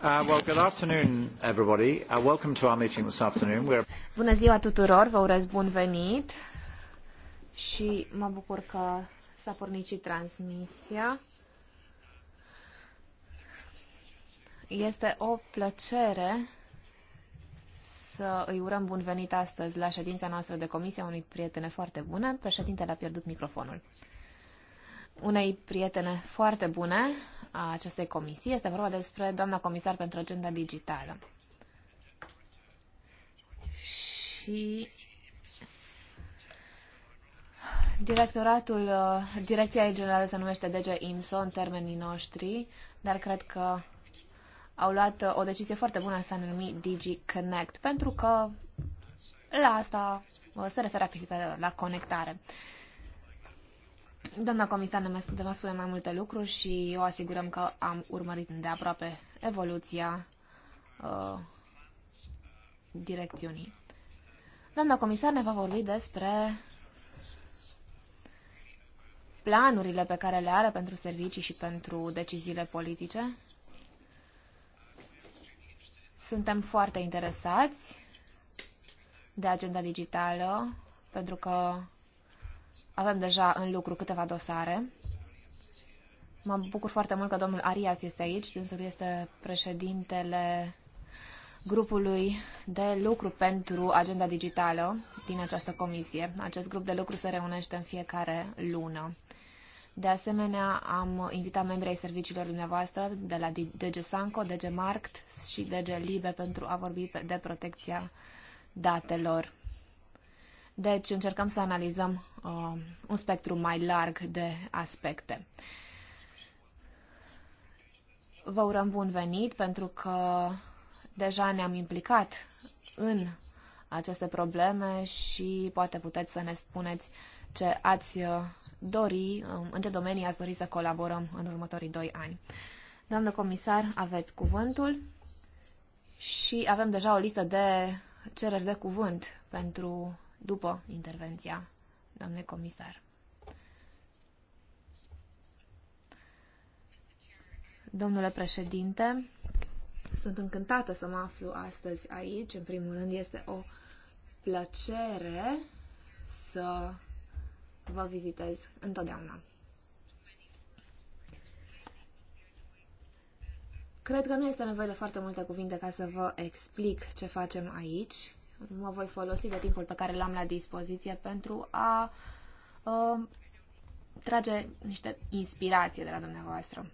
Uh, well, good afternoon, everybody. Uh, welcome to our meeting this afternoon. We're... Bună ziua tuturor, vă urez bun venit și mă bucur că s-a pornit și transmisia. Este o plăcere să îi urăm bun venit astăzi la ședința noastră de comisie a unui prietene foarte bună. Președintele a pierdut microfonul. Unei prietene foarte bune, a acestei comisii. Este vorba despre doamna comisar pentru agenda digitală. Și directoratul, uh, direcția generală se numește DG IMSO în termenii noștri, dar cred că au luat uh, o decizie foarte bună să a numi Digi Connect, pentru că la asta uh, se referă activitatea la conectare. Uh, Doamna comisar ne va spune mai multe lucruri și o asigurăm că am urmărit de aproape evoluția uh, direcțiunii. Doamna comisar ne va vorbi despre planurile pe care le are pentru servicii și pentru deciziile politice. Suntem foarte interesați de agenda digitală, pentru că avem deja în lucru câteva dosare. Mă bucur foarte mult că domnul Arias este aici, dânsul este președintele grupului de lucru pentru agenda digitală din această comisie. Acest grup de lucru se reunește în fiecare lună. De asemenea, am invitat membrii ai serviciilor dumneavoastră de la DG Sanco, DG Markt și DG Libe pentru a vorbi de protecția datelor. Deci încercăm să analizăm uh, un spectru mai larg de aspecte. Vă urăm bun venit pentru că deja ne-am implicat în aceste probleme și poate puteți să ne spuneți ce ați uh, dori, um, în ce domenii ați dori să colaborăm în următorii doi ani. Doamnă comisar, aveți cuvântul și avem deja o listă de cereri de cuvânt pentru după intervenția doamnei comisar. Domnule președinte, sunt încântată să mă aflu astăzi aici. În primul rând, este o plăcere să vă vizitez întotdeauna. Cred că nu este nevoie de foarte multe cuvinte ca să vă explic ce facem aici mă voi folosi de timpul pe care l-am la dispoziție pentru a uh, trage niște inspirație de la dumneavoastră.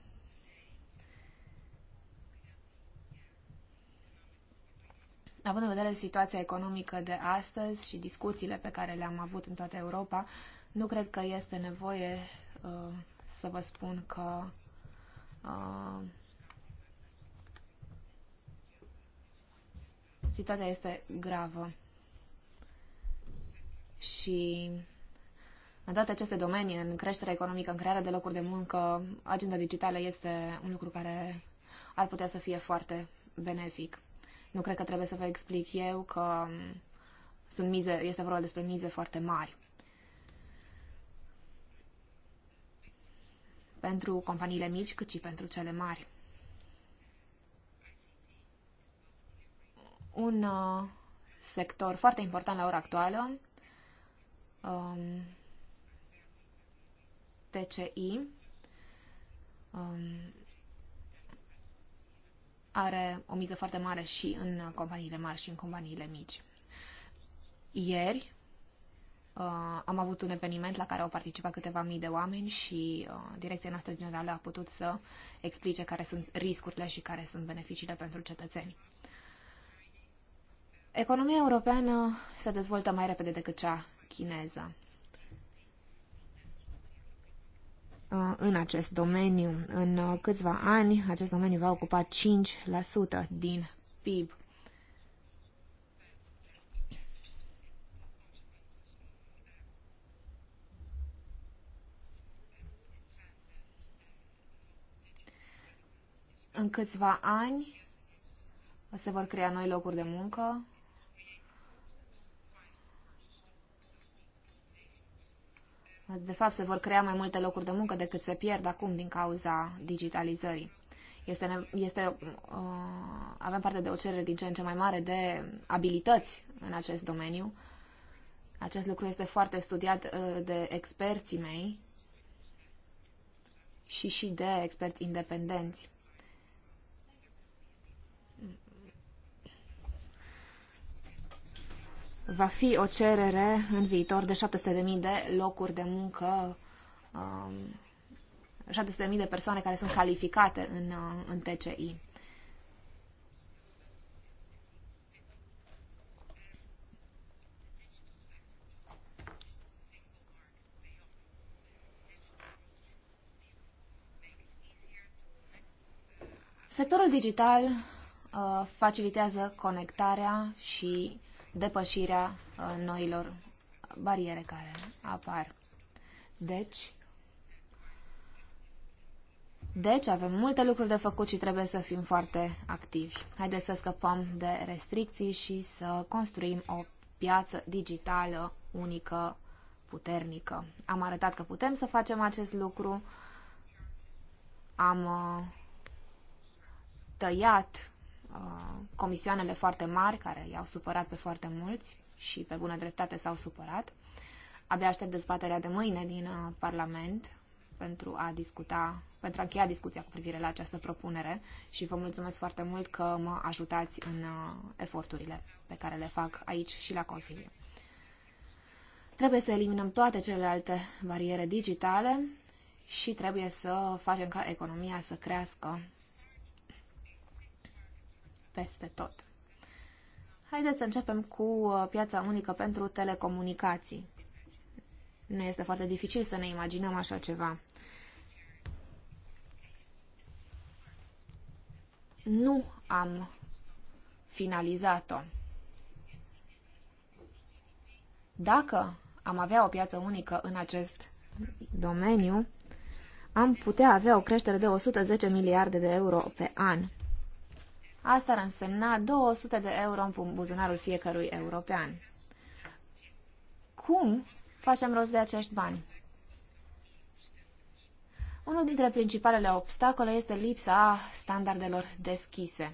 Având în vedere situația economică de astăzi și discuțiile pe care le-am avut în toată Europa, nu cred că este nevoie uh, să vă spun că uh, situația este gravă. Și în toate aceste domenii, în creșterea economică, în crearea de locuri de muncă, agenda digitală este un lucru care ar putea să fie foarte benefic. Nu cred că trebuie să vă explic eu că sunt mize, este vorba despre mize foarte mari. Pentru companiile mici, cât și pentru cele mari. un uh, sector foarte important la ora actuală, um, TCI, um, are o miză foarte mare și în companiile mari și în companiile mici. Ieri uh, am avut un eveniment la care au participat câteva mii de oameni și uh, direcția noastră generală a putut să explice care sunt riscurile și care sunt beneficiile pentru cetățeni. Economia europeană se dezvoltă mai repede decât cea chineză. În acest domeniu, în câțiva ani, acest domeniu va ocupa 5% din PIB. În câțiva ani se vor crea noi locuri de muncă, De fapt, se vor crea mai multe locuri de muncă decât se pierd acum din cauza digitalizării. Este, este, uh, avem parte de o cerere din ce în ce mai mare de abilități în acest domeniu. Acest lucru este foarte studiat uh, de experții mei și și de experți independenți. va fi o cerere în viitor de 700.000 de locuri de muncă, um, 700.000 de persoane care sunt calificate în, uh, în TCI. Sectorul digital uh, facilitează conectarea și depășirea uh, noilor bariere care apar. Deci, deci avem multe lucruri de făcut și trebuie să fim foarte activi. Haideți să scăpăm de restricții și să construim o piață digitală unică, puternică. Am arătat că putem să facem acest lucru. Am uh, tăiat Uh, comisioanele foarte mari, care i-au supărat pe foarte mulți și pe bună dreptate s-au supărat. Abia aștept dezbaterea de mâine din uh, Parlament pentru a discuta, pentru a încheia discuția cu privire la această propunere și vă mulțumesc foarte mult că mă ajutați în uh, eforturile pe care le fac aici și la Consiliu. Trebuie să eliminăm toate celelalte bariere digitale și trebuie să facem ca economia să crească peste tot. Haideți să începem cu uh, piața unică pentru telecomunicații. Nu este foarte dificil să ne imaginăm așa ceva. Nu am finalizat-o. Dacă am avea o piață unică în acest domeniu, am putea avea o creștere de 110 miliarde de euro pe an. Asta ar însemna 200 de euro în buzunarul fiecărui european. Cum facem rost de acești bani? Unul dintre principalele obstacole este lipsa standardelor deschise.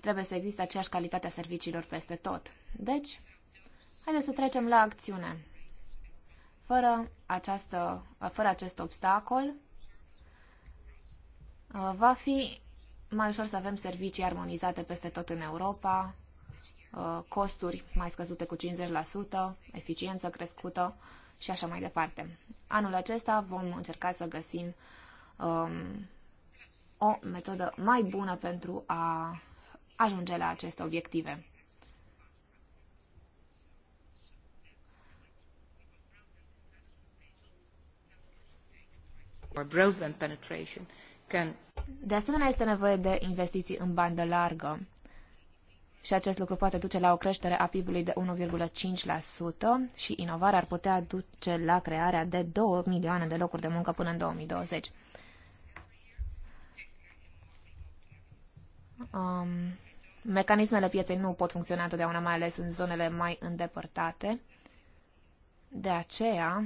Trebuie să existe aceeași calitate a serviciilor peste tot. Deci, haideți să trecem la acțiune. Fără, această, fără acest obstacol, va fi mai ușor să avem servicii armonizate peste tot în Europa, uh, costuri mai scăzute cu 50%, eficiență crescută și așa mai departe. Anul acesta vom încerca să găsim um, o metodă mai bună pentru a ajunge la aceste obiective. Or broadband penetration când. De asemenea, este nevoie de investiții în bandă largă și acest lucru poate duce la o creștere a PIB-ului de 1,5% și inovarea ar putea duce la crearea de 2 milioane de locuri de muncă până în 2020. Um, mecanismele pieței nu pot funcționa întotdeauna, mai ales în zonele mai îndepărtate. De aceea,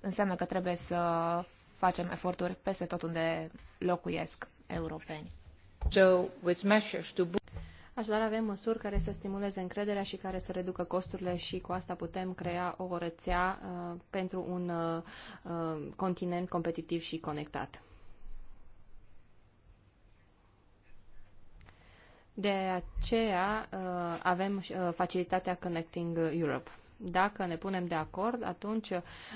înseamnă că trebuie să facem eforturi peste tot unde locuiesc europeni. Așadar avem măsuri care să stimuleze încrederea și care să reducă costurile și cu asta putem crea o rețea uh, pentru un uh, uh continent competitiv și conectat. De aceea uh, avem uh, facilitatea Connecting Europe. Dacă ne punem de acord, atunci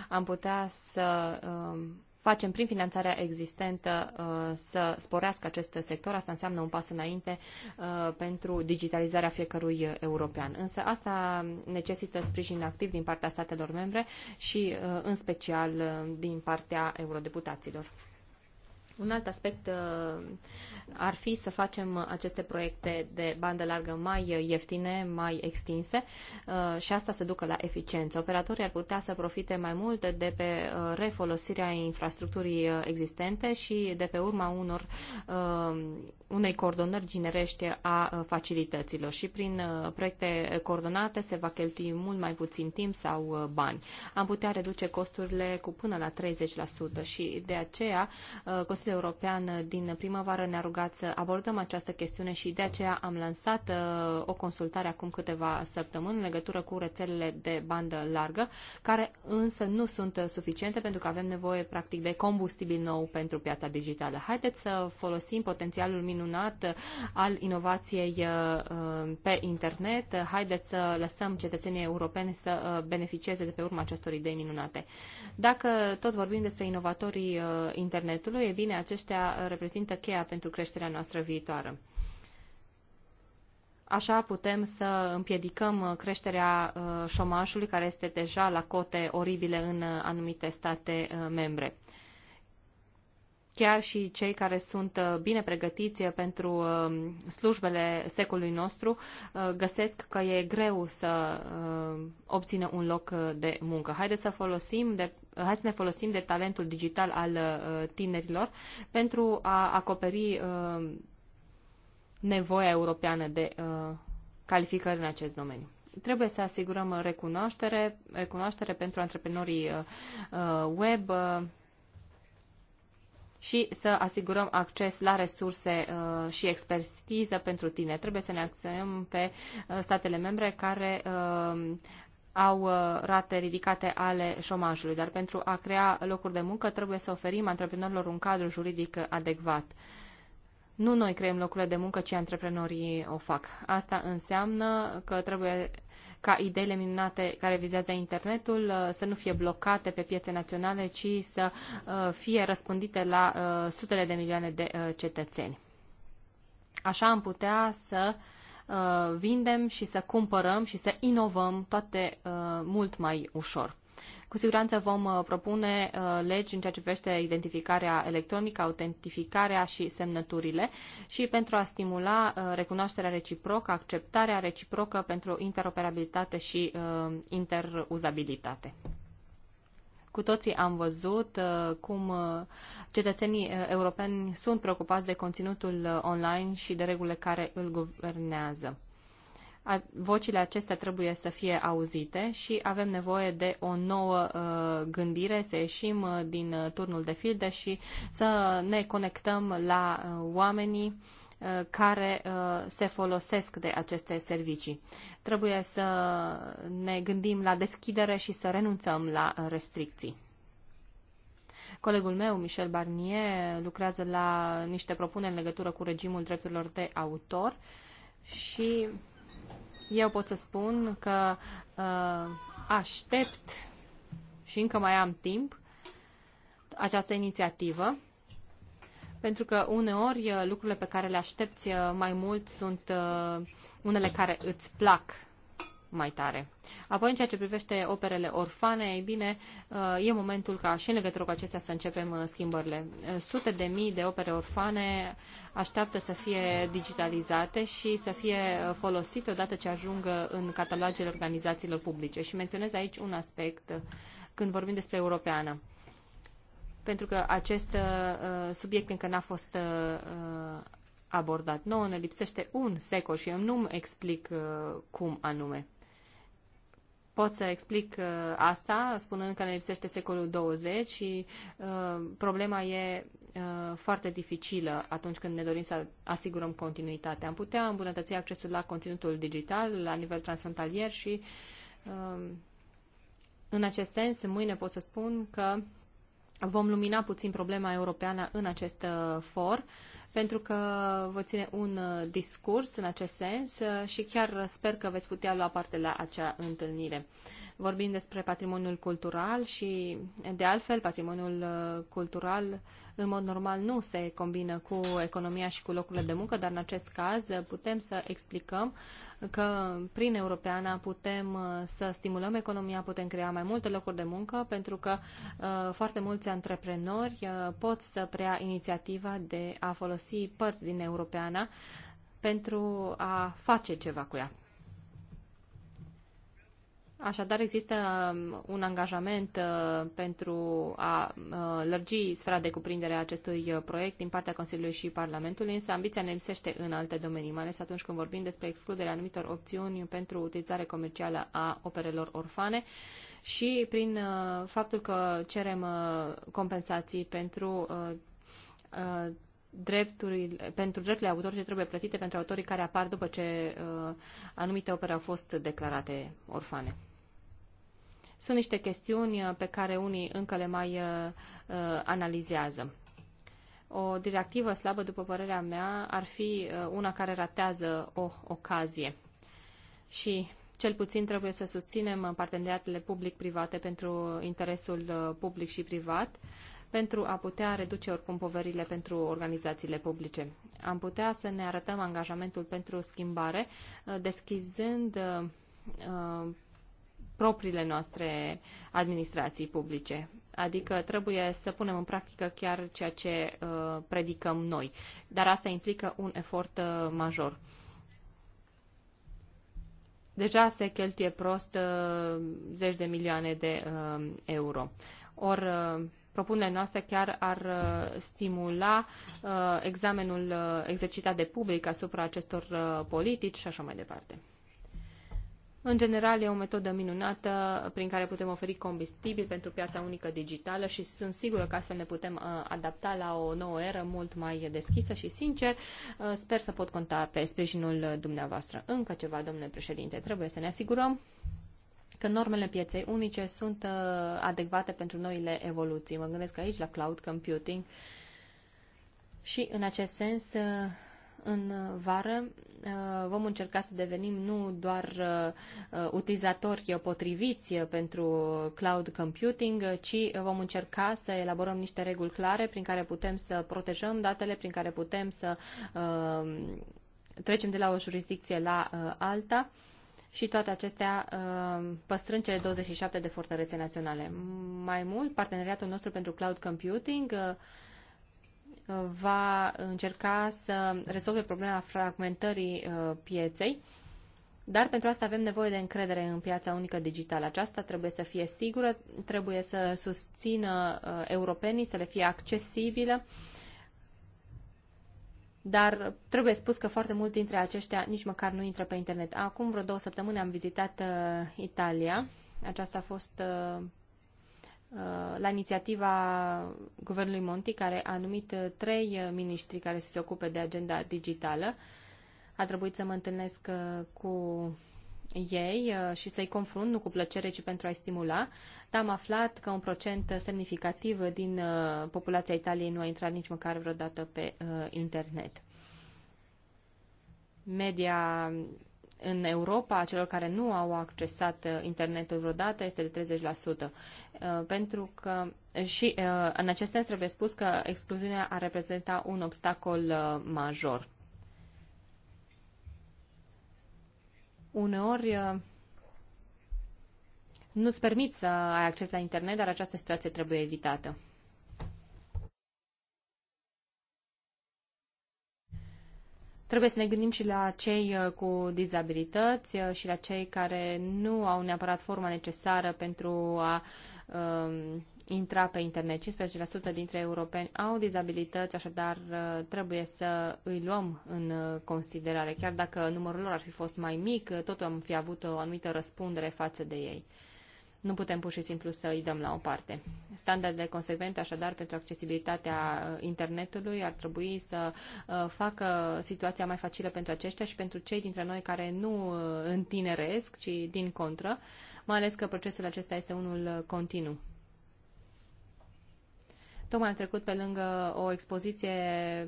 am putea să um, facem prin finanțarea existentă uh, să sporească acest sector. Asta înseamnă un pas înainte uh, pentru digitalizarea fiecărui european. Însă asta necesită sprijin activ din partea statelor membre și uh, în special din partea eurodeputaților. Un alt aspect uh, ar fi să facem aceste proiecte de bandă largă mai ieftine, mai extinse uh, și asta se ducă la eficiență. Operatorii ar putea să profite mai mult de pe uh, refolosirea infrastructurii existente și de pe urma unor unei coordonări ginerește a facilităților și prin proiecte coordonate se va cheltui mult mai puțin timp sau bani. Am putea reduce costurile cu până la 30% și de aceea Consiliul European din primăvară ne-a rugat să abordăm această chestiune și de aceea am lansat uh, o consultare acum câteva săptămâni în legătură cu rețelele de bandă largă, care însă nu sunt suficiente pentru că avem nevoie practic de combustibil nou pentru piața digitală. Haideți să folosim potențialul minunat uh, al inovației uh, pe internet, haideți să lăsăm cetățenii europeni să beneficieze de pe urma acestor idei minunate. Dacă tot vorbim despre inovatorii internetului, e bine, bine, aceștia uh, reprezintă cheia pentru creșterea noastră viitoară. Așa putem să împiedicăm uh, creșterea uh, șomajului, care este deja la cote oribile în anumite state membre chiar și cei care sunt uh, bine pregătiți uh, pentru um, slujbele secolului nostru uh, găsesc că e greu să obțină un loc de muncă. Haideți să folosim de Hai să ne folosim de talentul digital al tinerilor pentru a acoperi nevoia europeană de calificări în acest domeniu trebuie să asigurăm recunoaștere, recunoaștere pentru antreprenorii web, și să asigurăm acces la resurse uh, și expertiză pentru tine. Trebuie să ne axăm pe uh, statele membre care uh, au rate ridicate ale șomajului, dar pentru a crea locuri de muncă trebuie să oferim antreprenorilor un cadru juridic adecvat. Nu noi creăm locurile de muncă, ci antreprenorii o fac. Asta înseamnă că trebuie ca ideile minunate care vizează internetul uh, să nu fie blocate pe piețe naționale, ci să uh, fie răspândite la uh, sutele de milioane de cetățeni. Așa am putea să vindem și să cumpărăm și să inovăm toate mult mai ușor. Cu siguranță vom uh, propune uh, legi în ceea ce privește identificarea electronică, autentificarea și semnăturile și pentru a stimula uh, recunoașterea reciprocă, acceptarea reciprocă pentru interoperabilitate și interuzabilitate. Cu toții am văzut cum cetățenii europeni sunt preocupați de conținutul online și de regulile care îl guvernează vocile acestea trebuie să fie auzite și avem nevoie de o nouă uh, gândire, să ieșim uh, din uh, turnul de filde și să ne conectăm la oamenii care se folosesc de aceste servicii. Trebuie să ne gândim la deschidere și să renunțăm la restricții. Colegul meu, Michel Barnier, lucrează la niște propuneri în legătură cu regimul drepturilor de autor și eu pot să spun că uh, aștept și încă mai am timp această inițiativă, pentru că uneori uh, lucrurile pe care le aștepți uh, mai mult sunt uh, unele care îți plac mai tare. Apoi, în ceea ce privește operele orfane, ei bine, uh, e momentul ca și în legătură cu acestea să începem uh, schimbările. Uh, sute de mii de opere orfane așteaptă să fie digitalizate și să fie folosite odată ce ajung în catalogele organizațiilor publice. Și menționez aici un aspect când vorbim despre europeană pentru că acest subiect încă n-a fost abordat. Nouă ne lipsește un secol și eu nu-mi explic cum anume pot să explic uh, asta spunând că ne lipsește secolul 20 și uh, problema e uh, foarte dificilă atunci când ne dorim să asigurăm continuitatea. Am putea îmbunătăți accesul la conținutul digital la nivel transfrontalier și uh, în acest sens mâine pot să spun că uh, vom lumina puțin problema europeană în acest uh, for, pentru că vă ține un uh, discurs în acest sens uh, și chiar sper că veți putea lua parte la acea întâlnire vorbim despre patrimoniul cultural și, de altfel, patrimoniul uh, cultural în mod normal nu se combină cu economia și cu locurile de muncă, dar în acest caz uh, putem să explicăm că prin Europeana putem uh, să stimulăm economia, putem crea mai multe locuri de muncă, pentru că uh, foarte mulți antreprenori uh, pot să preia inițiativa de a folosi părți din Europeana pentru a face ceva cu ea. Așadar, există um, un angajament uh, pentru a uh, lărgi sfera de cuprindere a acestui uh, proiect din partea Consiliului și Parlamentului, însă ambiția ne lipsește în alte domenii, mai ales atunci când vorbim despre excluderea anumitor opțiuni pentru utilizare comercială a operelor orfane și prin faptul că cerem compensații pentru drepturile, pentru drepturile autorilor ce trebuie plătite pentru autorii care apar după ce uh, anumite opere au fost declarate orfane. Sunt niște chestiuni uh, pe care unii încă le mai uh, uh, analizează. O directivă slabă, după părerea mea, ar fi una care ratează o ocazie. Și cel puțin trebuie să susținem parteneriatele public-private pentru interesul public și privat, pentru a putea reduce oricum poverile pentru organizațiile publice. Am putea să ne arătăm angajamentul pentru schimbare, deschizând propriile noastre administrații publice. Adică trebuie să punem în practică chiar ceea ce uh, predicăm noi. Dar asta implică un efort uh, major. Deja se cheltuie prost uh, zeci de milioane de uh, euro. Ori uh, propunerile noastre chiar ar uh, stimula uh, examenul uh, exercitat de public asupra acestor uh, politici și așa mai departe. În general, e o metodă minunată prin care putem oferi combustibil pentru piața unică digitală și sunt sigură că astfel ne putem uh, adapta la o nouă eră mult mai deschisă și sincer. Uh, sper să pot conta pe sprijinul dumneavoastră. Încă ceva, domnule președinte, trebuie să ne asigurăm că normele pieței unice sunt uh, adecvate pentru noile evoluții. Mă gândesc aici la cloud computing și în acest sens în vară uh, vom încerca să devenim nu doar uh, utilizatori potriviți pentru cloud computing, ci vom încerca să elaborăm niște reguli clare prin care putem să protejăm datele, prin care putem să uh, trecem de la o jurisdicție la alta și toate acestea păstrând cele 27 de fortărețe naționale. Mai mult, parteneriatul nostru pentru cloud computing va încerca să rezolve problema fragmentării uh, pieței, dar pentru asta avem nevoie de încredere în piața unică digitală. Aceasta trebuie să fie sigură, trebuie să susțină uh, europenii, să le fie accesibilă, dar trebuie spus că foarte mulți dintre aceștia nici măcar nu intră pe internet. Acum vreo două săptămâni am vizitat uh, Italia. Aceasta a fost Uh, la inițiativa Guvernului Monti, care a numit uh, trei uh, miniștri care să se ocupe de agenda digitală. A trebuit să mă întâlnesc cu ei și să-i confrunt, nu cu plăcere, ci pentru a-i stimula. Dar am aflat că un procent semnificativ din populația Italiei nu a intrat nici măcar vreodată pe internet. Media în Europa a celor care nu au accesat uh, internetul vreodată este de 30%. Uh, pentru că uh, și în acest sens trebuie spus că excluziunea ar reprezenta un obstacol major. Uneori nu-ți permit să ai acces la internet, dar această situație trebuie evitată. Trebuie să ne gândim și la cei uh, cu dizabilități uh, și la cei care nu au neapărat forma necesară pentru a um, intra pe internet. 15% dintre europeni au dizabilități, așadar uh, trebuie să îi luăm în considerare. Chiar dacă numărul lor ar fi fost mai mic, tot am fi avut o anumită răspundere față de ei. Nu putem pur și simplu să îi dăm la o parte. Standardele consecvente, așadar, pentru accesibilitatea uh, internetului ar trebui să uh, facă situația mai facilă pentru aceștia și pentru cei dintre noi care nu uh, întineresc, ci din contră, mai ales că procesul acesta este unul continuu. Tocmai am trecut pe lângă o expoziție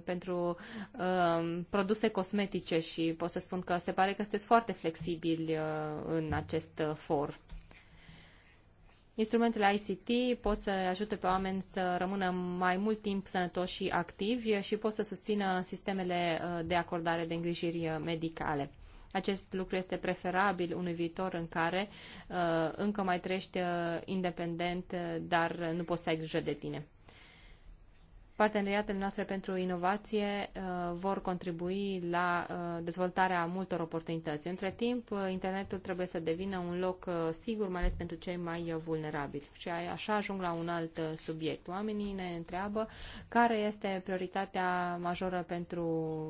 pentru uh, produse cosmetice și pot să spun că se pare că sunteți foarte flexibili uh, în acest for. Instrumentele ICT pot să ajute pe oameni să rămână mai mult timp sănătoși și activi și pot să susțină sistemele uh, de acordare de îngrijiri uh, medicale. Acest lucru este preferabil unui viitor în care uh, încă mai trăiești uh, independent, uh, dar nu poți să ai grijă de tine. Parteneriatele noastre pentru inovație uh, vor contribui la uh, dezvoltarea multor oportunități. Între timp, uh, internetul trebuie să devină un loc sigur, mai ales pentru cei mai vulnerabili. Și așa ajung la un alt subiect. Oamenii ne întreabă care este prioritatea majoră pentru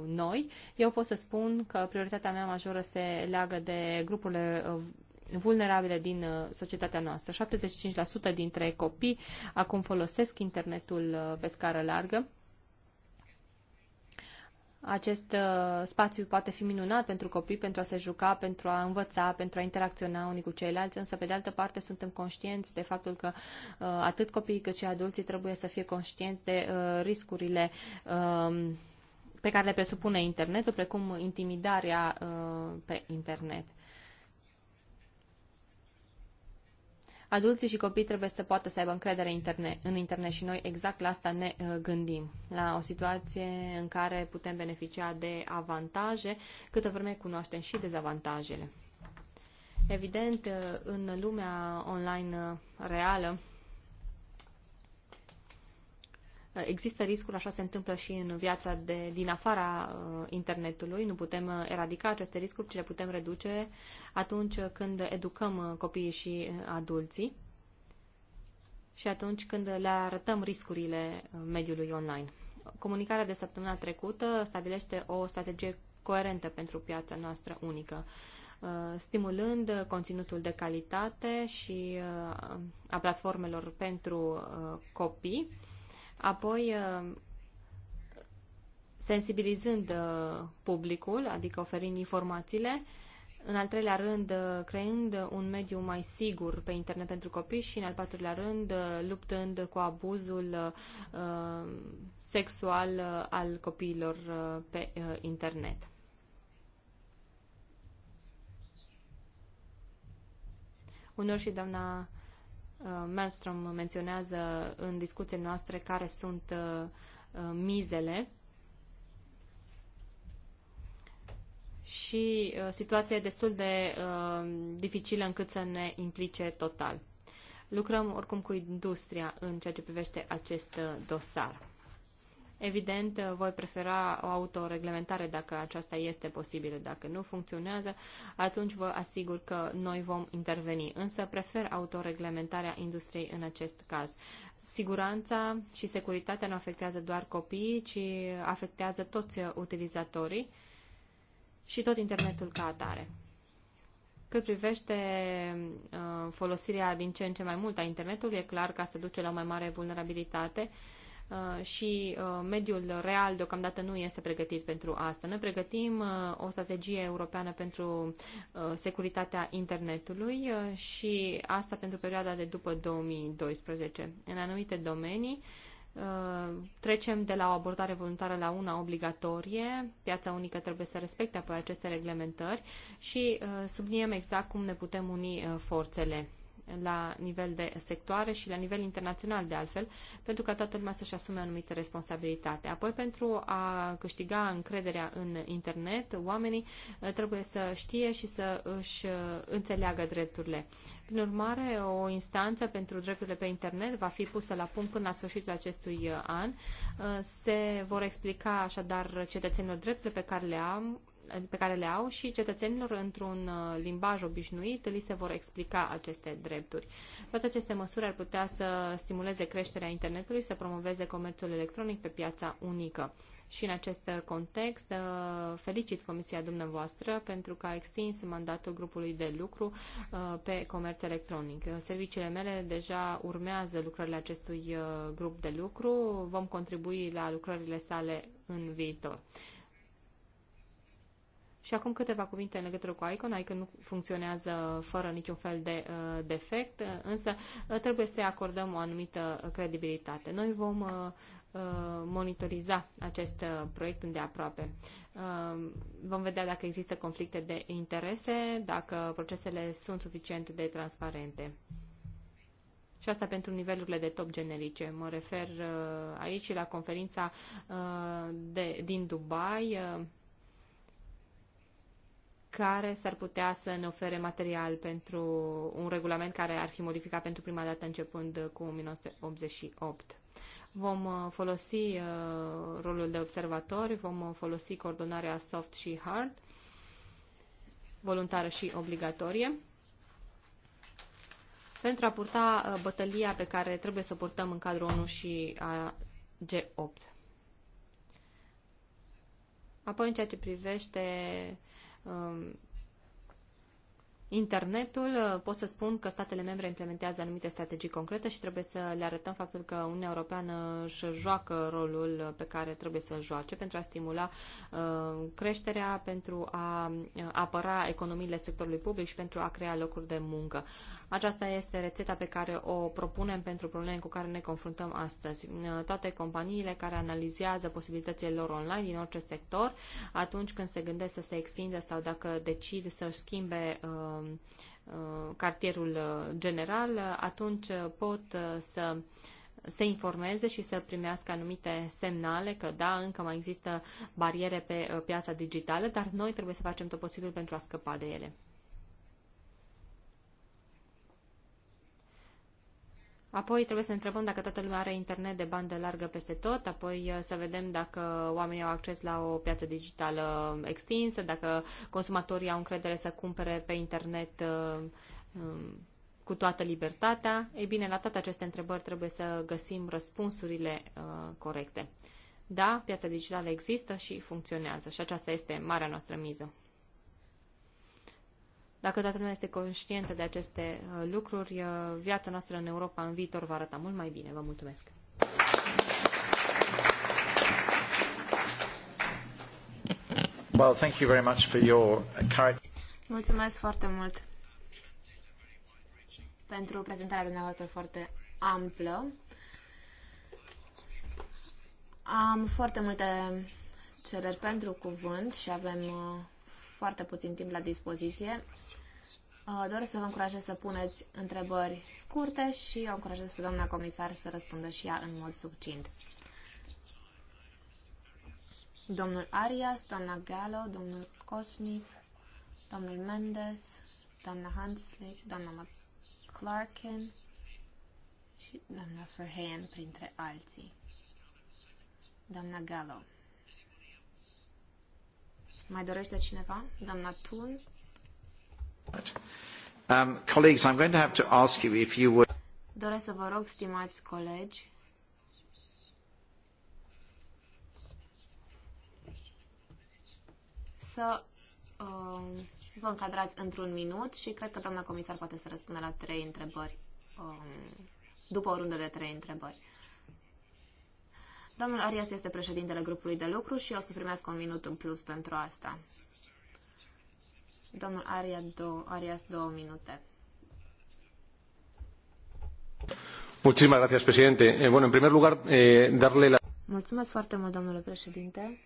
noi. Eu pot să spun că prioritatea mea majoră se leagă de grupurile vulnerabile din uh, societatea noastră. 75% dintre copii acum folosesc internetul uh, pe scară largă. Acest uh, spațiu poate fi minunat pentru copii, pentru a se juca, pentru a învăța, pentru a interacționa unii cu ceilalți, însă, pe de altă parte, suntem conștienți de faptul că atât copiii cât și adulții trebuie să fie conștienți de riscurile um, pe care le presupune internetul, precum intimidarea pe internet. adulții și copiii trebuie să poată să aibă încredere internet, în internet și noi exact la asta ne uh, gândim, la o situație în care putem beneficia de avantaje, câtă vreme cunoaștem și dezavantajele. Evident, uh, în lumea online uh, reală, Există riscul, așa se întâmplă și în viața de, din afara uh, internetului, nu putem uh, eradica aceste riscuri, ci le putem reduce atunci când educăm uh, copiii și adulții și atunci când le arătăm riscurile mediului online. Comunicarea de săptămâna trecută stabilește o strategie coerentă pentru piața noastră unică, stimulând conținutul de calitate și a platformelor pentru copii, Apoi, uh, sensibilizând uh, publicul, adică oferind informațiile, în al treilea rând, uh, creând un mediu mai sigur pe internet pentru copii și, în al patrulea rând, luptând cu abuzul sexual al copiilor pe internet. Unor și doamna Uh, Malmström menționează în discuțiile noastre care sunt uh, uh, mizele și situația e destul de dificilă încât să ne implice total. Lucrăm oricum cu industria în ceea ce privește acest dosar. Evident, voi prefera o autoreglementare dacă aceasta este posibilă. Dacă nu funcționează, atunci vă asigur că noi vom interveni. Însă prefer autoreglementarea industriei în acest caz. Siguranța și securitatea nu afectează doar copiii, ci afectează toți utilizatorii și tot internetul ca atare. Cât privește uh, folosirea din ce în ce mai mult a internetului, e clar că asta duce la o mai mare vulnerabilitate. Uh, Uh, și uh, mediul real deocamdată nu este pregătit pentru asta. Noi pregătim uh, o strategie europeană pentru securitatea internetului și asta pentru perioada de după 2012. În anumite domenii trecem de la o abordare voluntară la una obligatorie, piața unică trebuie să respecte apoi aceste reglementări și subliniem exact cum ne putem uni forțele la nivel de sectoare și la nivel internațional, de altfel, pentru ca toată lumea să-și asume anumite responsabilitate. Apoi, pentru a câștiga încrederea în internet, oamenii uh, trebuie să știe și să își uh, înțeleagă drepturile. Prin urmare, o instanță pentru drepturile pe internet va fi pusă la punct până la sfârșitul acestui uh, an. Se vor explica așadar cetățenilor drepturile pe care le am, pe care le au și cetățenilor într-un uh, limbaj obișnuit li se vor explica aceste drepturi. Toate aceste măsuri ar putea să stimuleze creșterea internetului și să promoveze comerțul electronic pe piața unică. Și în acest context uh, felicit Comisia dumneavoastră pentru că a extins mandatul grupului de lucru uh, pe comerț electronic. Serviciile mele deja urmează lucrările acestui grup de lucru. Vom contribui la lucrările sale în viitor. Și acum câteva cuvinte în legătură cu Icon. Icon nu funcționează fără niciun fel de uh, defect, uh, însă uh, trebuie să acordăm o anumită credibilitate. Noi vom uh, uh, monitoriza acest uh, proiect îndeaproape. Uh, vom vedea dacă există conflicte de interese, dacă procesele sunt suficient de transparente. Și asta pentru nivelurile de top generice. Mă refer uh, aici la conferința uh, de, din Dubai. Uh, care s-ar putea să ne ofere material pentru un regulament care ar fi modificat pentru prima dată începând cu 1988. Vom uh, folosi uh, rolul de observatori, vom uh, folosi coordonarea soft și hard, voluntară și obligatorie, pentru a purta bătălia pe care trebuie să o purtăm în cadrul ONU și a G8. Apoi, în ceea ce privește um, internetul, pot să spun că statele membre implementează anumite strategii concrete și trebuie să le arătăm faptul că Uniunea Europeană își joacă rolul pe care trebuie să-l joace pentru a stimula uh, creșterea, pentru a uh, apăra economiile sectorului public și pentru a crea locuri de muncă. Aceasta este rețeta pe care o propunem pentru probleme cu care ne confruntăm astăzi. Uh, toate companiile care analizează posibilitățile lor online din orice sector, atunci când se gândesc să se extindă sau dacă decid să-și schimbe Uh, cartierul uh, general, atunci pot uh, să se informeze și să primească anumite semnale că, da, încă mai există bariere pe piața digitală, dar noi trebuie să facem tot posibil pentru a scăpa de ele. Apoi trebuie să întrebăm dacă toată lumea are internet de bandă largă peste tot, apoi uh, să vedem dacă oamenii au acces la o piață digitală extinsă, dacă consumatorii au încredere să cumpere pe internet uh, um, cu toată libertatea. Ei bine, la toate aceste întrebări trebuie să găsim răspunsurile uh, corecte. Da, piața digitală există și funcționează și aceasta este marea noastră miză. Dacă toată lumea este conștientă de aceste uh, lucruri, uh, viața noastră în Europa în viitor va arăta mult mai bine. Vă mulțumesc! Well, thank you very much for your Mulțumesc foarte mult pentru prezentarea dumneavoastră foarte amplă. Am foarte multe cereri pentru cuvânt și avem uh, foarte puțin timp la dispoziție. Uh, doresc să vă încurajez să puneți întrebări scurte și o încurajez pe doamna comisar să răspundă și ea în mod succint. Domnul Arias, doamna Gallo, domnul Cosnic, domnul Mendes, doamna Hanslick, doamna McClarkin și doamna Verheyen, printre alții. Doamna Gallo. Mai dorește cineva? Doamna Tun? Um, colleagues, I'm going to have to ask you if you would... Doresc să vă rog, stimați colegi, să um, vă încadrați într-un minut și cred că doamna comisar poate să răspundă la trei întrebări, um, după o rundă de trei întrebări. Domnul Arias este președintele grupului de lucru și o să primească un minut în plus pentru asta. Domnul Aria, două, Arias, două minute. Muchísimas gracias, presidente. Eh, bueno, en primer lugar, eh, darle la... Mulțumesc foarte mult, domnule președinte.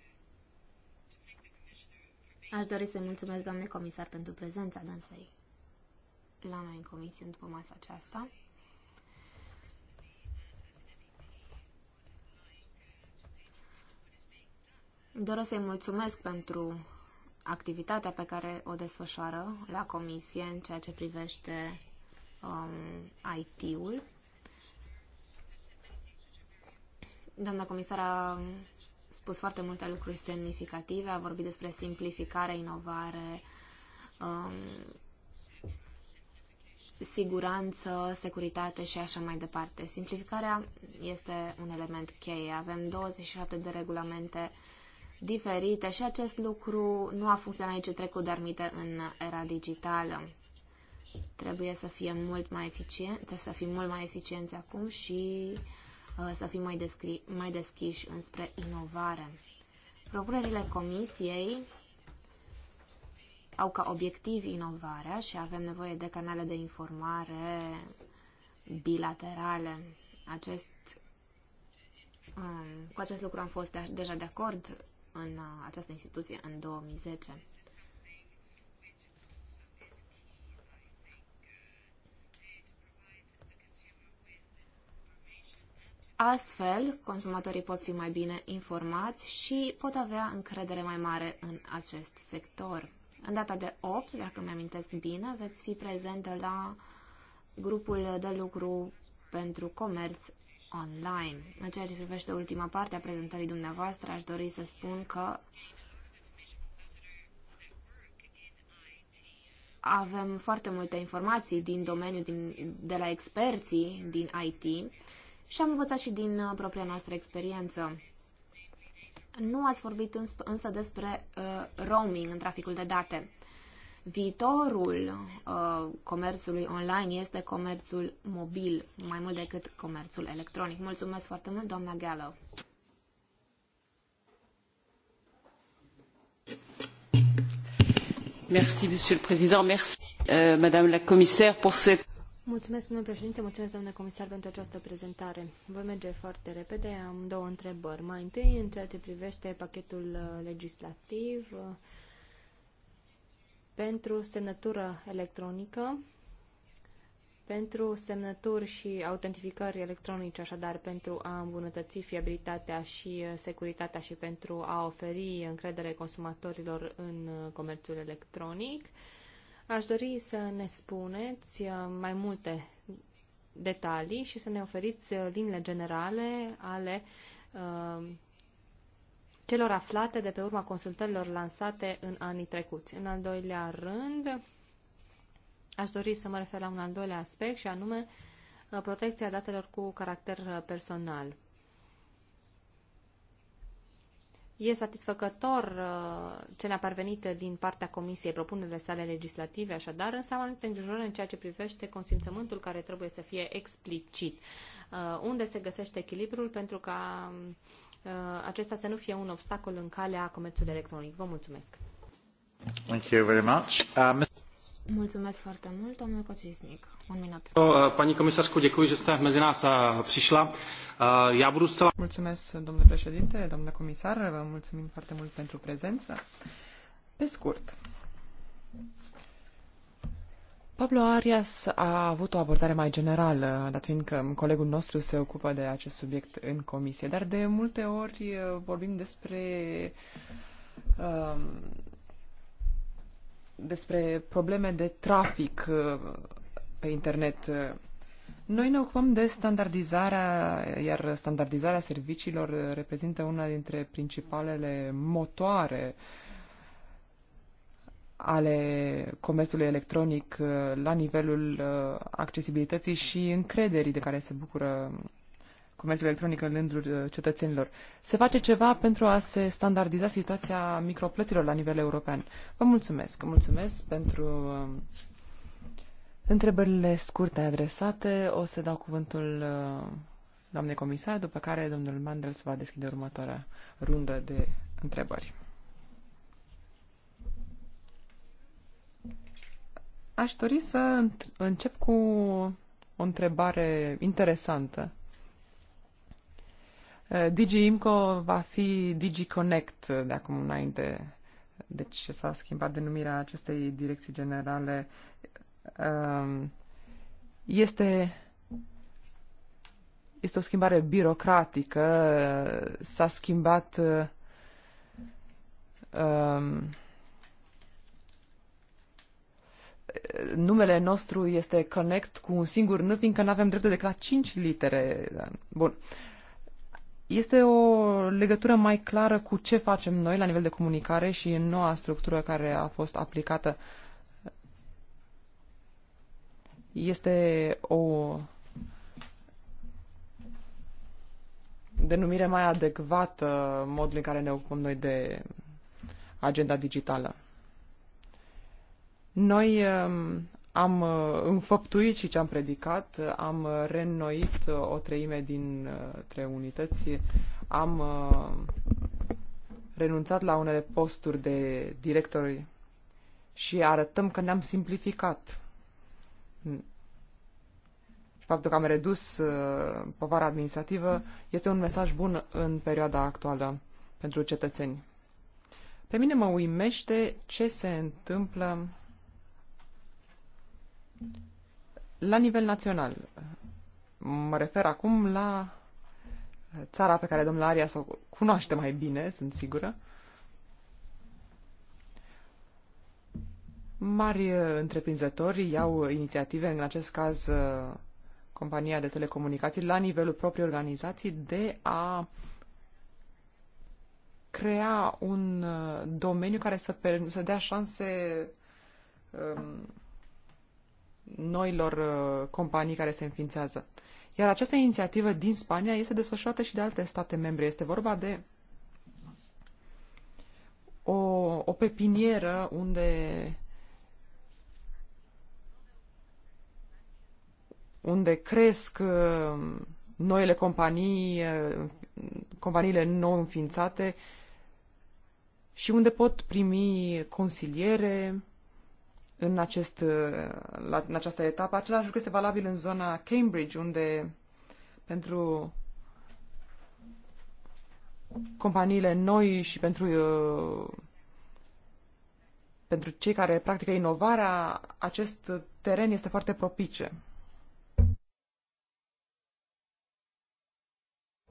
Aș dori să-i mulțumesc, doamne comisar, pentru prezența dânsei la noi în comisie după masa aceasta. Doresc să-i mulțumesc pentru activitatea pe care o desfășoară la comisie în ceea ce privește um, IT-ul. Doamna comisar a spus foarte multe lucruri semnificative, a vorbit despre simplificare, inovare, um, siguranță, securitate și așa mai departe. Simplificarea este un element cheie. Avem 27 de regulamente uh, diferite și acest lucru nu a funcționat nici trecut, de armite în era digitală. Trebuie să fie mult mai eficient, trebuie să fim mult mai eficienți acum și uh, să fim mai, descri, mai deschiși înspre inovare. Propunerile comisiei au ca obiectiv inovarea și avem nevoie de canale de informare bilaterale. Acest, um, cu acest lucru am fost de, deja de acord în uh, această instituție în 2010. Astfel, consumatorii pot fi mai bine informați și pot avea încredere mai mare în acest sector. În data de 8, dacă mi-amintesc bine, veți fi prezentă la grupul de lucru pentru comerț online. În ceea ce privește ultima parte a prezentării dumneavoastră, aș dori să spun că avem foarte multe informații din domeniu, din, de la experții din IT și am învățat și din uh, propria noastră experiență. Nu ați vorbit însă despre uh, roaming în traficul de date. Uh, viitorul uh, comerțului online este comerțul mobil, mai mult decât comerțul electronic. Mulțumesc foarte mult, doamna Gallo. Merci, monsieur le président. Merci, euh, madame la commissaire, pour cette... Mulțumesc, domnule președinte, mulțumesc, domnule comisar, pentru această prezentare. Voi merge foarte repede, am două întrebări. Mai întâi, în ceea ce privește pachetul uh, legislativ, uh, pentru semnătură electronică, pentru semnături și autentificări electronice, așadar pentru a îmbunătăți fiabilitatea și uh, securitatea și pentru a oferi încredere consumatorilor în uh, comerțul electronic. Aș dori să ne spuneți uh, mai multe detalii și să ne oferiți linile generale ale uh, celor aflate de pe urma consultărilor lansate în anii trecuți. În al doilea rând, aș dori să mă refer la un al doilea aspect și anume uh, protecția datelor cu caracter uh, personal. E satisfăcător uh, ce ne-a parvenit din partea Comisiei propunerile sale legislative, așadar, însă am anumite îngrijorări în ceea ce privește consimțământul care trebuie să fie explicit. Unde se găsește echilibrul pentru ca um, Uh, acesta să nu fie un obstacol în calea comerțului electronic. Vă mulțumesc! Thank you very much. Uh, Mulțumesc foarte mult, domnule Kocisnik. Un minut. Uh, Pani comisarku, děkuji, že jste mezi nás uh, přišla. Já budu zcela... Mulțumesc, domnule președinte, domnule comisar, vă mulțumim foarte mult pentru prezență. Pe scurt, Pablo Arias a avut o abordare mai generală, dat fiind că colegul nostru se ocupă de acest subiect în comisie, dar de multe ori uh, vorbim despre um, despre probleme de trafic uh, pe internet. Noi ne ocupăm de standardizarea, iar standardizarea serviciilor reprezintă una dintre principalele motoare uh, ale comerțului electronic uh, la nivelul uh, accesibilității și încrederii de care se bucură comerțul electronic în rândul uh, cetățenilor. Se face ceva pentru a se standardiza situația microplăților la nivel european. Vă mulțumesc. Mulțumesc pentru întrebările scurte adresate. O să dau cuvântul doamnei comisar, după care domnul se va deschide următoarea rundă de întrebări. Aș dori să încep cu o întrebare interesantă. Eh, Digi Imco va fi Digi Connect eh, de acum înainte. Deci s-a schimbat denumirea acestei direcții generale. Ehm, este, este o schimbare birocratică. S-a schimbat um, numele nostru este Connect cu un singur N, fiindcă nu avem dreptul decât la 5 litere. Bun. Este o legătură mai clară cu ce facem noi la nivel de comunicare și în noua structură care a fost aplicată. Este o denumire mai adecvată modul în care ne ocupăm noi de agenda digitală. Noi um, am uh, înfăptuit și ce am predicat, uh, am uh, reînnoit o treime din trei unități, am renunțat la unele posturi de directori și arătăm că ne-am simplificat. Faptul că am redus povara administrativă este un mesaj bun în perioada actuală pentru cetățeni. Pe mine mă uimește ce se întâmplă la nivel național, mă refer acum la țara pe care domnul Arias o cunoaște mai bine, sunt sigură. Mari uh, întreprinzători iau inițiative, în acest caz uh, compania de telecomunicații, la nivelul propriei organizații de a crea un uh, domeniu care să, să dea șanse um, noilor uh, companii care se înființează. Iar această inițiativă din Spania este desfășurată și de alte state membre. Este vorba de o, o pepinieră unde unde cresc uh, noile companii, uh, companiile nou înființate și unde pot primi consiliere, în, acest, la, în această etapă. Același lucru este valabil în zona Cambridge, unde pentru companiile noi și pentru, uh, pentru cei care practică inovarea, acest teren este foarte propice.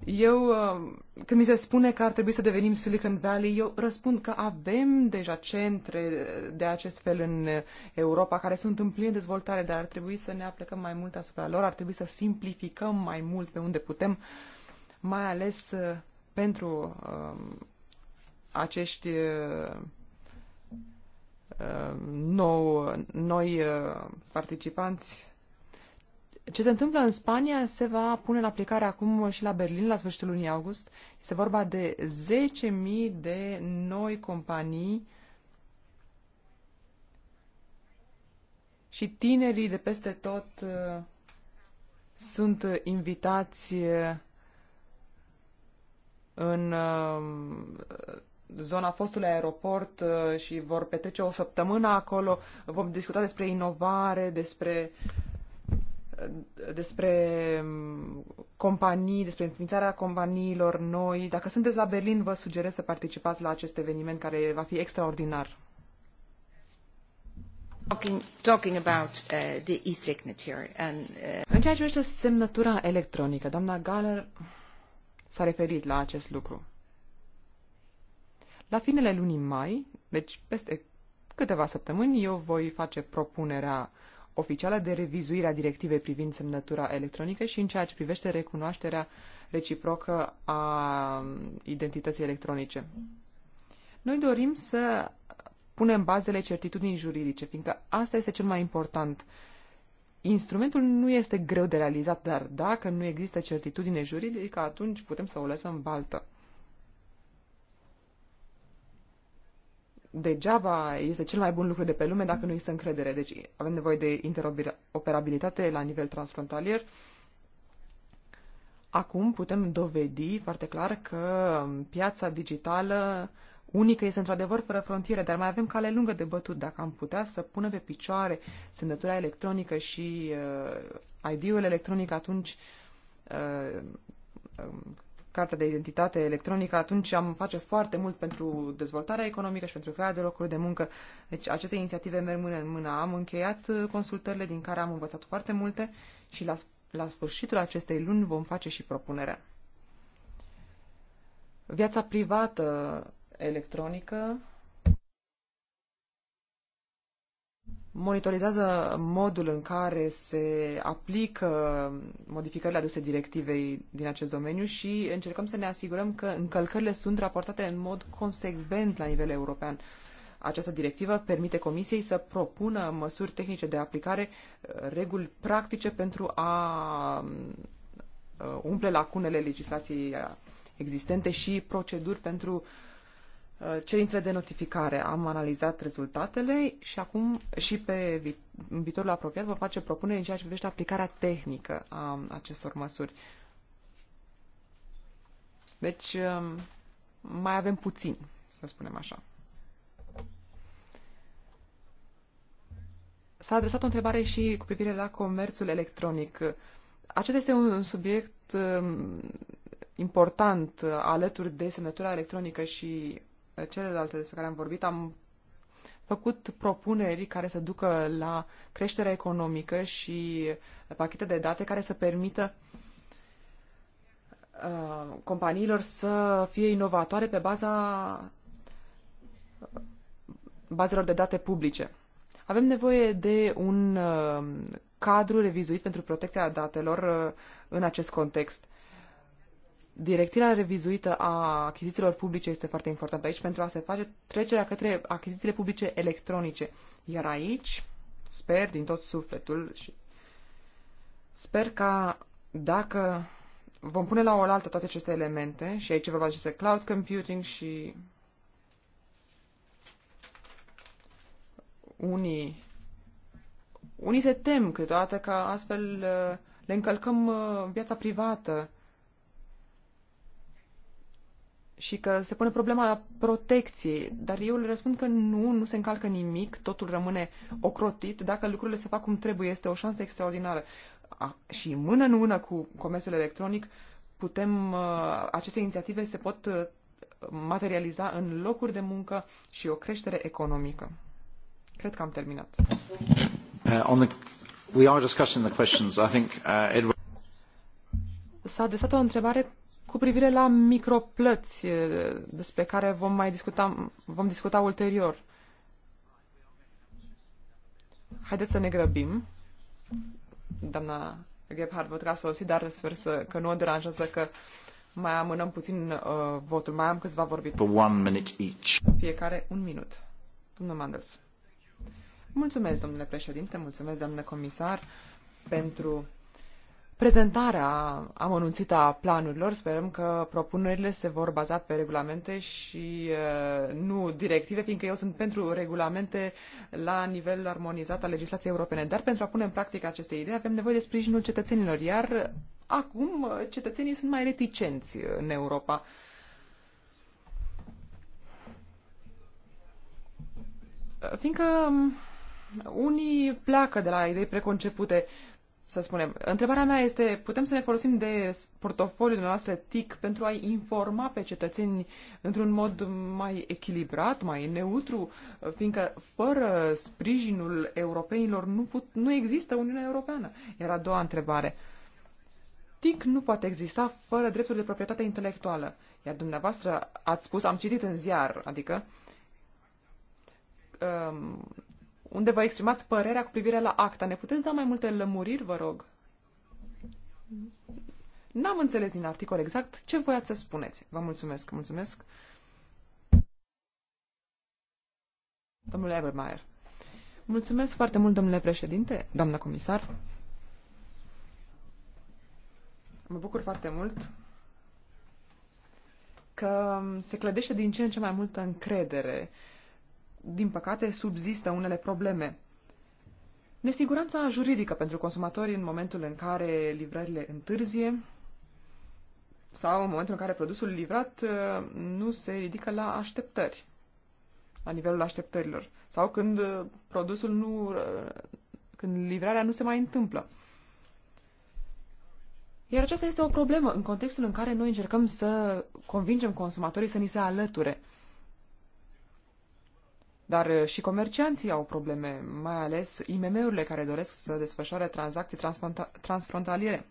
Eu, uh, când mi se spune că ar trebui să devenim Silicon Valley, eu răspund că avem deja centre de acest fel în Europa care sunt în plină dezvoltare, dar ar trebui să ne aplicăm mai mult asupra lor, ar trebui să simplificăm mai mult pe unde putem, mai ales uh, pentru uh, acești uh, uh, nou, noi uh, participanți ce se întâmplă în Spania se va pune în aplicare acum și la Berlin, la sfârșitul lunii august. Este vorba de 10.000 de noi companii și tinerii de peste tot uh, sunt invitați uh, în uh, zona fostului aeroport și vor petrece o săptămână acolo. Vom discuta despre inovare, despre despre mm, companii, despre înființarea companiilor noi. Dacă sunteți la Berlin, vă sugerez să participați la acest eveniment care va fi extraordinar. Talking, talking about uh, the e-signature and uh... În ceea ce privește semnătura electronică, doamna Galler s-a referit la acest lucru. La finele lunii mai, deci peste câteva săptămâni, eu voi face propunerea uh, oficială de revizuire a directivei privind semnătura electronică și în ceea ce privește recunoașterea reciprocă a identității electronice. Noi dorim să punem bazele certitudinii juridice, fiindcă asta este cel mai important. Instrumentul nu este greu de realizat, dar dacă nu există certitudine juridică, atunci putem să o lăsăm baltă. degeaba este cel mai bun lucru de pe lume dacă nu există încredere. Deci avem nevoie de interoperabilitate la nivel transfrontalier. Acum putem dovedi foarte clar că piața digitală unică este într-adevăr fără frontiere, dar mai avem cale lungă de bătut. Dacă am putea să punem pe picioare semnătura electronică și uh, ID-ul electronic, atunci uh, um, cartea de identitate electronică, atunci am face foarte mult pentru dezvoltarea economică și pentru crearea de locuri de muncă. Deci aceste inițiative merg mână în mână. Am încheiat uh, consultările din care am învățat foarte multe și la, la sfârșitul acestei luni vom face și propunerea. Viața privată electronică monitorizează modul în care se aplică modificările aduse directivei din acest domeniu și încercăm să ne asigurăm că încălcările sunt raportate în mod consecvent la nivel european. Această directivă permite Comisiei să propună măsuri tehnice de aplicare, uh, reguli practice pentru a um, uh, umple lacunele legislației existente și proceduri pentru uh, Uh, cerințele de notificare. Am analizat rezultatele și acum și pe vi- în viitorul apropiat vom face propuneri în ceea ce privește aplicarea tehnică a acestor măsuri. Deci um, mai avem puțin, să spunem așa. S-a adresat o întrebare și cu privire la comerțul electronic. Acesta este un subiect um, important alături de semnătura electronică și celelalte despre care am vorbit, am făcut propuneri care să ducă la creșterea economică și pachete de date care să permită uh, companiilor să fie inovatoare pe baza bazelor de date publice. Avem nevoie de un uh, cadru revizuit pentru protecția datelor uh, în acest context. Directiva revizuită a achizițiilor publice este foarte importantă aici pentru a se face trecerea către achizițiile publice electronice. Iar aici, sper din tot sufletul și sper ca dacă vom pune la oaltă toate aceste elemente și aici e vorba despre cloud computing și unii unii se tem câteodată că astfel uh, le încălcăm uh, viața privată și că se pune problema protecției, dar eu le răspund că nu, nu se încalcă nimic, totul rămâne ocrotit, dacă lucrurile se fac cum trebuie, este o șansă extraordinară. A, și mână în mână cu comerțul electronic, putem, uh, aceste inițiative se pot uh, materializa în locuri de muncă și o creștere economică. Cred că am terminat. Uh, on the, we are discussing the questions. I think uh, Edward... S-a adresat o întrebare cu privire la microplăți, despre care vom mai discuta, vom discuta ulterior, haideți să ne grăbim. Doamna Gebhard, trebuie să o zi, dar sper să, că nu o deranjează că mai amânăm puțin uh, votul. Mai am câțiva vorbit. For one minute each. Fiecare un minut. Domnul Mandels. Mulțumesc, domnule președinte, mulțumesc, doamnă comisar, pentru prezentarea amănunțită a planurilor. Sperăm că propunerile se vor baza pe regulamente și nu directive, fiindcă eu sunt pentru regulamente la nivel armonizat al legislației europene. Dar pentru a pune în practică aceste idei avem nevoie de sprijinul cetățenilor, iar acum cetățenii sunt mai reticenți în Europa. Fiindcă unii pleacă de la idei preconcepute, să spunem. Întrebarea mea este, putem să ne folosim de portofoliul noastră TIC pentru a informa pe cetățeni într-un mod mai echilibrat, mai neutru, fiindcă fără sprijinul europenilor nu, put, nu există Uniunea Europeană? Era a doua întrebare. TIC nu poate exista fără drepturi de proprietate intelectuală. Iar dumneavoastră ați spus, am citit în ziar, adică um, unde vă exprimați părerea cu privire la acta. Ne puteți da mai multe lămuriri, vă rog? N-am înțeles din articol exact ce voiați să spuneți. Vă mulțumesc, mulțumesc. Domnule Ebermeier. Mulțumesc foarte mult, domnule președinte, doamna comisar. Mă bucur foarte mult că se clădește din ce în ce mai multă încredere din păcate, subzistă unele probleme. Nesiguranța juridică pentru consumatori în momentul în care livrările întârzie sau în momentul în care produsul livrat uh, nu se ridică la așteptări, la nivelul așteptărilor, sau când uh, produsul nu, uh, când livrarea nu se mai întâmplă. Iar aceasta este o problemă în contextul în care noi încercăm să convingem consumatorii să ni se alăture. Dar uh, și comercianții au probleme, mai ales IMM-urile care doresc să desfășoare tranzacții transfrontaliere.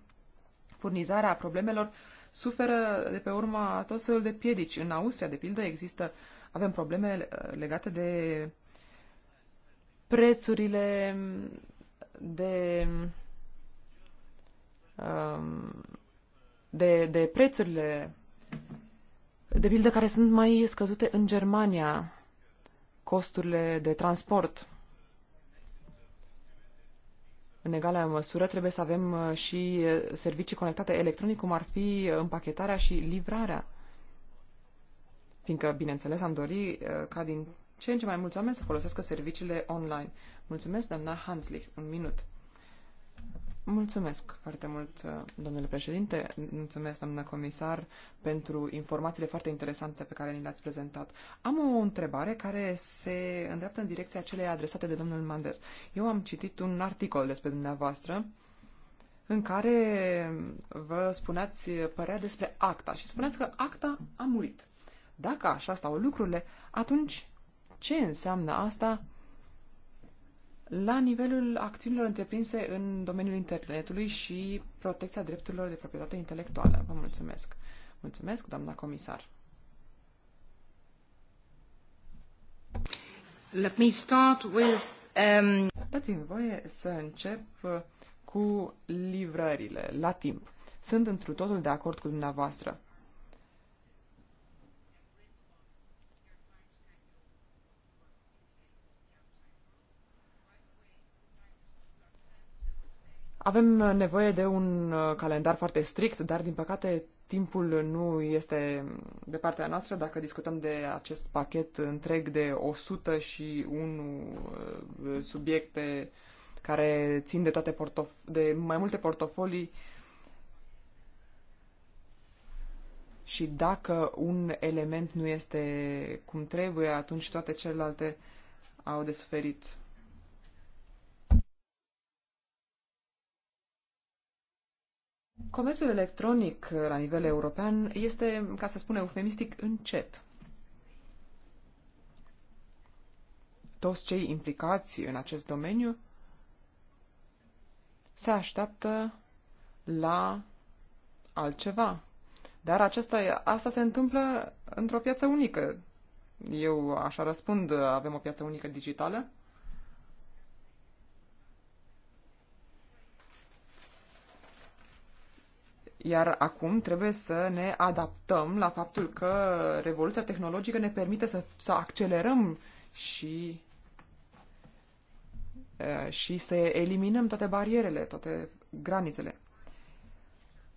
Furnizarea problemelor suferă de pe urma tot felul de piedici. În Austria, de pildă, există, avem probleme uh, legate de prețurile de, um, de, de prețurile de pildă care sunt mai scăzute în Germania costurile de transport. În egală măsură trebuie să avem uh, și uh, servicii conectate electronic, cum ar fi uh, împachetarea și livrarea. Fiindcă, bineînțeles, am dori ca din ce în ce mai mulți oameni să folosească serviciile online. Mulțumesc, doamna Hanslich. Un minut. Mulțumesc foarte mult, domnule președinte. Mulțumesc, doamnă comisar, pentru informațiile foarte interesante pe care ni le-ați prezentat. Am o întrebare care se îndreaptă în direcția celei adresate de domnul Manders. Eu am citit un articol despre dumneavoastră în care vă spuneați părea despre acta și spuneați că acta a murit. Dacă așa stau lucrurile, atunci ce înseamnă asta la nivelul acțiunilor întreprinse în domeniul internetului și protecția drepturilor de proprietate intelectuală. Vă mulțumesc. Mulțumesc, doamna comisar. Let me start with, um... Dați-mi voie să încep uh, cu livrările la timp. Sunt întru totul de acord cu dumneavoastră. Avem nevoie de un uh, calendar foarte strict, dar din păcate timpul nu este de partea noastră dacă discutăm de acest pachet întreg de 101 uh, subiecte care țin de toate portof- de mai multe portofolii și dacă un element nu este cum trebuie, atunci toate celelalte au de suferit. Comerțul electronic la nivel european este, ca să spun eufemistic, încet. Toți cei implicați în acest domeniu se așteaptă la altceva. Dar acesta, asta se întâmplă într-o piață unică. Eu așa răspund, avem o piață unică digitală Iar acum trebuie să ne adaptăm la faptul că revoluția tehnologică ne permite să, să accelerăm și, și să eliminăm toate barierele, toate granițele.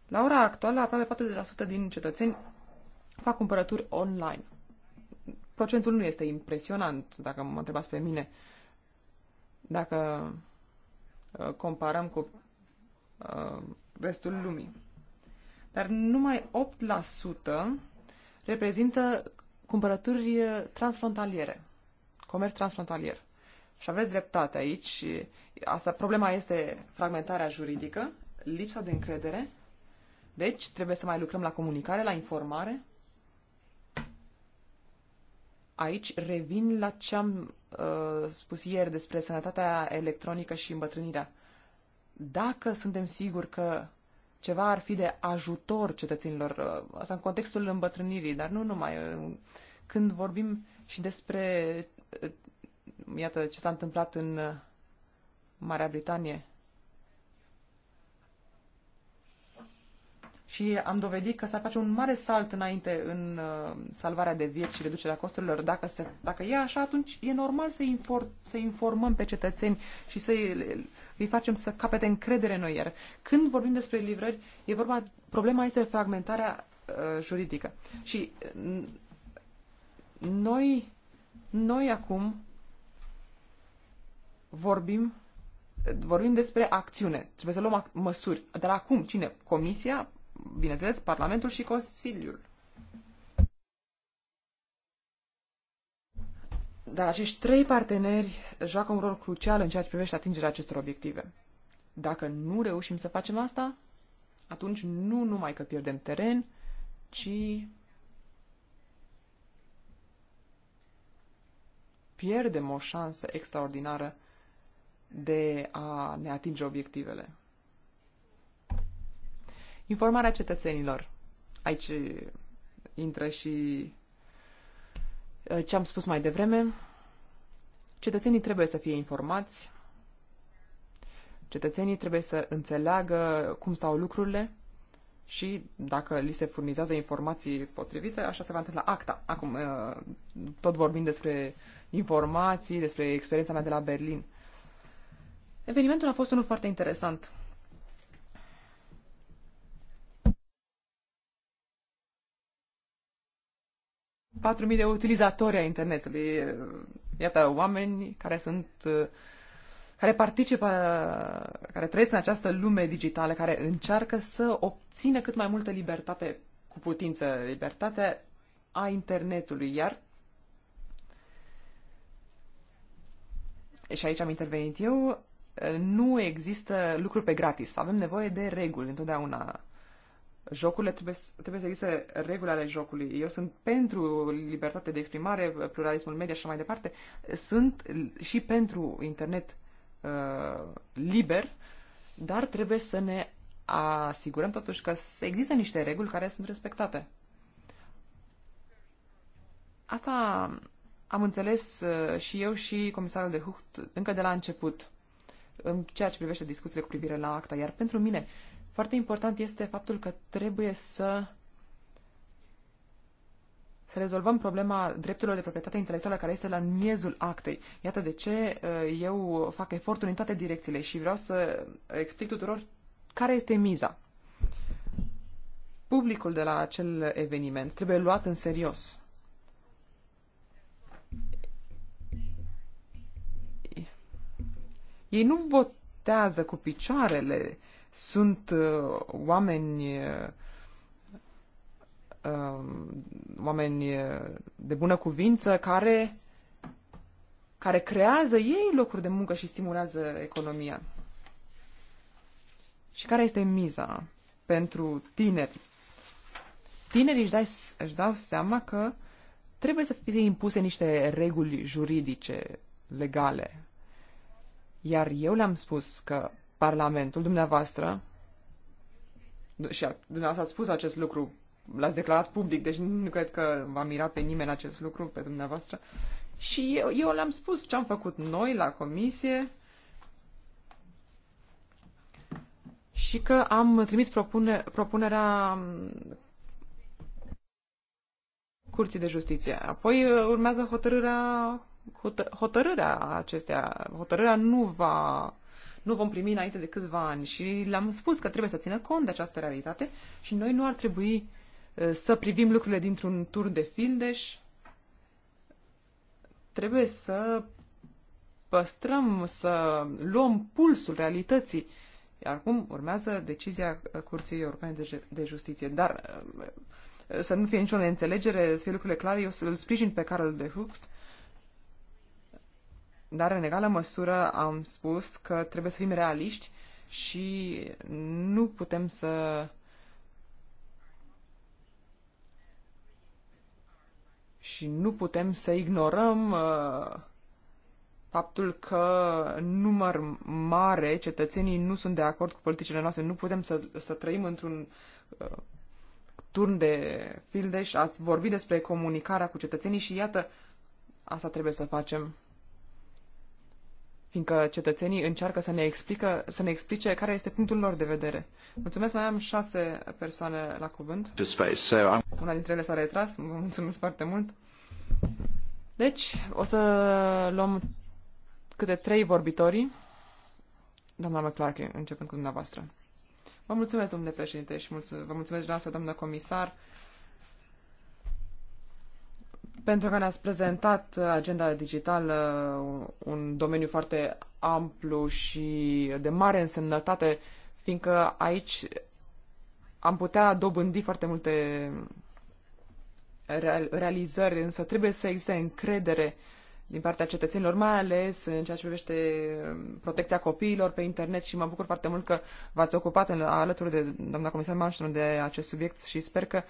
La ora actuală, aproape 40% din cetățeni fac cumpărături online. Procentul nu este impresionant, dacă mă întrebați pe mine. Dacă comparăm cu restul lumii dar numai 8% reprezintă cumpărături transfrontaliere, comerț transfrontalier. Și aveți dreptate aici. Asta, problema este fragmentarea juridică, lipsa de încredere. Deci, trebuie să mai lucrăm la comunicare, la informare. Aici revin la ce am uh, spus ieri despre sănătatea electronică și îmbătrânirea. Dacă suntem siguri că ceva ar fi de ajutor cetățenilor, uh, asta în contextul îmbătrânirii, dar nu numai. Uh, când vorbim și despre, uh, iată, ce s-a întâmplat în Marea Britanie, și am dovedit că s-ar face un mare salt înainte în uh, salvarea de vieți și reducerea costurilor. Dacă, se, dacă e așa, atunci e normal să, infor, să informăm pe cetățeni și să îi facem să capete încredere în noi. Iar când vorbim despre livrări, e vorba, problema este fragmentarea uh, juridică. Și mm, noi, noi acum vorbim vorbim despre acțiune. Trebuie să luăm măsuri. Dar acum, cine? Comisia? bineînțeles, Parlamentul și Consiliul. Dar acești trei parteneri joacă un rol crucial în ceea ce privește atingerea acestor obiective. Dacă nu reușim să facem asta, atunci nu numai că pierdem teren, ci pierdem o șansă extraordinară de a ne atinge obiectivele. Informarea cetățenilor. Aici intră și eh, ce am spus mai devreme. Cetățenii trebuie să fie informați. Cetățenii trebuie să înțeleagă cum stau lucrurile și dacă li se furnizează informații potrivite, așa se va întâmpla acta. Acum, eh, tot vorbim despre informații, despre experiența mea de la Berlin. Evenimentul a fost unul foarte interesant. 4.000 de utilizatori a internetului. Iată, oameni care sunt care participă, care trăiesc în această lume digitală, care încearcă să obțină cât mai multă libertate cu putință, libertate a internetului, iar și aici am intervenit eu, nu există lucruri pe gratis. Avem nevoie de reguli întotdeauna jocurile trebuie, trebuie să existe reguli ale jocului. Eu sunt pentru libertate de exprimare, pluralismul media și așa mai departe. Sunt și pentru internet uh, liber, dar trebuie să ne asigurăm totuși că există niște reguli care sunt respectate. Asta am înțeles uh, și eu și comisarul de Hucht încă de la început în ceea ce privește discuțiile cu privire la acta. Iar pentru mine foarte important este faptul că trebuie să să rezolvăm problema drepturilor de proprietate intelectuală care este la miezul actei. Iată de ce uh, eu fac eforturi în toate direcțiile și vreau să explic tuturor care este miza. Publicul de la acel eveniment trebuie luat în serios. Ei nu votează cu picioarele, sunt uh, oameni uh, um, oameni uh, de bună cuvință care care creează ei locuri de muncă și stimulează economia. Și care este miza pentru tineri? Tinerii își, dai, își dau seama că trebuie să fie impuse niște reguli juridice, legale. Iar eu le-am spus că Parlamentul, dumneavoastră, și a, dumneavoastră ați spus acest lucru, l-ați declarat public, deci nu cred că va mira pe nimeni acest lucru, pe dumneavoastră. Și eu, eu le-am spus ce am făcut noi la comisie și că am trimis propune, propunerea Curții de Justiție. Apoi uh, urmează hotărârea, hotă, hotărârea acestea. Hotărârea nu va nu vom primi înainte de câțiva ani și le-am spus că trebuie să țină cont de această realitate și noi nu ar trebui să privim lucrurile dintr-un tur de fildeș. Trebuie să păstrăm, să luăm pulsul realității. Iar acum urmează decizia Curții Europene de Justiție. Dar să nu fie nicio neînțelegere, să fie lucrurile clare, eu să sprijin pe Carol de Hucht dar, în egală măsură, am spus că trebuie să fim realiști și nu putem să și nu putem să ignorăm uh, faptul că număr mare cetățenii nu sunt de acord cu politicile noastre. Nu putem să, să trăim într-un uh, turn de fildeș. Ați vorbit despre comunicarea cu cetățenii și iată, asta trebuie să facem fiindcă cetățenii încearcă să ne, explică, să ne explice care este punctul lor de vedere. Mulțumesc, mai am șase persoane la cuvânt. Una dintre ele s-a retras, vă mulțumesc foarte mult. Deci, o să luăm câte trei vorbitorii. Doamna McClarke, începând cu dumneavoastră. Vă mulțumesc, domnule președinte, și mulțumesc, vă mulțumesc dumneavoastră, doamnă comisar, pentru că ne-ați prezentat uh, agenda digitală, uh, un domeniu foarte amplu și de mare însemnătate, fiindcă aici am putea dobândi foarte multe realizări, însă trebuie să existe încredere din partea cetățenilor, mai ales în ceea ce privește uh, protecția copiilor pe internet și mă bucur foarte mult că v-ați ocupat în, alături de doamna comisar Malmström de acest subiect și sper că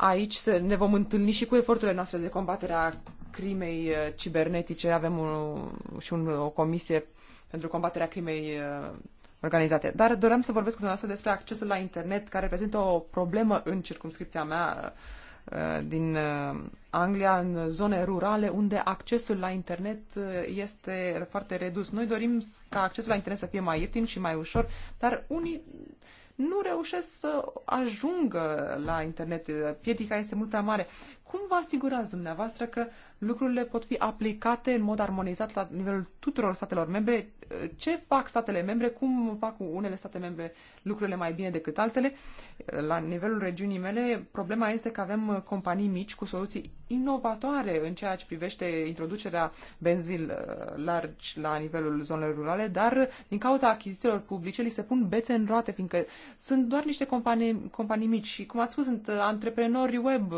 aici ne vom întâlni și cu eforturile noastre de combatere a crimei uh, cibernetice. Avem un, și un, o comisie pentru combaterea crimei uh, organizate. Dar doream să vorbesc cu dumneavoastră despre accesul la internet, care reprezintă o problemă în circumscripția mea uh, din Anglia, în zone rurale, unde accesul la internet este foarte redus. Noi dorim ca accesul la internet să fie mai ieftin și mai ușor, dar unii nu reușesc să ajungă la internet. Piedica este mult prea mare. Cum vă asigurați dumneavoastră că lucrurile pot fi aplicate în mod armonizat la nivelul tuturor statelor membre? Ce fac statele membre? Cum fac unele state membre lucrurile mai bine decât altele? La nivelul regiunii mele, problema este că avem companii mici cu soluții inovatoare în ceea ce privește introducerea benzil uh, largi la nivelul zonelor rurale, dar din cauza achizițiilor publice li se pun bețe în roate, fiindcă sunt doar niște companii, companii mici și, cum ați spus, sunt antreprenori web,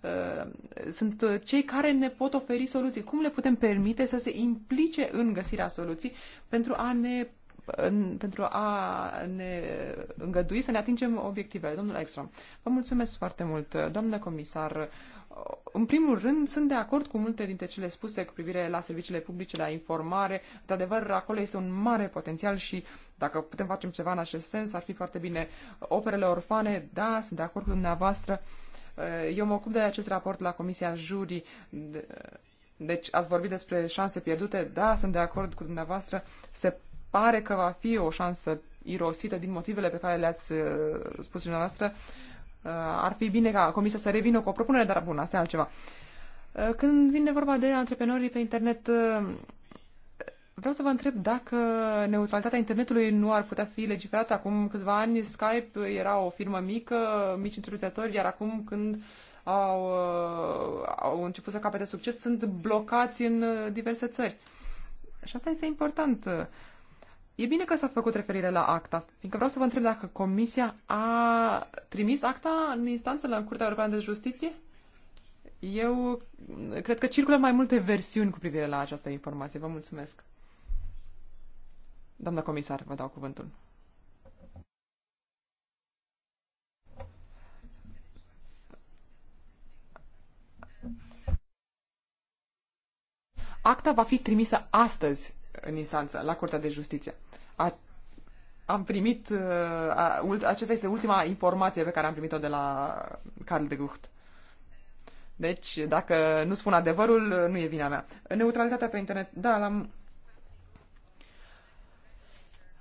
Uh, sunt cei care ne pot oferi soluții. Cum le putem permite să se implice în găsirea soluții pentru a ne în, pentru a ne îngădui să ne atingem obiectivele. Domnul Ekstrom, vă mulțumesc foarte mult, doamnă comisar. În primul rând, sunt de acord cu multe dintre cele spuse cu privire la serviciile publice, la informare. de adevăr acolo este un mare potențial și dacă putem face ceva în acest sens, ar fi foarte bine. Operele orfane, da, sunt de acord cu dumneavoastră. Eh, eu mă ocup de acest raport la Comisia juri, Deci ați vorbit despre șanse pierdute. Da, sunt de acord cu dumneavoastră. Se pare că va fi o șansă irosită din motivele pe care le-ați eh, spus dumneavoastră. Eh, ar fi bine ca Comisia să revină cu o propunere, dar bun, asta e altceva. Când vine vorba de antreprenorii pe internet, Vreau să vă întreb dacă neutralitatea internetului nu ar putea fi legiferată. Acum câțiva ani Skype era o firmă mică, mici întreprinzători, iar acum când au, uh, au început să capete succes, sunt blocați în uh, diverse țări. Și asta este important. E bine că s-a făcut referire la acta, fiindcă vreau să vă întreb dacă Comisia a trimis acta în instanță la Curtea Europeană de Justiție? Eu cred că circulă mai multe versiuni cu privire la această informație. Vă mulțumesc. Doamna comisar, vă dau cuvântul. Acta va fi trimisă astăzi în instanță, la Curtea de Justiție. A, am primit, uh, a, acesta este ultima informație pe care am primit-o de la Carl de Gucht. Deci, dacă nu spun adevărul, nu e vina mea. Neutralitatea pe internet, da, l-am,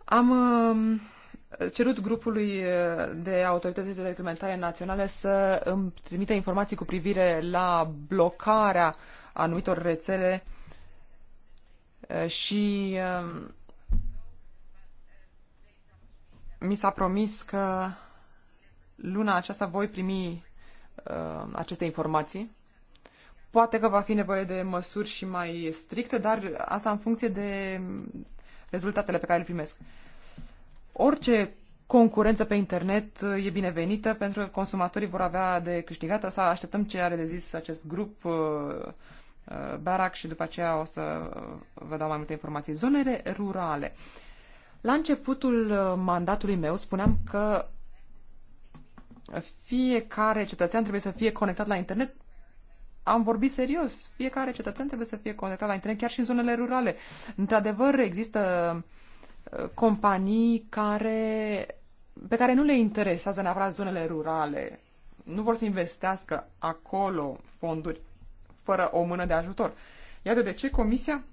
am um, cerut grupului uh, de autorități de reglementare naționale să îmi trimite informații cu privire la blocarea anumitor rețele uh, și um, mi s-a promis că luna aceasta voi primi uh, aceste informații. Poate că va fi nevoie de măsuri și mai stricte, dar asta în funcție de rezultatele pe care le primesc. Orice concurență pe internet uh, e binevenită pentru că consumatorii vor avea de câștigat. O să așteptăm ce are de zis acest grup uh, uh, Barac și după aceea o să vă dau mai multe informații. Zonele rurale. La începutul mandatului meu spuneam că fiecare cetățean trebuie să fie conectat la internet am vorbit serios. Fiecare cetățean trebuie să fie conectat la internet, chiar și în zonele rurale. Într-adevăr, există uh, companii care, pe care nu le interesează neapărat zonele rurale. Nu vor să investească acolo fonduri fără o mână de ajutor. Iată de ce Comisia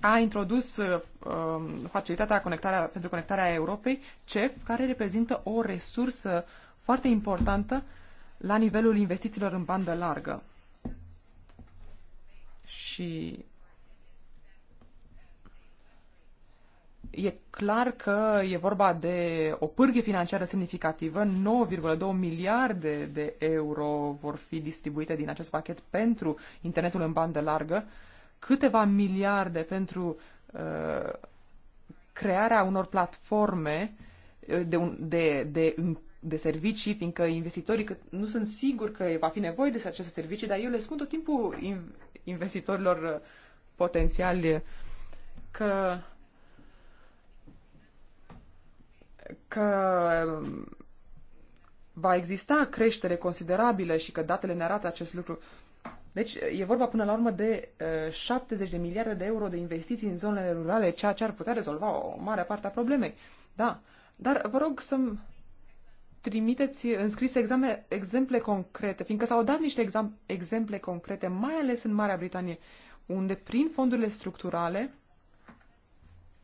a introdus uh, um, facilitatea conectarea, pentru conectarea Europei, CEF, care reprezintă o resursă foarte importantă la nivelul investițiilor în bandă largă. Și e clar că e vorba de o pârghie financiară semnificativă. 9,2 miliarde de euro vor fi distribuite din acest pachet pentru internetul în bandă largă, câteva miliarde pentru uh, crearea unor platforme uh, de, un, de, de, de servicii, fiindcă investitorii că nu sunt siguri că va fi nevoie de aceste servicii, dar eu le spun tot timpul investitorilor uh, potențiali că că um, va exista creștere considerabilă și că datele ne arată acest lucru. Deci e vorba până la urmă de uh, 70 de miliarde de euro de investiții în zonele rurale, ceea ce ar putea rezolva o mare parte a problemei. Da, dar vă rog să-mi trimiteți scris exame, exemple concrete, fiindcă s-au dat niște exam, exemple concrete, mai ales în Marea Britanie, unde prin fondurile structurale,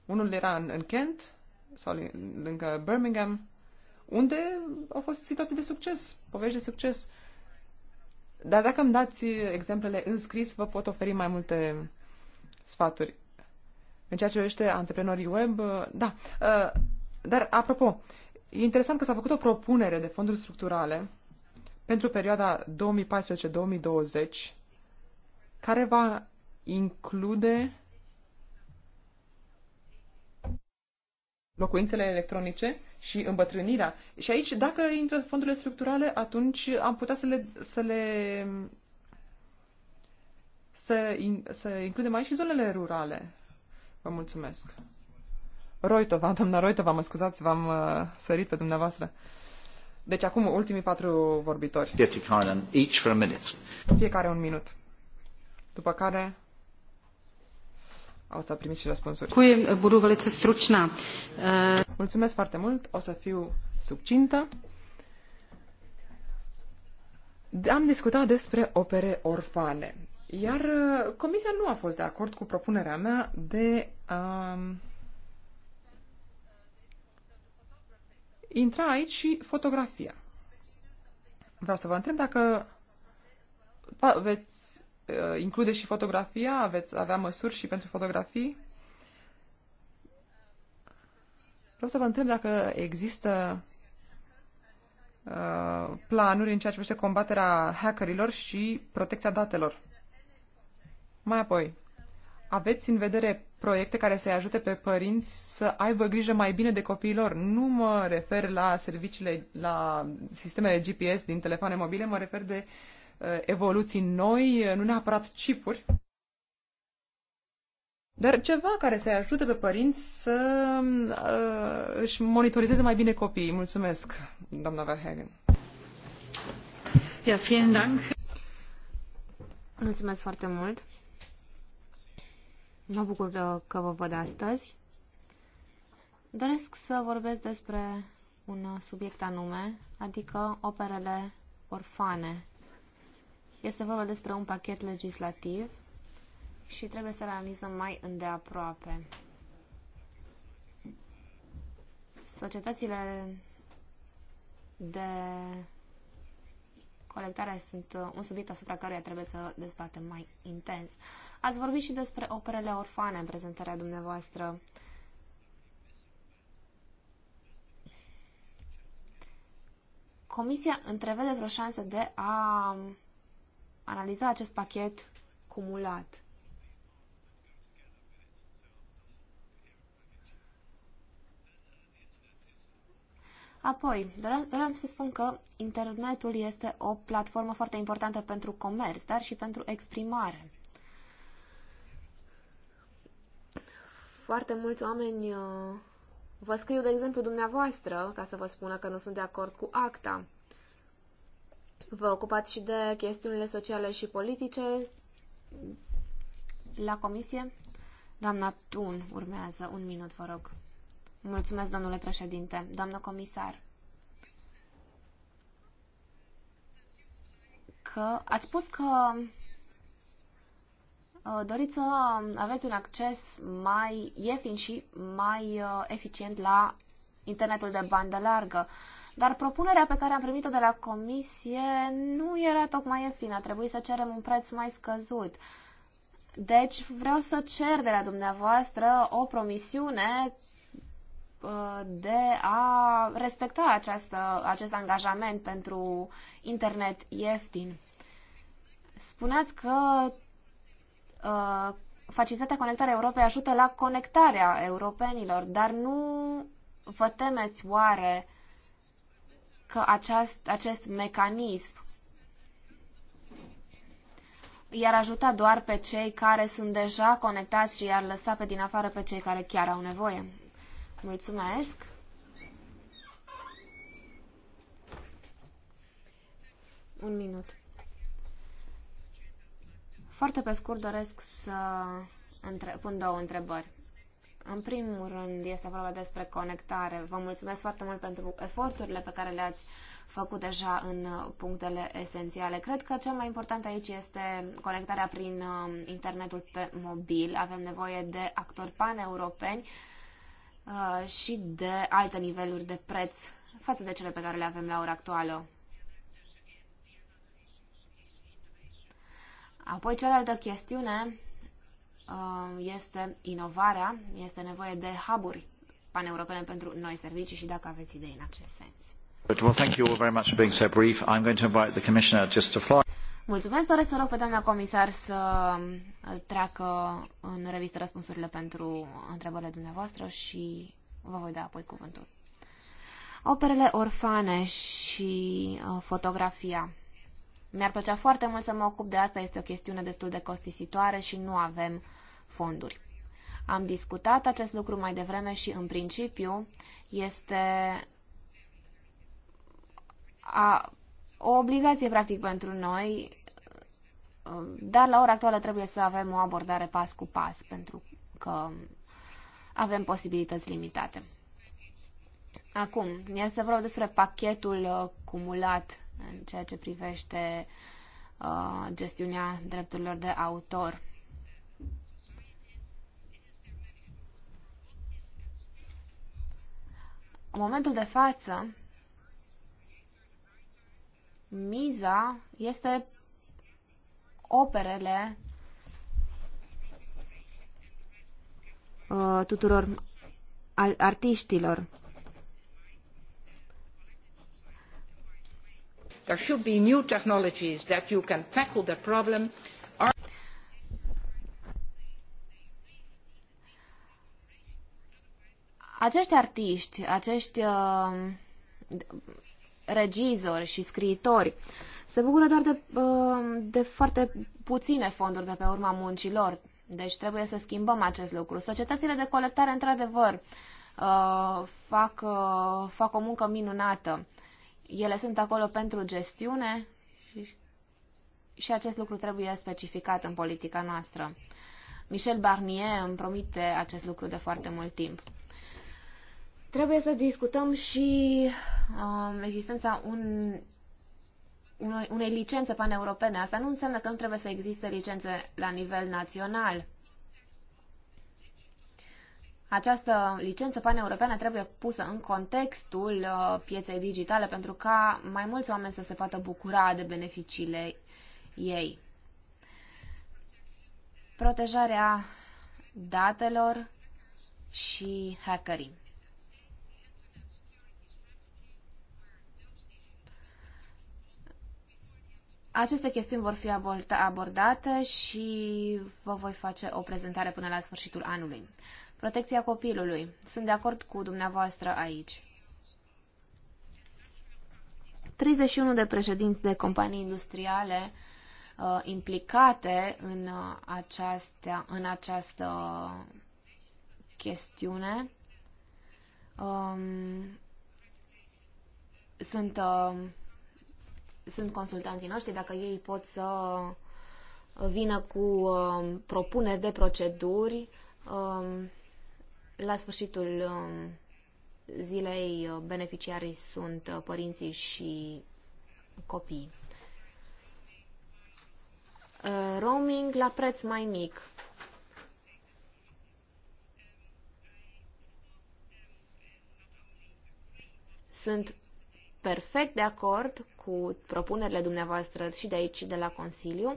unul era în, în Kent sau lângă Birmingham, unde au fost situații de succes, povești de succes. Dar dacă îmi dați exemplele în scris, vă pot oferi mai multe sfaturi. În ceea ce privește antreprenorii web, da. Ă, dar, apropo, E interesant că s-a făcut o propunere de fonduri structurale pentru perioada 2014-2020 care va include locuințele electronice și îmbătrânirea. Și aici, dacă intră fondurile structurale, atunci am putea să le, să le să, in, să includem aici și zonele rurale. Vă mulțumesc. Roitova, doamna Roitova, mă scuzați, v-am uh, sărit pe dumneavoastră. Deci acum ultimii patru vorbitori. Each for a minute. Fiecare un minut. După care o să primiți și răspunsuri. Cui budu velice stručná. Uh, mulțumesc foarte mult, o să fiu subcintă. Am discutat despre opere orfane, iar uh, comisia nu a fost de acord cu propunerea mea de um, intra aici și fotografia. Vreau să vă întreb dacă veți uh, include și fotografia, veți avea măsuri și pentru fotografii. Vreau să vă întreb dacă există uh, planuri în ceea ce privește combaterea hackerilor și protecția datelor. Mai apoi, aveți în vedere proiecte care să-i ajute pe părinți să aibă grijă mai bine de copiilor. Nu mă refer la serviciile, la sistemele GPS din telefoane mobile, mă refer de uh, evoluții noi, uh, nu neapărat chipuri, dar ceva care să-i ajute pe părinți să uh, își monitorizeze mai bine copiii. Mulțumesc, doamna Verhagen. Ja, vielen Dank. Mulțumesc foarte mult. Mă bucur că vă văd astăzi. Doresc să vorbesc despre un subiect anume, adică operele orfane. Este vorba despre un pachet legislativ și trebuie să-l analizăm mai îndeaproape. Societățile de colectarea sunt uh, un subiect asupra căruia trebuie să dezbatem mai intens. Ați vorbit și despre operele orfane în prezentarea dumneavoastră. Comisia întrevede vreo șansă de a um, analiza acest pachet cumulat. Apoi, doream să spun că internetul este o platformă foarte importantă pentru comerț, dar și pentru exprimare. Foarte mulți oameni uh, vă scriu, de exemplu, dumneavoastră, ca să vă spună că nu sunt de acord cu acta. Vă ocupați și de chestiunile sociale și politice la comisie? Doamna Tun urmează. Un minut, vă rog. Mulțumesc, domnule președinte. Doamnă comisar, că ați spus că uh, doriți să aveți un acces mai ieftin și mai uh, eficient la internetul de bandă largă. Dar propunerea pe care am primit-o de la comisie nu era tocmai ieftină, trebuit să cerem un preț mai scăzut. Deci vreau să cer de la dumneavoastră o promisiune de a respecta această, acest angajament pentru internet ieftin. Spuneați că uh, Facilitatea Conectarea Europei ajută la conectarea europenilor, dar nu vă temeți oare că aceast, acest mecanism iar ajuta doar pe cei care sunt deja conectați și i-ar lăsa pe din afară pe cei care chiar au nevoie. Mulțumesc! Un minut. Foarte pe scurt doresc să între... pun două întrebări. În primul rând este vorba despre conectare. Vă mulțumesc foarte mult pentru eforturile pe care le-ați făcut deja în punctele esențiale. Cred că cel mai important aici este conectarea prin uh, internetul pe mobil. Avem nevoie de actori paneuropeni europeni Uh, și de alte niveluri de preț față de cele pe care le avem la ora actuală. Apoi, cealaltă chestiune uh, este inovarea, este nevoie de hub-uri paneuropene pentru noi servicii și dacă aveți idei în acest sens. Well, thank you all very much for being so brief. I'm going to invite the Commissioner just to fly. Mulțumesc, doresc să rog pe doamna comisar să uh, treacă în revistă răspunsurile pentru întrebările dumneavoastră și vă voi da apoi cuvântul. Operele orfane și uh, fotografia. Mi-ar plăcea foarte mult să mă ocup de asta, este o chestiune destul de costisitoare și nu avem fonduri. Am discutat acest lucru mai devreme și în principiu este a, o obligație practic pentru noi, um, dar la ora actuală trebuie să avem o abordare pas cu pas, pentru că avem posibilități limitate. Acum, iar să vreau despre pachetul uh, cumulat în ceea ce privește uh, gestiunea drepturilor de autor. În momentul de față, miza este operele uh, tuturor artiștilor. There should be new technologies that you can tackle the problem. Acești artiști, acești uh, regizori și scriitori. Se bucură doar de, uh, de foarte puține fonduri de pe urma muncilor. Deci trebuie să schimbăm acest lucru. Societățile de colectare, într-adevăr, uh, fac, uh, fac o muncă minunată. Ele sunt acolo pentru gestiune și acest lucru trebuie specificat în politica noastră. Michel Barnier îmi promite acest lucru de foarte mult timp. Trebuie să discutăm și um, existența un, unei, unei licențe paneuropene. Asta nu înseamnă că nu trebuie să existe licențe la nivel național. Această licență paneuropeană trebuie pusă în contextul uh, pieței digitale pentru ca mai mulți oameni să se poată bucura de beneficiile ei. Protejarea datelor și hackerii. Aceste chestiuni vor fi abordate și vă voi face o prezentare până la sfârșitul anului. Protecția copilului. Sunt de acord cu dumneavoastră aici. 31 de președinți de companii industriale uh, implicate în, uh, aceastea, în această chestiune um, sunt uh, sunt consultanții noștri, dacă ei pot să vină cu uh, propuneri de proceduri uh, la sfârșitul um, uh, zilei beneficiarii sunt uh, părinții și copiii. Uh, roaming la preț mai mic. Sunt perfect de acord cu propunerile dumneavoastră și de aici și de la Consiliu,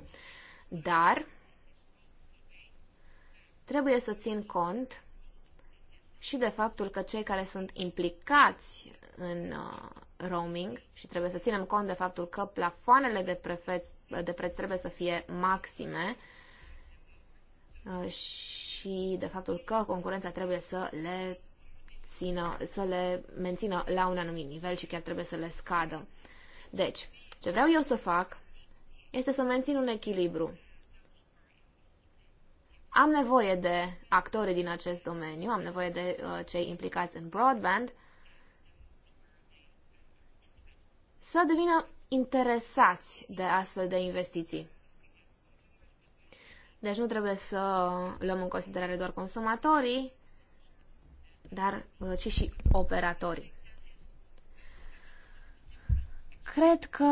dar trebuie să țin cont și de faptul că cei care sunt implicați în uh, roaming și trebuie să ținem cont de faptul că plafoanele de, prefeț, de preț trebuie să fie maxime uh, și de faptul că concurența trebuie să le țină, să le mențină la un anumit nivel și chiar trebuie să le scadă. Deci, ce vreau eu să fac este să mențin un echilibru. Am nevoie de actori din acest domeniu, am nevoie de uh, cei implicați în broadband să devină interesați de astfel de investiții. Deci nu trebuie să luăm în considerare doar consumatorii, dar uh, ci și operatorii. Cred că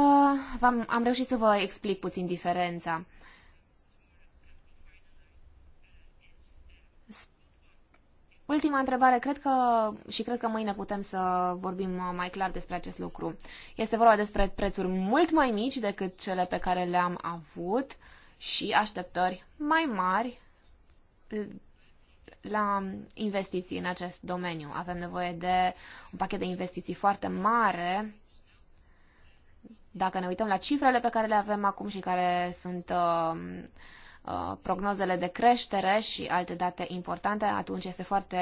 am am reușit să vă explic puțin diferența. Ultima întrebare, cred că și cred că mâine putem să vorbim mai clar despre acest lucru. Este vorba despre prețuri mult mai mici decât cele pe care le-am avut și așteptări mai mari la investiții în acest domeniu. Avem nevoie de un pachet de investiții foarte mare. Dacă ne uităm la cifrele pe care le avem acum și care sunt uh, uh, prognozele de creștere și alte date importante, atunci este foarte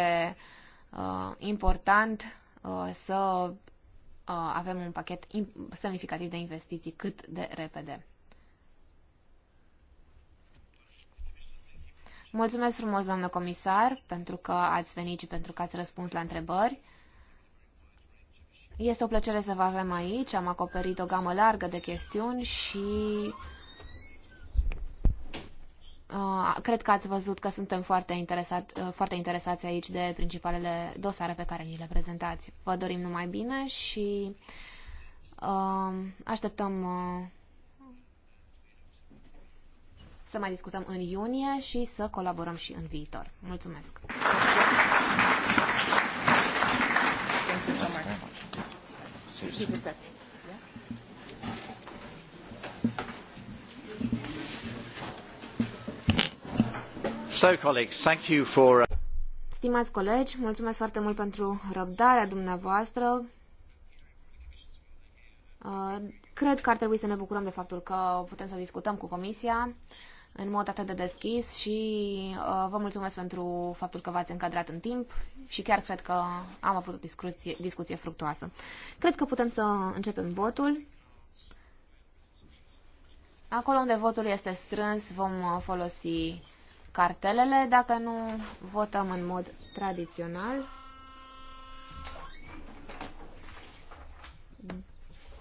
uh, important uh, să uh, avem un pachet semnificativ de investiții cât de repede. Mulțumesc frumos, doamnă comisar, pentru că ați venit și pentru că ați răspuns la întrebări. Este o plăcere să vă avem aici. Am acoperit o gamă largă de chestiuni și uh, cred că ați văzut că suntem foarte, interesat, uh, foarte interesați aici de principalele dosare pe care ni le prezentați. Vă dorim numai bine și uh, așteptăm uh, să mai discutăm în iunie și să colaborăm și în viitor. Mulțumesc! So, colleagues, thank you for... Uh, Stimați colegi, mulțumesc foarte mult pentru răbdarea dumneavoastră. Uh, cred că ar trebui să ne bucurăm de faptul că putem să discutăm cu Comisia în mod atât de deschis și uh, vă mulțumesc pentru faptul că v-ați încadrat în timp și chiar cred că am avut o discuție, discuție fructuoasă. Cred că putem să începem votul. Acolo unde votul este strâns vom uh, folosi cartelele, dacă nu votăm în mod tradițional.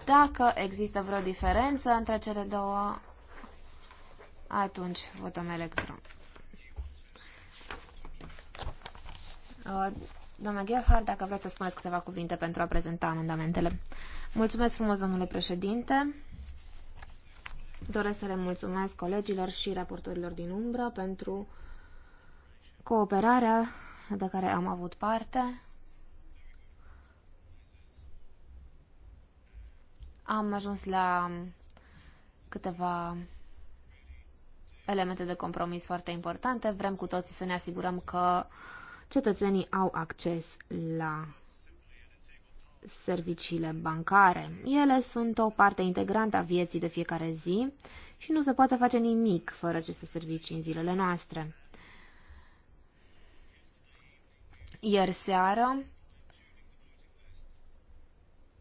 Dacă există vreo diferență între cele două atunci votăm electron. Uh, doamna Gerhard, dacă vreți să spuneți câteva cuvinte pentru a prezenta amendamentele. Mulțumesc frumos, domnule președinte. Doresc să le mulțumesc colegilor și raportorilor din umbră pentru cooperarea de care am avut parte. Am ajuns la câteva elemente de compromis foarte importante. Vrem cu toții să ne asigurăm că cetățenii au acces la serviciile bancare. Ele sunt o parte integrantă a vieții de fiecare zi și nu se poate face nimic fără aceste servicii în zilele noastre. Ieri seară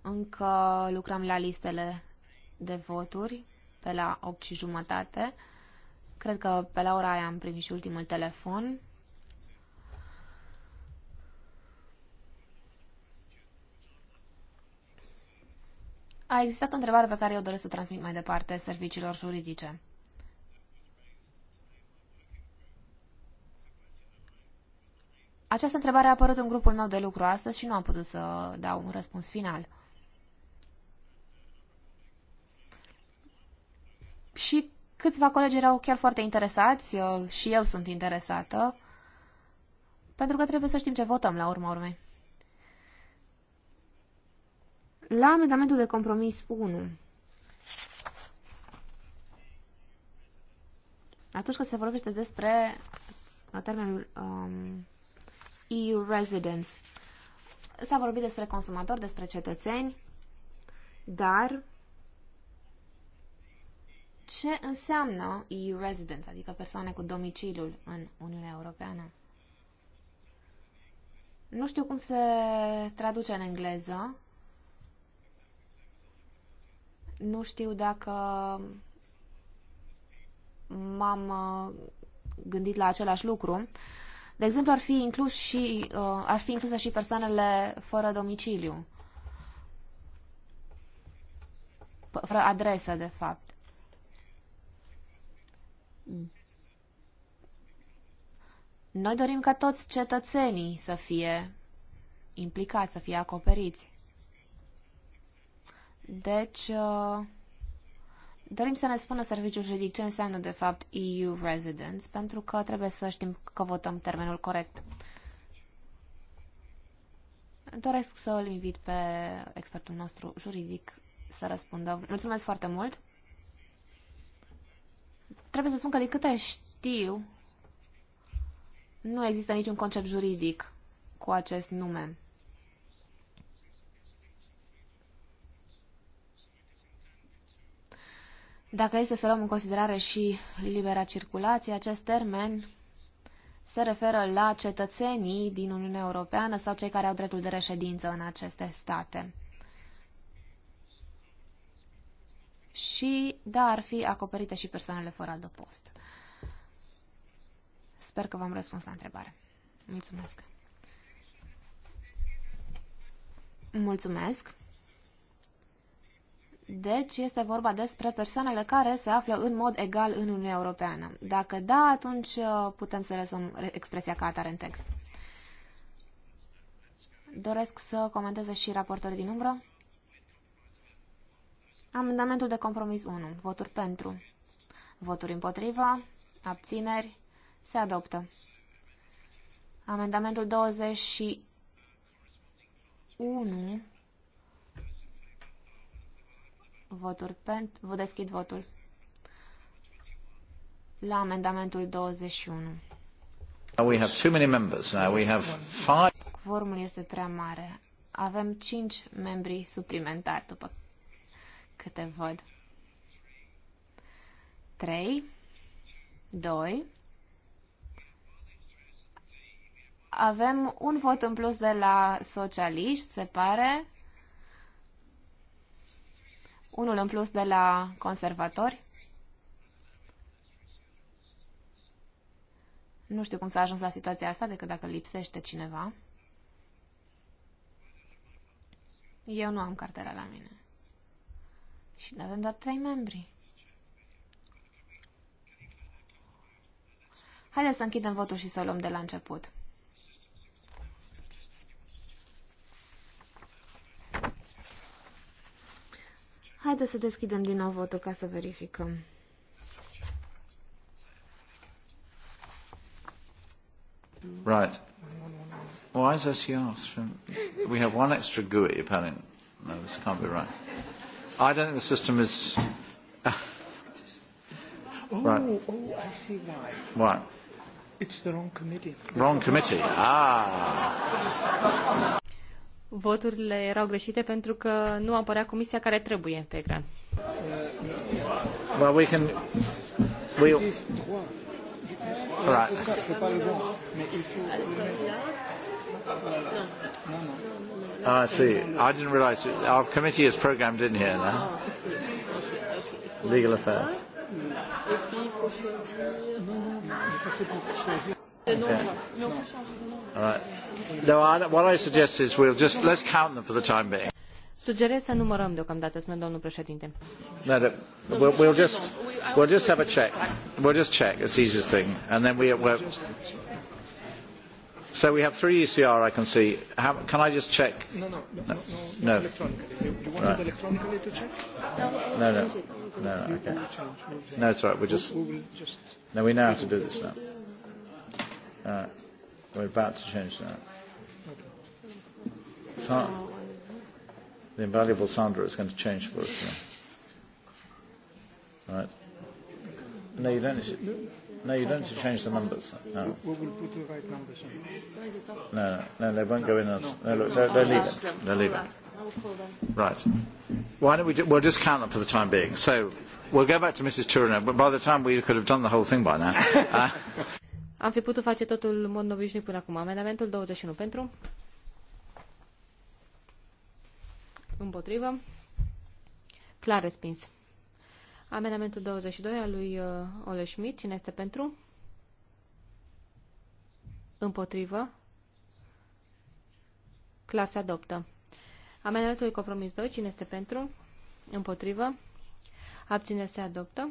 încă lucrăm la listele de voturi pe la 8 și jumătate. Cred că pe la ora aia am primit și ultimul telefon. A existat o întrebare pe care eu doresc să o transmit mai departe serviciilor juridice. Această întrebare a apărut în grupul meu de lucru astăzi și nu am putut să dau un răspuns final. Și Câțiva colegi erau chiar foarte interesați și eu sunt interesată, pentru că trebuie să știm ce votăm la urma urmei. La amendamentul de compromis 1, atunci când se vorbește despre termenul um, EU residence, s-a vorbit despre consumatori, despre cetățeni, dar ce înseamnă EU residence, adică persoane cu domiciliul în Uniunea Europeană. Nu știu cum se traduce în engleză. Nu știu dacă m-am uh, gândit la același lucru. De exemplu, ar fi, inclus și, uh, ar fi inclusă și persoanele fără domiciliu. Fără adresă, de fapt. Noi dorim ca toți cetățenii să fie implicați, să fie acoperiți. Deci, uh, dorim să ne spună serviciul juridic ce înseamnă de fapt EU residence, pentru că trebuie să știm că votăm termenul corect. Doresc să îl invit pe expertul nostru juridic să răspundă. Mulțumesc foarte mult! Trebuie să spun că, de câte știu, nu există niciun concept juridic cu acest nume. Dacă este să luăm în considerare și libera circulație, acest termen se referă la cetățenii din Uniunea Europeană sau cei care au dreptul de reședință în aceste state. și, da, ar fi acoperite și persoanele fără adăpost. Sper că v-am răspuns la întrebare. Mulțumesc! Mulțumesc! Deci este vorba despre persoanele care se află în mod egal în Uniunea Europeană. Dacă da, atunci uh, putem să lăsăm expresia ca atare în text. Doresc să comenteze și raportorii din umbră. Amendamentul de compromis 1. Voturi pentru. Voturi împotriva. Abțineri. Se adoptă. Amendamentul 21. Voturi pentru. Vă deschid votul. La amendamentul 21. We have too many members now. We have five. Quorumul este prea mare. Avem 5 membri suplimentari după câte văd. 3, 2, avem un vot în plus de la socialiști, se pare, unul în plus de la conservatori. Nu știu cum s-a ajuns la situația asta decât dacă lipsește cineva. Eu nu am cartela la mine. Și avem doar trei membri. Haideți să închidem votul și să luăm de la început. Haideți să deschidem din nou votul ca să verificăm. Right. Why is this yours? We have one extra GUI, apparently. No, this can't be right. I don't think the system is. Oh, right. Oh, oh, I see why. Why? It's the wrong committee. Wrong committee. Ah. Voturile erau greșite pentru că nu apărea comisia care trebuie pe ecran. Well, we can. We. Right. Ah, I see. I didn't realise our committee is programmed in here now. Legal affairs. Okay. All right. No, I, what I suggest is we'll just let's count them for the time being. Sugerez să numărăm deocamdată, spune domnul președinte. No, no, we'll, we'll just we'll just have a check. We'll just check. It's the easiest thing, and then we. We'll, So we have three ECR, I can see. How, can I just check? No, no, no, no, no, no. electronically. You want right. it electronically to check? No, no, no, no, okay. No, it's all right. We just. No, we know how to do this now. All right, we're about to change that. Sa- the invaluable Sandra is going to change for us now. right. No, you don't. No, you don't have to change the numbers. No. We will put the right numbers on. No, no, no they won't go in. As, no, look, they're, they're leaving. They're leaving. Right. Why don't we? Do, we'll just count them for the time being. So we'll go back to Mrs. Turner. But by the time we could have done the whole thing by now. Uh. Am fi putut face totul în mod obișnuit până acum. Amendamentul 21 pentru. Împotrivă. Clar respins. Amendamentul 22 al lui uh, Ole Schmidt. Cine este pentru? Împotrivă. Clasa adoptă. Amendamentul compromis 2. Cine este pentru? Împotrivă. Abține se adoptă.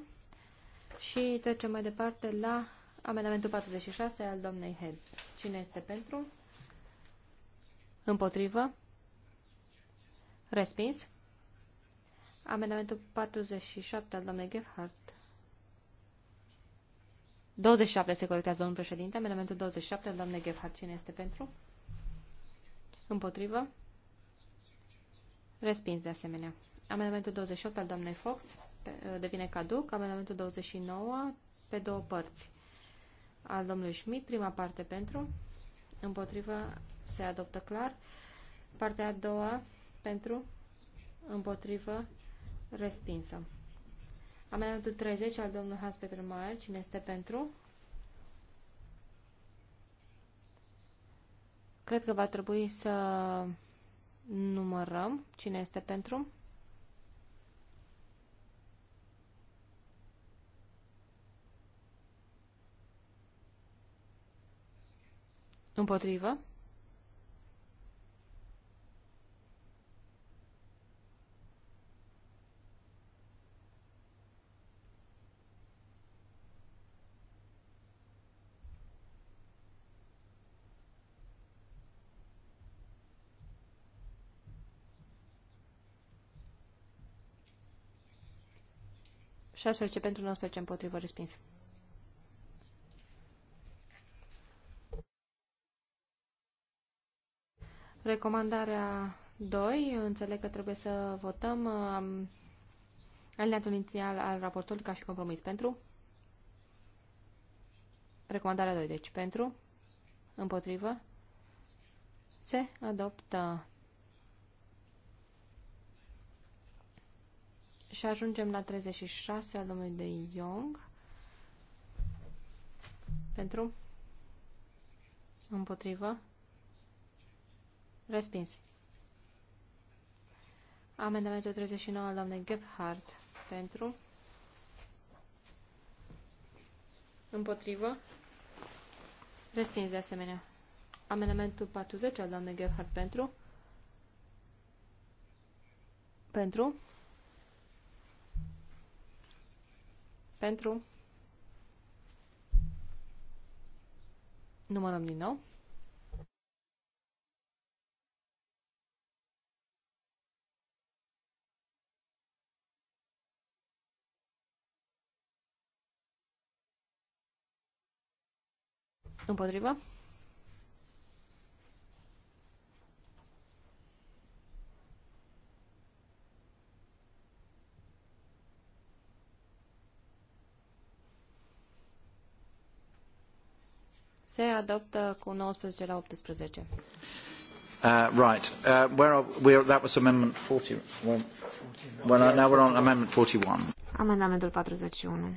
Și trecem mai departe la amendamentul 46 al doamnei Head. Cine este pentru? Împotrivă. Respins. Amendamentul 47 al doamnei Gebhardt. 27 se corectează, domnul președinte. Amendamentul 27 al doamnei Gebhardt. Cine este pentru? Împotrivă? Respins de asemenea. Amendamentul 28 al doamnei Fox uh, devine caduc. Amendamentul 29 pe două părți. Al domnului Schmidt, prima parte pentru, împotrivă se adoptă clar. Partea a doua pentru, împotrivă Respinsă. Amendamentul 30 al domnului Hans Peter Mayer. Cine este pentru? Cred că va trebui să numărăm cine este pentru. Împotrivă. 16 pentru 19 împotrivă respins. Recomandarea 2. Înțeleg că trebuie să votăm um, alineatul inițial al raportului ca și compromis pentru. Recomandarea 2. Deci pentru. Împotrivă. Se adoptă. Și ajungem la 36 al domnului de Young. Pentru? Împotrivă? Respins. Amendamentul 39 al doamnei Gebhardt. Pentru? Împotrivă? Respins de asemenea. Amendamentul 40 al doamnei Gebhardt. Pentru? Pentru? Pentru. Numărăm din nou. Împotrivă? se adoptă cu 19 la 18. Uh, right. Uh, where are, we? that was amendment 41. Well, well, uh, now we're on amendment 41. Amendamentul 41.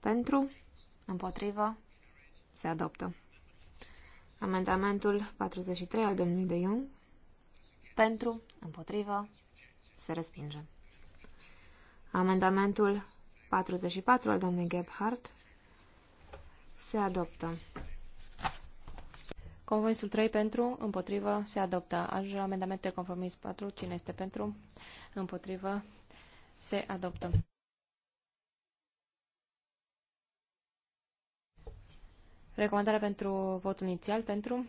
Pentru, împotrivă, se adoptă. Amendamentul 43 al domnului de Jung. Pentru, împotrivă, se respinge. Amendamentul 44 al domnului Gebhardt se adoptă. Compromisul 3 pentru, împotrivă, se adoptă. Amendamente conformis 4, cine este pentru, împotrivă, se adoptă. Recomandarea pentru votul inițial, pentru,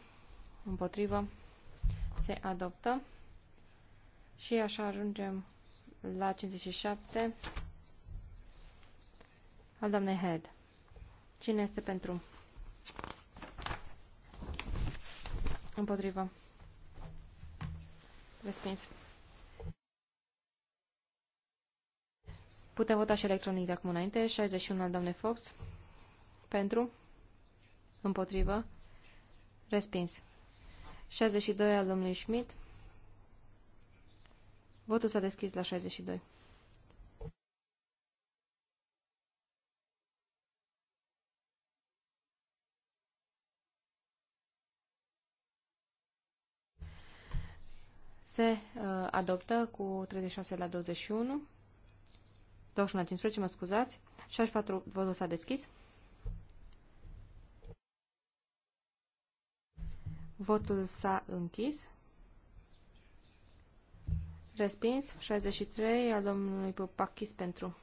împotrivă, se adoptă. Și așa ajungem la 57 al doamnei Head. Cine este pentru? Împotrivă. Respins. Putem vota și electronic de acum înainte. 61 al doamnei Fox. Pentru. Împotrivă. Respins. 62 al domnului Schmidt. Votul s-a deschis la 62. se uh, adoptă cu 36 la 21, 21 la 15, mă scuzați, 64 votul s-a deschis. Votul s-a închis. Respins. 63 al domnului Pachis pentru.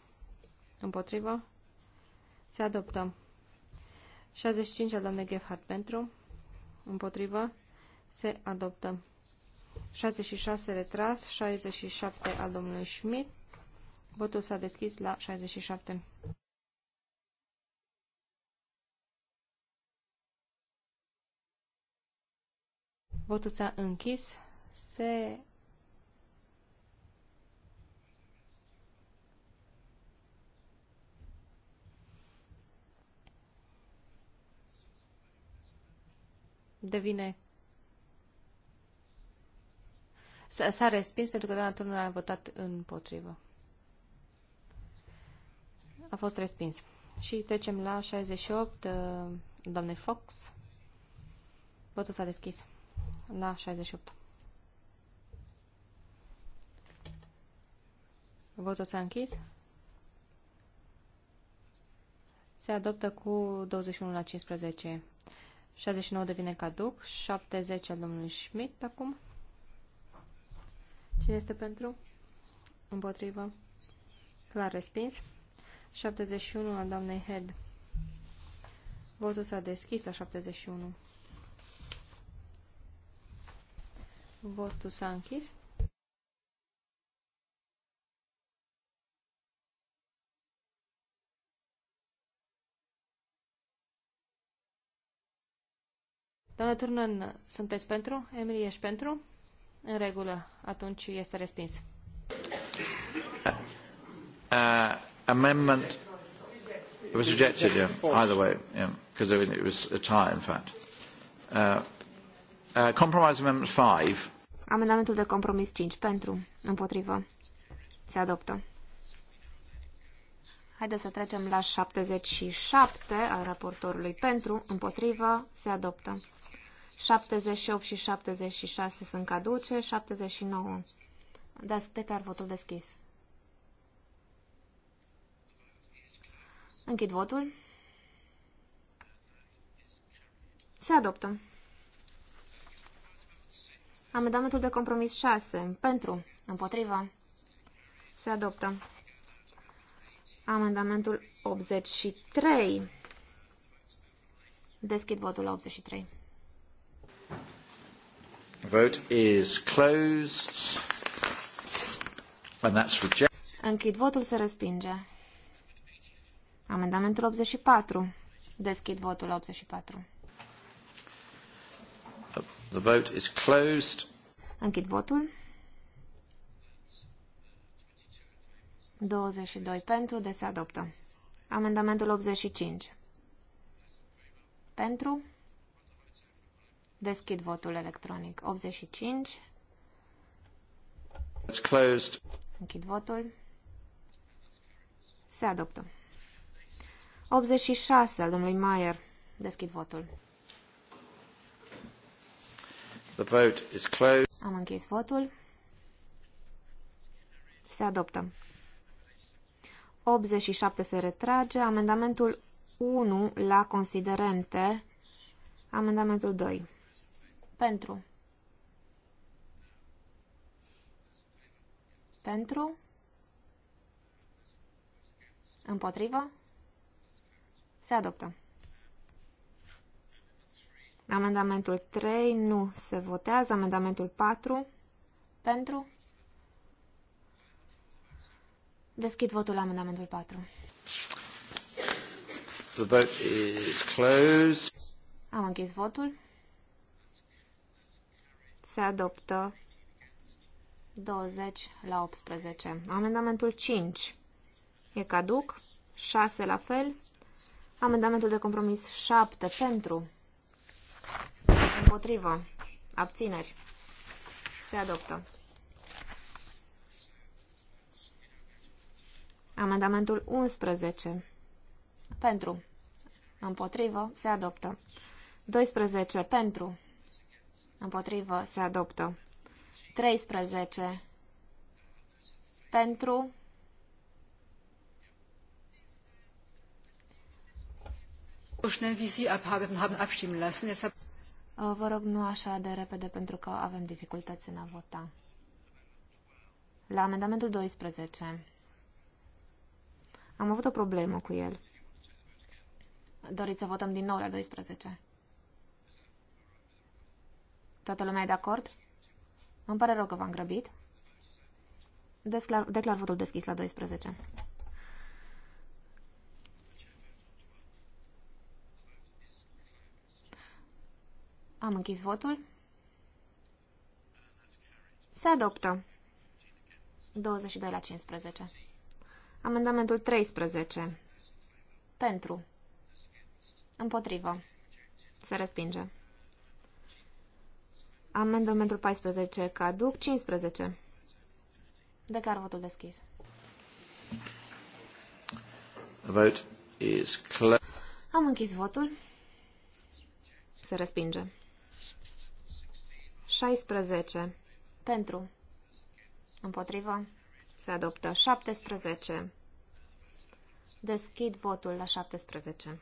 Împotrivă. Se adoptă. 65 al domnului Gefhardt pentru. Împotrivă. Se adoptă. 66 retras, 67 al domnului Schmidt. Votul s-a deschis la 67. Votul s-a închis. Se devine S-a respins pentru că doamna Turner a votat împotrivă. A fost respins. Și trecem la 68, uh, doamne Fox. Votul s-a deschis la 68. Votul s-a închis. Se adoptă cu 21 la 15. 69 devine caduc, 70 al domnului Schmidt acum. Cine este pentru? Împotrivă. Clar respins. 71 la doamnei Head. Votul s-a deschis la 71. Votul s-a închis. Doamna Turnan, sunteți pentru? Emily, ești pentru? În regulă, atunci este respins. Uh, amendment it was rejected, yeah, either way, yeah, it was a tie, in fact. Uh, uh, compromise amendment 5. Amendamentul de compromis 5 pentru, împotrivă. Se adoptă. Haideți să trecem la 77 al raportorului pentru, împotrivă, se adoptă. 78 și 76 sunt caduce, 79. Dați de votul deschis. Închid votul. Se adoptă. Amendamentul de compromis 6. Pentru. Împotriva. Se adoptă. Amendamentul 83. Deschid votul la 83. Vote is closed. And that's rejected. Închid votul, se respinge. Amendamentul 84. Deschid votul 84. The vote is closed. Închid votul. 22 pentru, de se adoptă. Amendamentul 85. Pentru, Deschid votul electronic. 85. It's closed. Închid votul. Se adoptă. 86 al domnului Mayer. Deschid votul. The vote is closed. Am închis votul. Se adoptă. 87 se retrage. Amendamentul 1 la considerente. Amendamentul 2. Pentru. Pentru. Împotrivă. Se adoptă. Amendamentul 3 nu se votează. Amendamentul 4 pentru. Deschid votul la amendamentul 4. The vote is closed. Am închis votul. Se adoptă 20 la 18. Amendamentul 5 e caduc, 6 la fel. Amendamentul de compromis 7 pentru, împotrivă, abțineri, se adoptă. Amendamentul 11 pentru, împotrivă, se adoptă. 12 pentru, Împotrivă. Se adoptă. 13. Pentru. Vă rog, nu așa de repede, pentru că avem dificultăți în a vota. La amendamentul 12. Am avut o problemă cu el. Doriți să votăm din nou la 12? Toată lumea e de acord? Îmi pare rău că v-am grăbit. Desclar, declar votul deschis la 12. Am închis votul. Se adoptă. 22 la 15. Amendamentul 13. Pentru. Împotrivă. Se respinge. Amendamentul 14 caduc. 15. Declar votul deschis. Vote is Am închis votul. Se respinge. 16. Pentru. Împotrivă. Se adoptă. 17. Deschid votul la 17.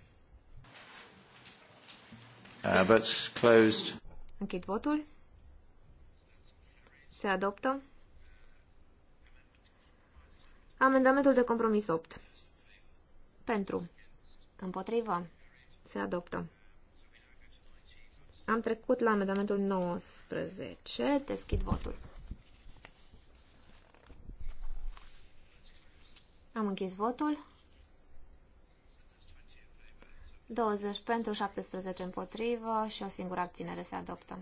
Uh, vote's closed. Închid votul. Se adoptă. Amendamentul de compromis 8. Pentru. Împotrivă. Se adoptă. Am trecut la amendamentul 19. Deschid votul. Am închis votul. 20 pentru, 17 împotrivă și o singură abținere se adoptă.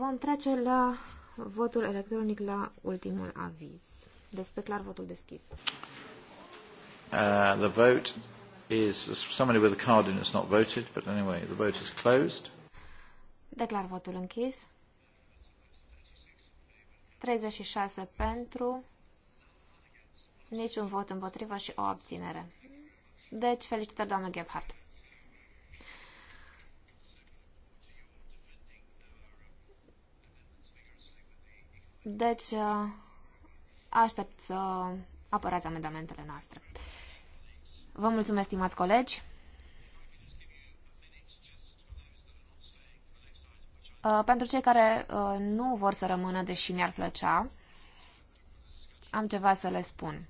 Vom trece la votul electronic la ultimul aviz. Deci clar, votul deschis. Uh, the vote is somebody with a card in it's not voted, but anyway, the vote is closed. Declar votul închis. 36 pentru, niciun vot împotriva și o abținere. Deci, felicitări, doamnă Gebhardt. Deci, uh, aștept să apărați amendamentele noastre. Vă mulțumesc, stimați colegi. Uh, pentru cei care uh, nu vor să rămână, deși mi-ar plăcea, am ceva să le spun.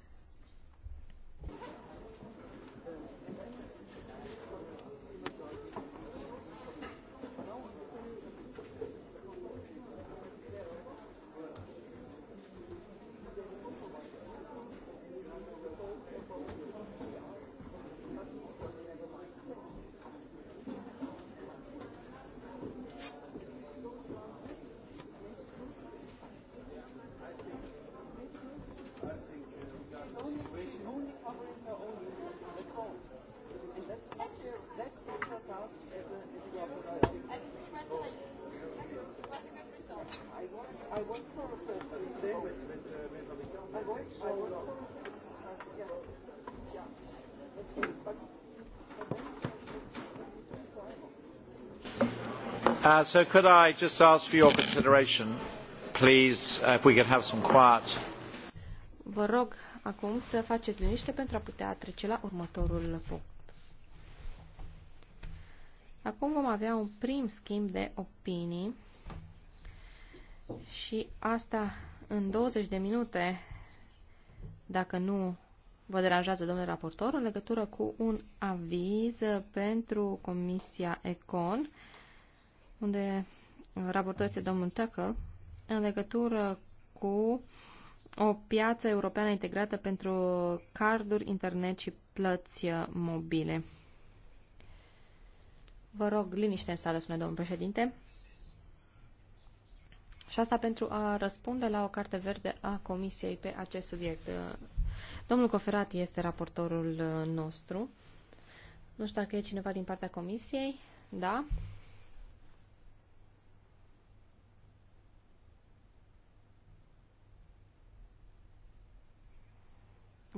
Uh, so could I just ask for your consideration, please, uh, if we could have some quiet. Vă rog acum să faceți liniște pentru a putea trece la următorul punct. Acum vom avea un prim schimb de opinii și asta în 20 de minute, dacă nu vă deranjează, domnul raportor, în legătură cu un aviz pentru Comisia ECON unde raportor este domnul Tucker, în legătură cu o piață europeană integrată pentru carduri, internet și plăți mobile. Vă rog, liniște în sală, spune domnul președinte. Și asta pentru a răspunde la o carte verde a Comisiei pe acest subiect. Domnul Coferati este raportorul nostru. Nu știu dacă e cineva din partea Comisiei. Da?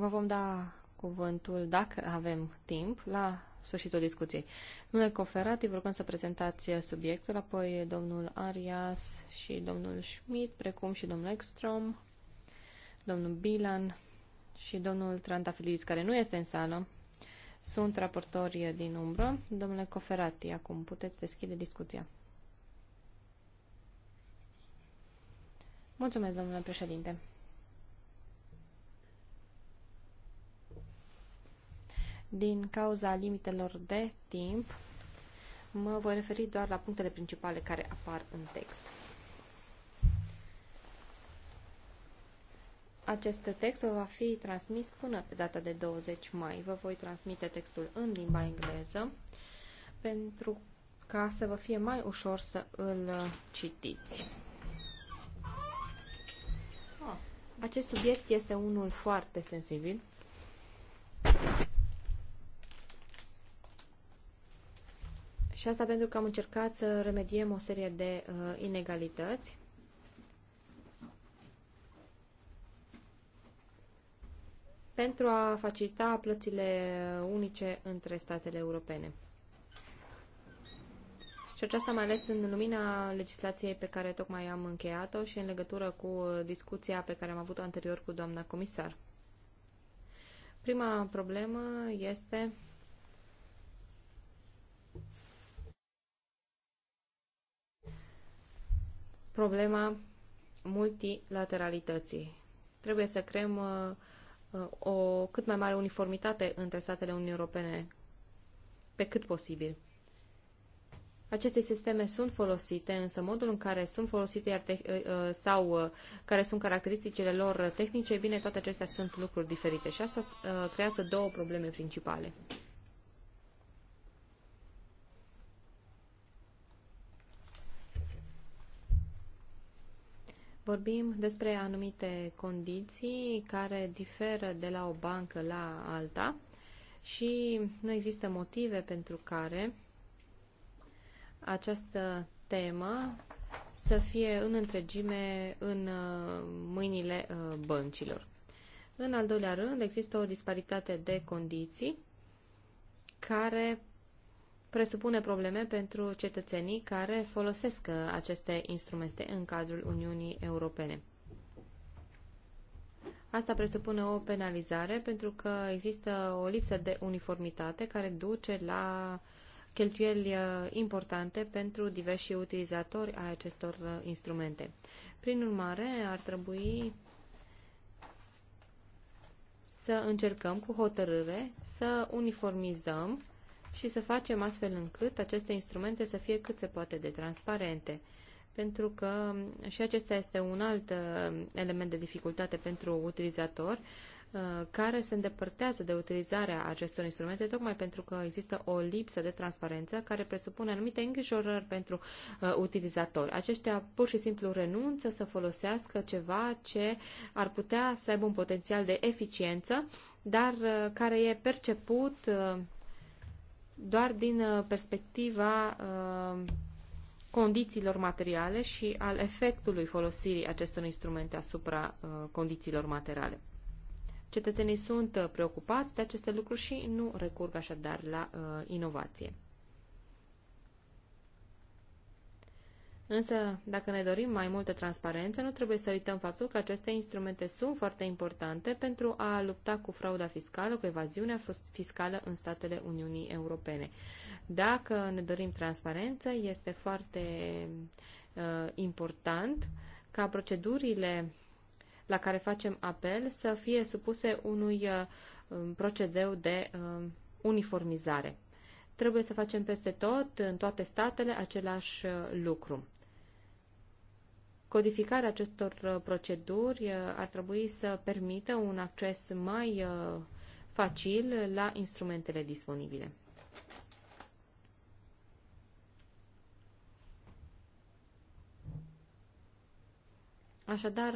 Vă vom da cuvântul, dacă avem timp, la sfârșitul discuției. Domnule Coferati, vă rugăm să prezentați subiectul, apoi domnul Arias și domnul Schmidt, precum și domnul Ekstrom, domnul Bilan și domnul Trantafilis, care nu este în sală. Sunt raportori din umbră. Domnule Coferati, acum puteți deschide discuția. Mulțumesc, domnule președinte. Din cauza limitelor de timp, mă voi referi doar la punctele principale care apar în text. Acest text va fi transmis până pe data de 20 mai. Vă voi transmite textul în limba engleză pentru ca să vă fie mai ușor să îl uh, citiți. Ah, acest subiect este unul foarte sensibil Și asta pentru că am încercat să remediem o serie de uh, inegalități. pentru a facilita plățile unice între statele europene. Și aceasta mai ales în lumina legislației pe care tocmai am încheiat-o și în legătură cu discuția pe care am avut-o anterior cu doamna comisar. Prima problemă este problema multilateralității. Trebuie să creăm uh, uh, o cât mai mare uniformitate între statele Uniunii Europene pe cât posibil. Aceste sisteme sunt folosite, însă modul în care sunt folosite uh, sau care sunt caracteristicile lor tehnice, bine, toate acestea sunt lucruri diferite și asta creează două probleme principale. Vorbim despre anumite condiții care diferă de la o bancă la alta și nu există motive pentru care această temă să fie în întregime în uh, mâinile uh, băncilor. În al doilea rând, există o disparitate de condiții care presupune probleme pentru cetățenii care folosesc aceste instrumente în cadrul Uniunii Europene. Asta presupune o penalizare pentru că există o lipsă de uniformitate care duce la cheltuieli uh, importante pentru diversi utilizatori a acestor uh, instrumente. Prin urmare, ar trebui să încercăm cu hotărâre să uniformizăm și să facem astfel încât aceste instrumente să fie cât se poate de transparente. Pentru că și acesta este un alt uh, element de dificultate pentru utilizator uh, care se îndepărtează de utilizarea acestor instrumente tocmai pentru că există o lipsă de transparență care presupune anumite îngrijorări pentru uh, utilizator. Aceștia pur și simplu renunță să folosească ceva ce ar putea să aibă un potențial de eficiență, dar uh, care e perceput uh, doar din uh, perspectiva uh, condițiilor materiale și al efectului folosirii acestor instrumente asupra uh, condițiilor materiale. Cetățenii sunt preocupați de aceste lucruri și nu recurg așadar la inovație. Însă, dacă ne dorim mai multă transparență, nu trebuie să uităm faptul că aceste instrumente sunt foarte importante pentru a lupta cu frauda fiscală, cu evaziunea fiscală în statele Uniunii Europene. Dacă ne dorim transparență, este foarte uh, important ca procedurile la care facem apel să fie supuse unui uh, um, procedeu de uh, uniformizare. Trebuie să facem peste tot, în toate statele, același uh, lucru. Codificarea acestor uh, proceduri uh, ar trebui să permită un acces mai uh, facil la instrumentele disponibile. Așadar,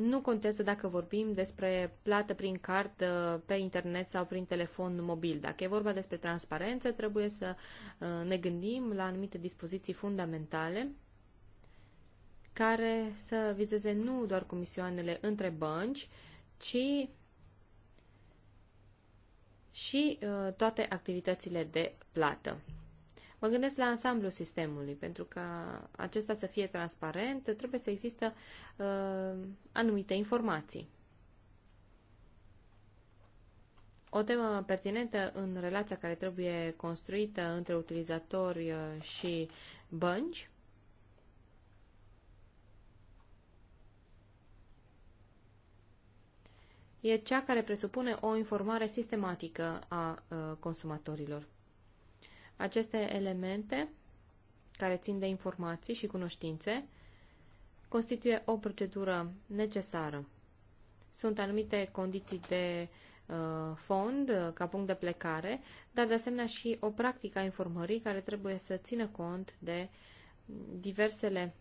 nu contează dacă vorbim despre plată prin card pe internet sau prin telefon mobil. Dacă e vorba despre transparență, trebuie să uh, ne gândim la anumite dispoziții fundamentale care să vizeze nu doar comisioanele între bănci, ci și uh, toate activitățile de plată. Mă gândesc la ansamblul sistemului, pentru că acesta să fie transparent, trebuie să există uh, anumite informații. O temă pertinentă în relația care trebuie construită între utilizatori uh, și bănci e cea care presupune o informare sistematică a uh, consumatorilor. Aceste elemente, care țin de informații și cunoștințe, constituie o procedură necesară. Sunt anumite condiții de uh, fond uh, ca punct de plecare, dar de asemenea și o practică a informării care trebuie să țină cont de diversele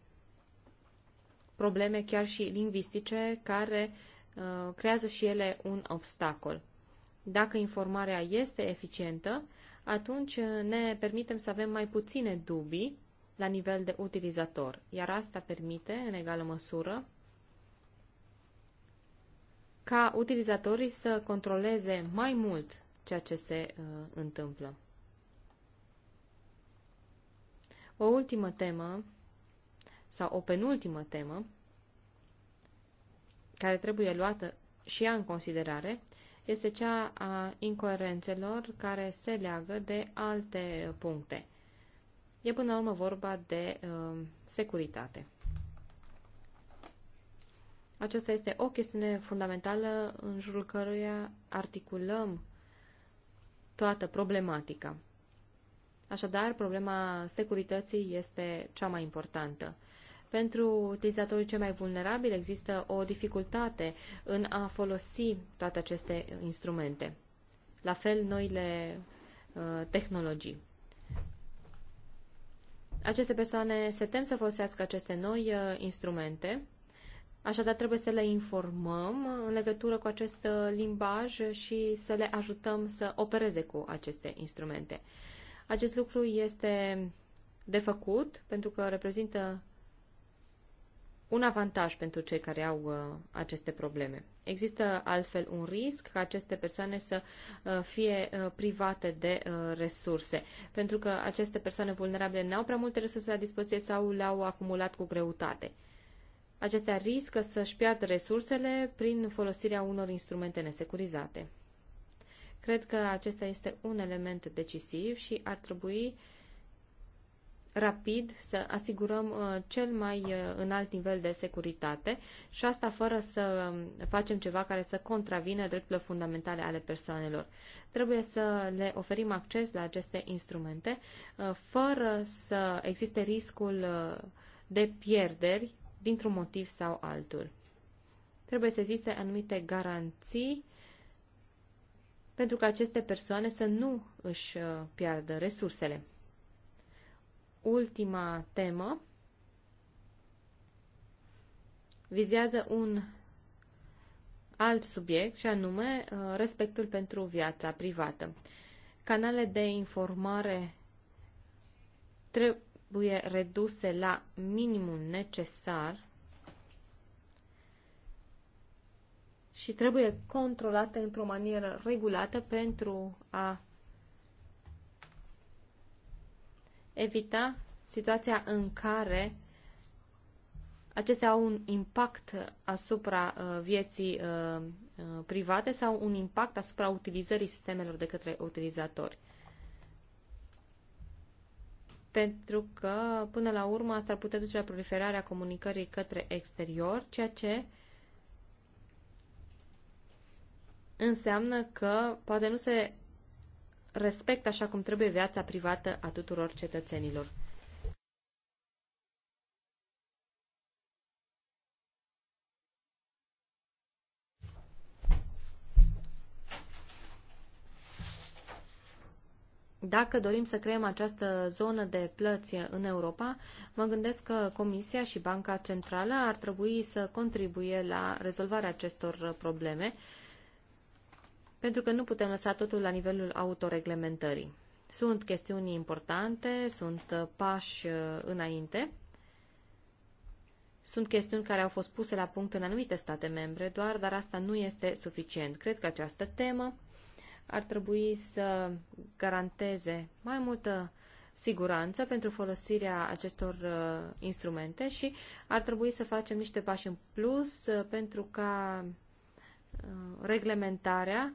probleme, chiar și lingvistice, care uh, creează și ele un obstacol. Dacă informarea este eficientă, atunci uh, ne permitem să avem mai puține dubii la nivel de utilizator, iar asta permite, în egală măsură, ca utilizatorii să controleze mai mult ceea ce se uh, întâmplă. O ultimă temă sau o penultimă temă care trebuie luată și ea în considerare este cea a incoerențelor care se leagă de alte puncte. E până la urmă vorba de uh, securitate. Aceasta este o chestiune fundamentală în jurul căruia articulăm toată problematica. Așadar, problema securității este cea mai importantă. Pentru utilizatorii cei mai vulnerabili există o dificultate în a folosi toate aceste instrumente. La fel, noile uh, tehnologii. Aceste persoane se tem să folosească aceste noi uh, instrumente, așadar trebuie să le informăm uh, în legătură cu acest uh, limbaj și să le ajutăm să opereze cu aceste instrumente. Acest lucru este de făcut pentru că reprezintă un avantaj pentru cei care au uh, aceste probleme. Există altfel un risc ca aceste persoane să uh, fie uh, private de uh, resurse, pentru că aceste persoane vulnerabile n-au prea multe resurse la dispoziție sau le-au acumulat cu greutate. Acestea riscă să-și piardă resursele prin folosirea unor instrumente nesecurizate. Cred că acesta este un element decisiv și ar trebui uh, rapid să asigurăm uh, cel mai uh, înalt nivel de securitate și asta fără să um, facem ceva care să contravină drepturile fundamentale ale persoanelor. Trebuie să le oferim acces la aceste instrumente uh, fără să existe riscul de pierderi dintr-un motiv sau altul. Trebuie să existe anumite garanții pentru că aceste persoane să nu își piardă resursele ultima temă vizează un alt subiect și anume uh, respectul pentru viața privată. Canale de informare trebuie reduse la minimul necesar și trebuie controlate într-o manieră regulată pentru a evita situația în care acestea au un impact asupra uh, vieții uh, uh, private sau un impact asupra utilizării sistemelor de către utilizatori. Pentru că, până la urmă, asta ar putea duce la proliferarea comunicării către exterior, ceea ce înseamnă că poate nu se respect așa cum trebuie viața privată a tuturor cetățenilor. Dacă dorim să creăm această zonă de plăți în Europa, mă gândesc că Comisia și Banca Centrală ar trebui să contribuie la rezolvarea acestor probleme pentru că nu putem lăsa totul la nivelul autoreglementării. Sunt chestiuni importante, sunt uh, pași uh, înainte, sunt chestiuni care au fost puse la punct în anumite state membre doar, dar asta nu este suficient. Cred că această temă ar trebui să garanteze mai multă siguranță pentru folosirea acestor uh, instrumente și ar trebui să facem niște pași în plus uh, pentru ca uh, reglementarea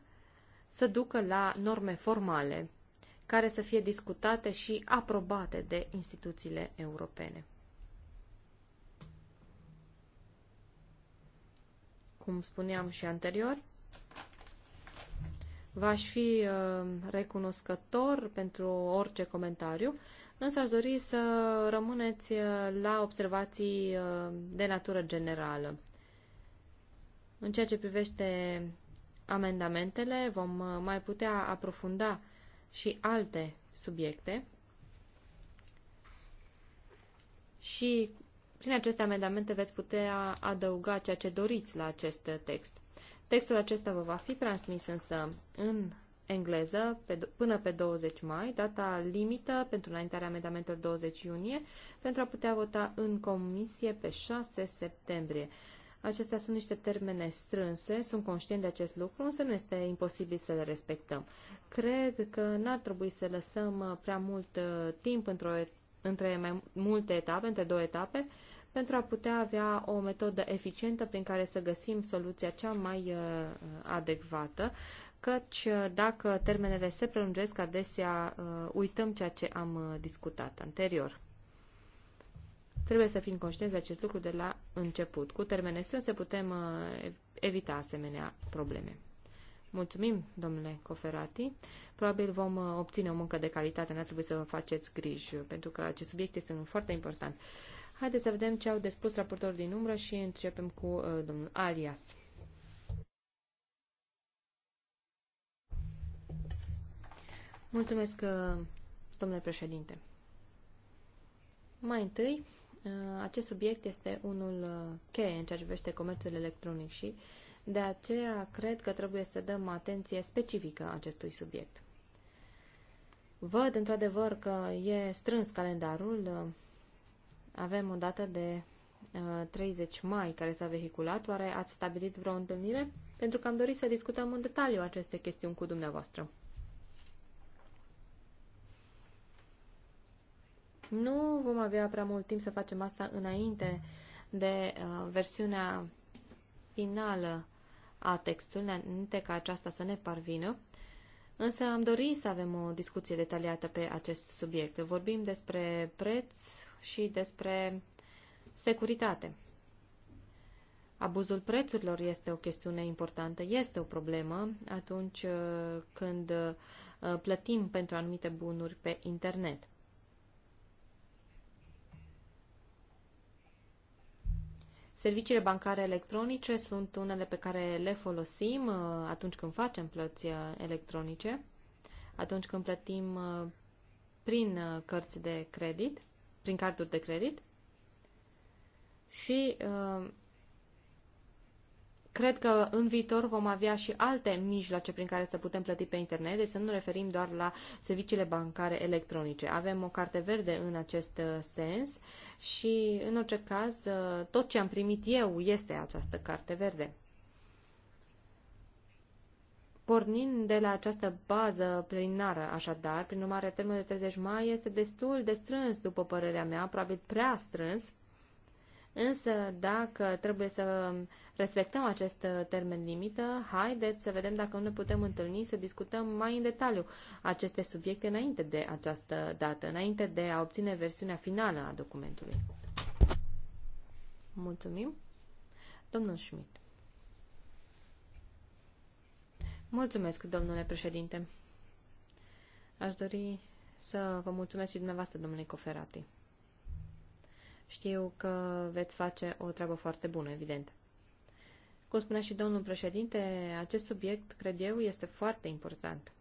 să ducă la norme formale care să fie discutate și aprobate de instituțiile europene. Cum spuneam și anterior, v-aș fi uh, recunoscător pentru orice comentariu, însă aș dori să rămâneți uh, la observații uh, de natură generală. În ceea ce privește amendamentele, vom uh, mai putea aprofunda și alte subiecte. Și prin aceste amendamente veți putea adăuga ceea ce doriți la acest text. Textul acesta vă va fi transmis însă în engleză pe, până pe 20 mai, data limită pentru înaintarea amendamentelor 20 iunie, pentru a putea vota în comisie pe 6 septembrie. Acestea sunt niște termene strânse, sunt conștient de acest lucru, însă nu este imposibil să le respectăm. Cred că n-ar trebui să lăsăm uh, prea mult uh, timp între mai multe etape, între două etape, pentru a putea avea o metodă eficientă prin care să găsim soluția cea mai uh, adecvată, căci dacă termenele se prelungesc, adesea uităm ceea ce am discutat anterior. Trebuie să fim conștienți de acest lucru de la început. Cu termene strânse putem uh, evita asemenea probleme. Mulțumim, domnule Coferati. Probabil vom uh, obține o muncă de calitate, nu trebuie să vă faceți griji, pentru că acest subiect este unul foarte important. Haideți să vedem ce au de spus raportorul din umbră și începem cu uh, domnul Arias. Mulțumesc, uh, domnule președinte. Mai întâi, Uh, acest subiect este unul uh, cheie în ceea ce privește comerțul electronic și de aceea cred că trebuie să dăm atenție specifică acestui subiect. Văd într-adevăr că e strâns calendarul. Uh, avem o dată de 30 mai care s-a vehiculat. Oare ați stabilit vreo întâlnire? Pentru că am dorit să discutăm în detaliu aceste chestiuni cu dumneavoastră. Nu vom avea prea mult timp să facem asta înainte de uh, versiunea finală a textului, înainte ca aceasta să ne parvină. Însă am dorit să avem o discuție detaliată pe acest subiect. Vorbim despre preț și despre securitate. Abuzul prețurilor este o chestiune importantă, este o problemă atunci uh, când uh, plătim pentru anumite bunuri pe internet. Serviciile bancare electronice sunt unele pe care le folosim uh, atunci când facem plăți uh, electronice, atunci când plătim uh, prin cărți de credit, prin carduri de credit și Cred că în viitor vom avea și alte mijloace prin care să putem plăti pe internet, deci să nu referim doar la serviciile bancare electronice. Avem o carte verde în acest uh, sens și, în orice caz, uh, tot ce am primit eu este această carte verde. Pornind de la această bază plenară, așadar, prin urmare, termenul de 30 mai este destul de strâns, după părerea mea, probabil prea strâns, Însă, dacă trebuie să respectăm acest termen limită, haideți să vedem dacă nu ne putem întâlni să discutăm mai în detaliu aceste subiecte înainte de această dată, înainte de a obține versiunea finală a documentului. Mulțumim. Domnul Schmidt. Mulțumesc, domnule președinte. Aș dori să vă mulțumesc și dumneavoastră, domnule Coferati. Știu că veți face o treabă foarte bună, evident. Cum spunea și domnul președinte, acest subiect, cred eu, este foarte important.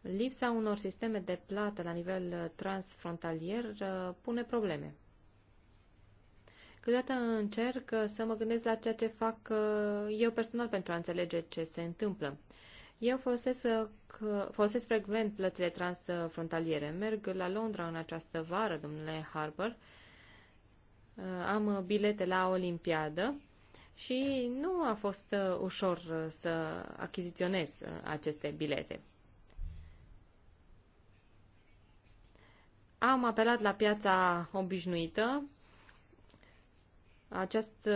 Lipsa unor sisteme de plată la nivel uh, transfrontalier uh, pune probleme. Câteodată încerc uh, să mă gândesc la ceea ce fac eu personal pentru a înțelege ce se întâmplă. Eu folosesc folosesc frecvent plățile transfrontaliere. Merg la Londra în această vară, domnule Harper. Uh, am bilete la Olimpiadă și nu a fost uh, ușor uh, să achiziționez aceste bilete. Am apelat la piața obișnuită acest uh,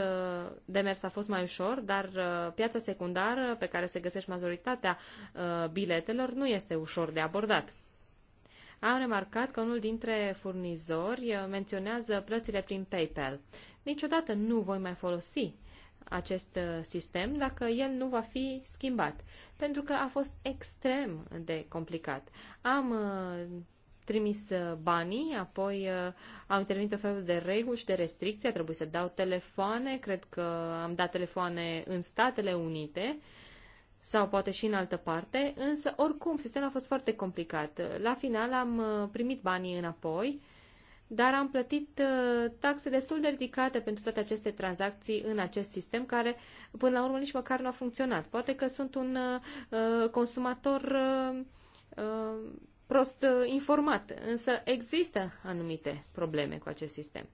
demers a fost mai ușor, dar uh, piața secundară pe care se găsește majoritatea uh, biletelor nu este ușor de abordat. Am remarcat că unul dintre furnizori menționează plățile prin PayPal. Niciodată nu voi mai folosi acest sistem dacă el nu va fi schimbat, pentru că a fost extrem de complicat. Am trimis uh, banii, apoi uh, au intervenit o felul de reguli și de restricții, a trebuit să dau telefoane, cred că am dat telefoane în Statele Unite sau poate și în altă parte, însă oricum sistemul a fost foarte complicat. La final am uh, primit banii înapoi, dar am plătit taxe destul de ridicate pentru toate aceste tranzacții în acest sistem care până la urmă nici măcar nu a funcționat. Poate că sunt un uh, consumator uh, prost uh, informat, însă există anumite probleme cu acest sistem.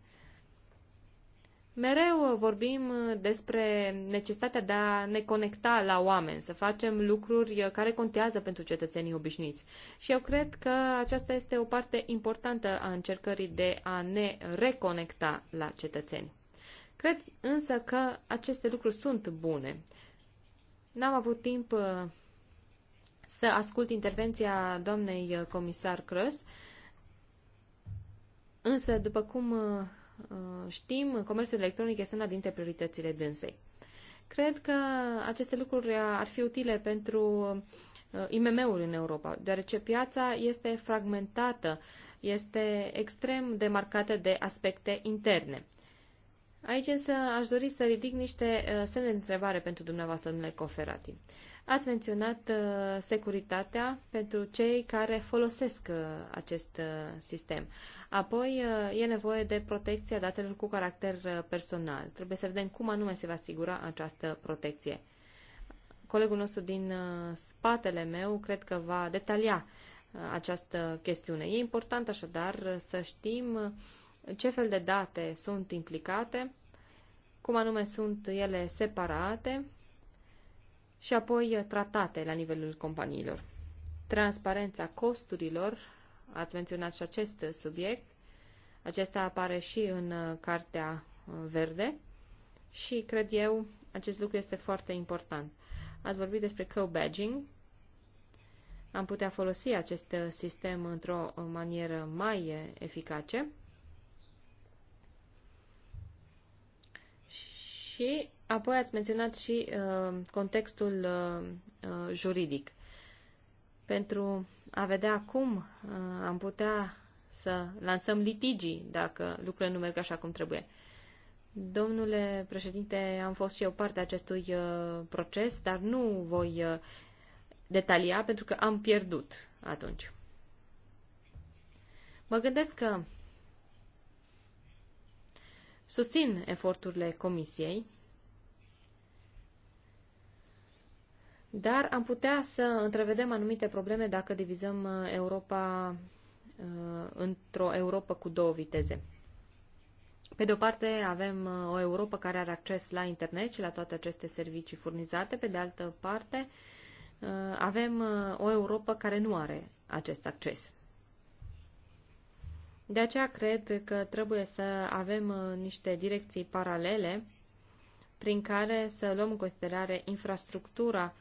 Mereu vorbim uh, despre necesitatea de a ne conecta la oameni, să facem lucruri uh, care contează pentru cetățenii obișnuiți. Și eu cred că aceasta este o parte importantă a încercării de a ne reconecta la cetățeni. Cred însă că aceste lucruri sunt bune. N-am avut timp să ascult intervenția doamnei uh, comisar Crăs, însă, după cum uh, uh, știm, comerțul electronic este una dintre prioritățile dânsei. Cred că aceste lucruri ar fi utile pentru IMM-uri în Europa, deoarece piața este fragmentată, este extrem de marcată de aspecte interne. Aici însă aș dori să ridic niște semne de întrebare pentru dumneavoastră, domnule Coferati. Ați menționat uh, securitatea pentru cei care folosesc uh, acest uh, sistem. Apoi e nevoie de protecția datelor cu caracter personal. Trebuie să vedem cum anume se va asigura această protecție. Colegul nostru din spatele meu cred că va detalia această chestiune. E important așadar să știm ce fel de date sunt implicate, cum anume sunt ele separate și apoi uh, tratate la nivelul companiilor. Transparența costurilor, ați menționat și acest subiect, acesta apare și în uh, Cartea uh, Verde și, cred eu, acest lucru este foarte important. Ați vorbit despre co-badging, am putea folosi acest sistem într-o manieră mai eficace Și apoi ați menționat și uh, contextul uh, uh, juridic. Pentru a vedea cum uh, am putea să lansăm litigii dacă lucrurile nu merg așa cum trebuie. Domnule președinte, am fost și eu parte a acestui uh, proces, dar nu voi uh, detalia pentru că am pierdut atunci. Mă gândesc că Susțin eforturile Comisiei, dar am putea să întrevedem anumite probleme dacă divizăm uh, Europa uh, într-o Europa cu două viteze. Pe de o parte avem uh, o Europa care are acces la internet și la toate aceste servicii furnizate, pe de altă parte avem o Europa care nu are acest acces. De aceea cred că trebuie să avem uh, niște direcții paralele prin care să luăm în considerare infrastructura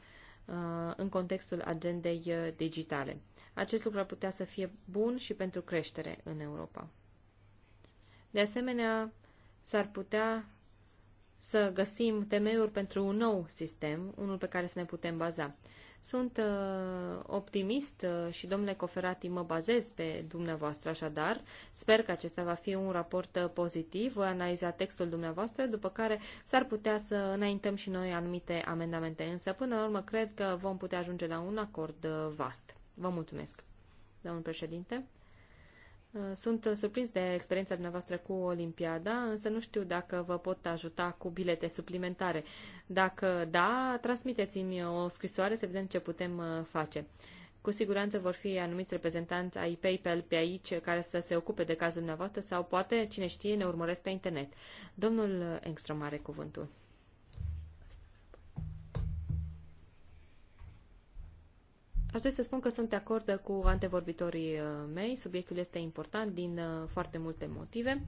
uh, în contextul agendei uh, digitale. Acest lucru ar putea să fie bun și pentru creștere în Europa. De asemenea, s-ar putea să găsim temeiuri pentru un nou sistem, unul pe care să ne putem baza. Sunt uh, optimist uh, și, domnule Coferati, mă bazez pe dumneavoastră, așadar. Sper că acesta va fi un raport uh, pozitiv. Voi analiza textul dumneavoastră, după care s-ar putea să înaintăm și noi anumite amendamente. Însă, până la urmă, cred că vom putea ajunge la un acord uh, vast. Vă mulțumesc, domnul președinte. Uh, sunt uh, surprins de experiența dumneavoastră cu Olimpiada, însă nu știu dacă vă pot ajuta cu bilete suplimentare. Dacă da, transmiteți-mi o scrisoare să vedem ce putem uh, face. Cu siguranță vor fi anumiți reprezentanți ai PayPal pe aici care să se ocupe de cazul dumneavoastră sau poate, cine știe, ne urmăresc pe internet. Domnul Engstrom are cuvântul. Aș dori să spun că sunt de acord cu antevorbitorii uh, mei. Subiectul este important din uh, foarte multe motive.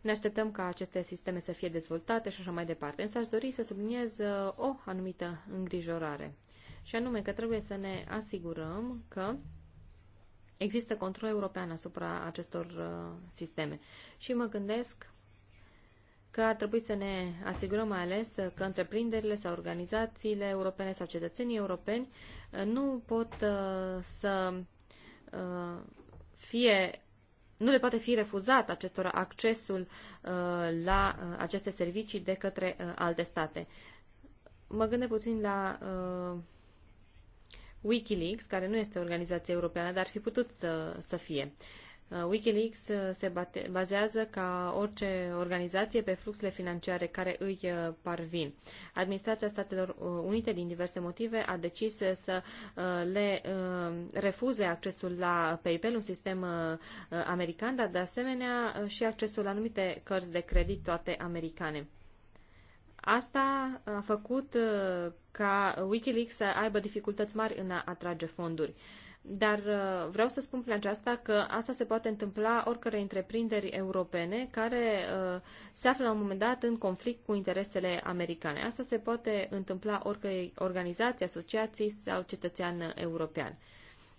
Ne așteptăm ca aceste sisteme să fie dezvoltate și așa mai departe. Însă aș dori să subliniez uh, o anumită îngrijorare. Și anume că trebuie să ne asigurăm că există control european asupra acestor sisteme. Și mă gândesc că ar trebui să ne asigurăm mai ales că întreprinderile sau organizațiile europene sau cetățenii europeni uh, nu pot uh, să uh, fie nu le poate fi refuzat acestor accesul la aceste servicii de către alte state. Mă gândesc puțin la Wikileaks, care nu este o organizație europeană, dar ar fi putut să, să fie. Uh, Uh, Wikileaks uh, se bate, bazează ca orice organizație pe fluxurile financiare care îi uh, parvin. Administrația Statelor Unite, din diverse motive, a decis să le refuze accesul la PayPal, un sistem american, dar de asemenea și accesul la anumite cărți de credit, toate americane. Asta a făcut uh, ca Wikileaks să aibă dificultăți mari în a atrage fonduri. Dar uh, vreau să spun prin aceasta că asta se poate întâmpla oricărei întreprinderi europene care uh, se află la un moment dat în conflict cu interesele americane. Asta se poate întâmpla oricărei organizații, asociații sau cetățean european.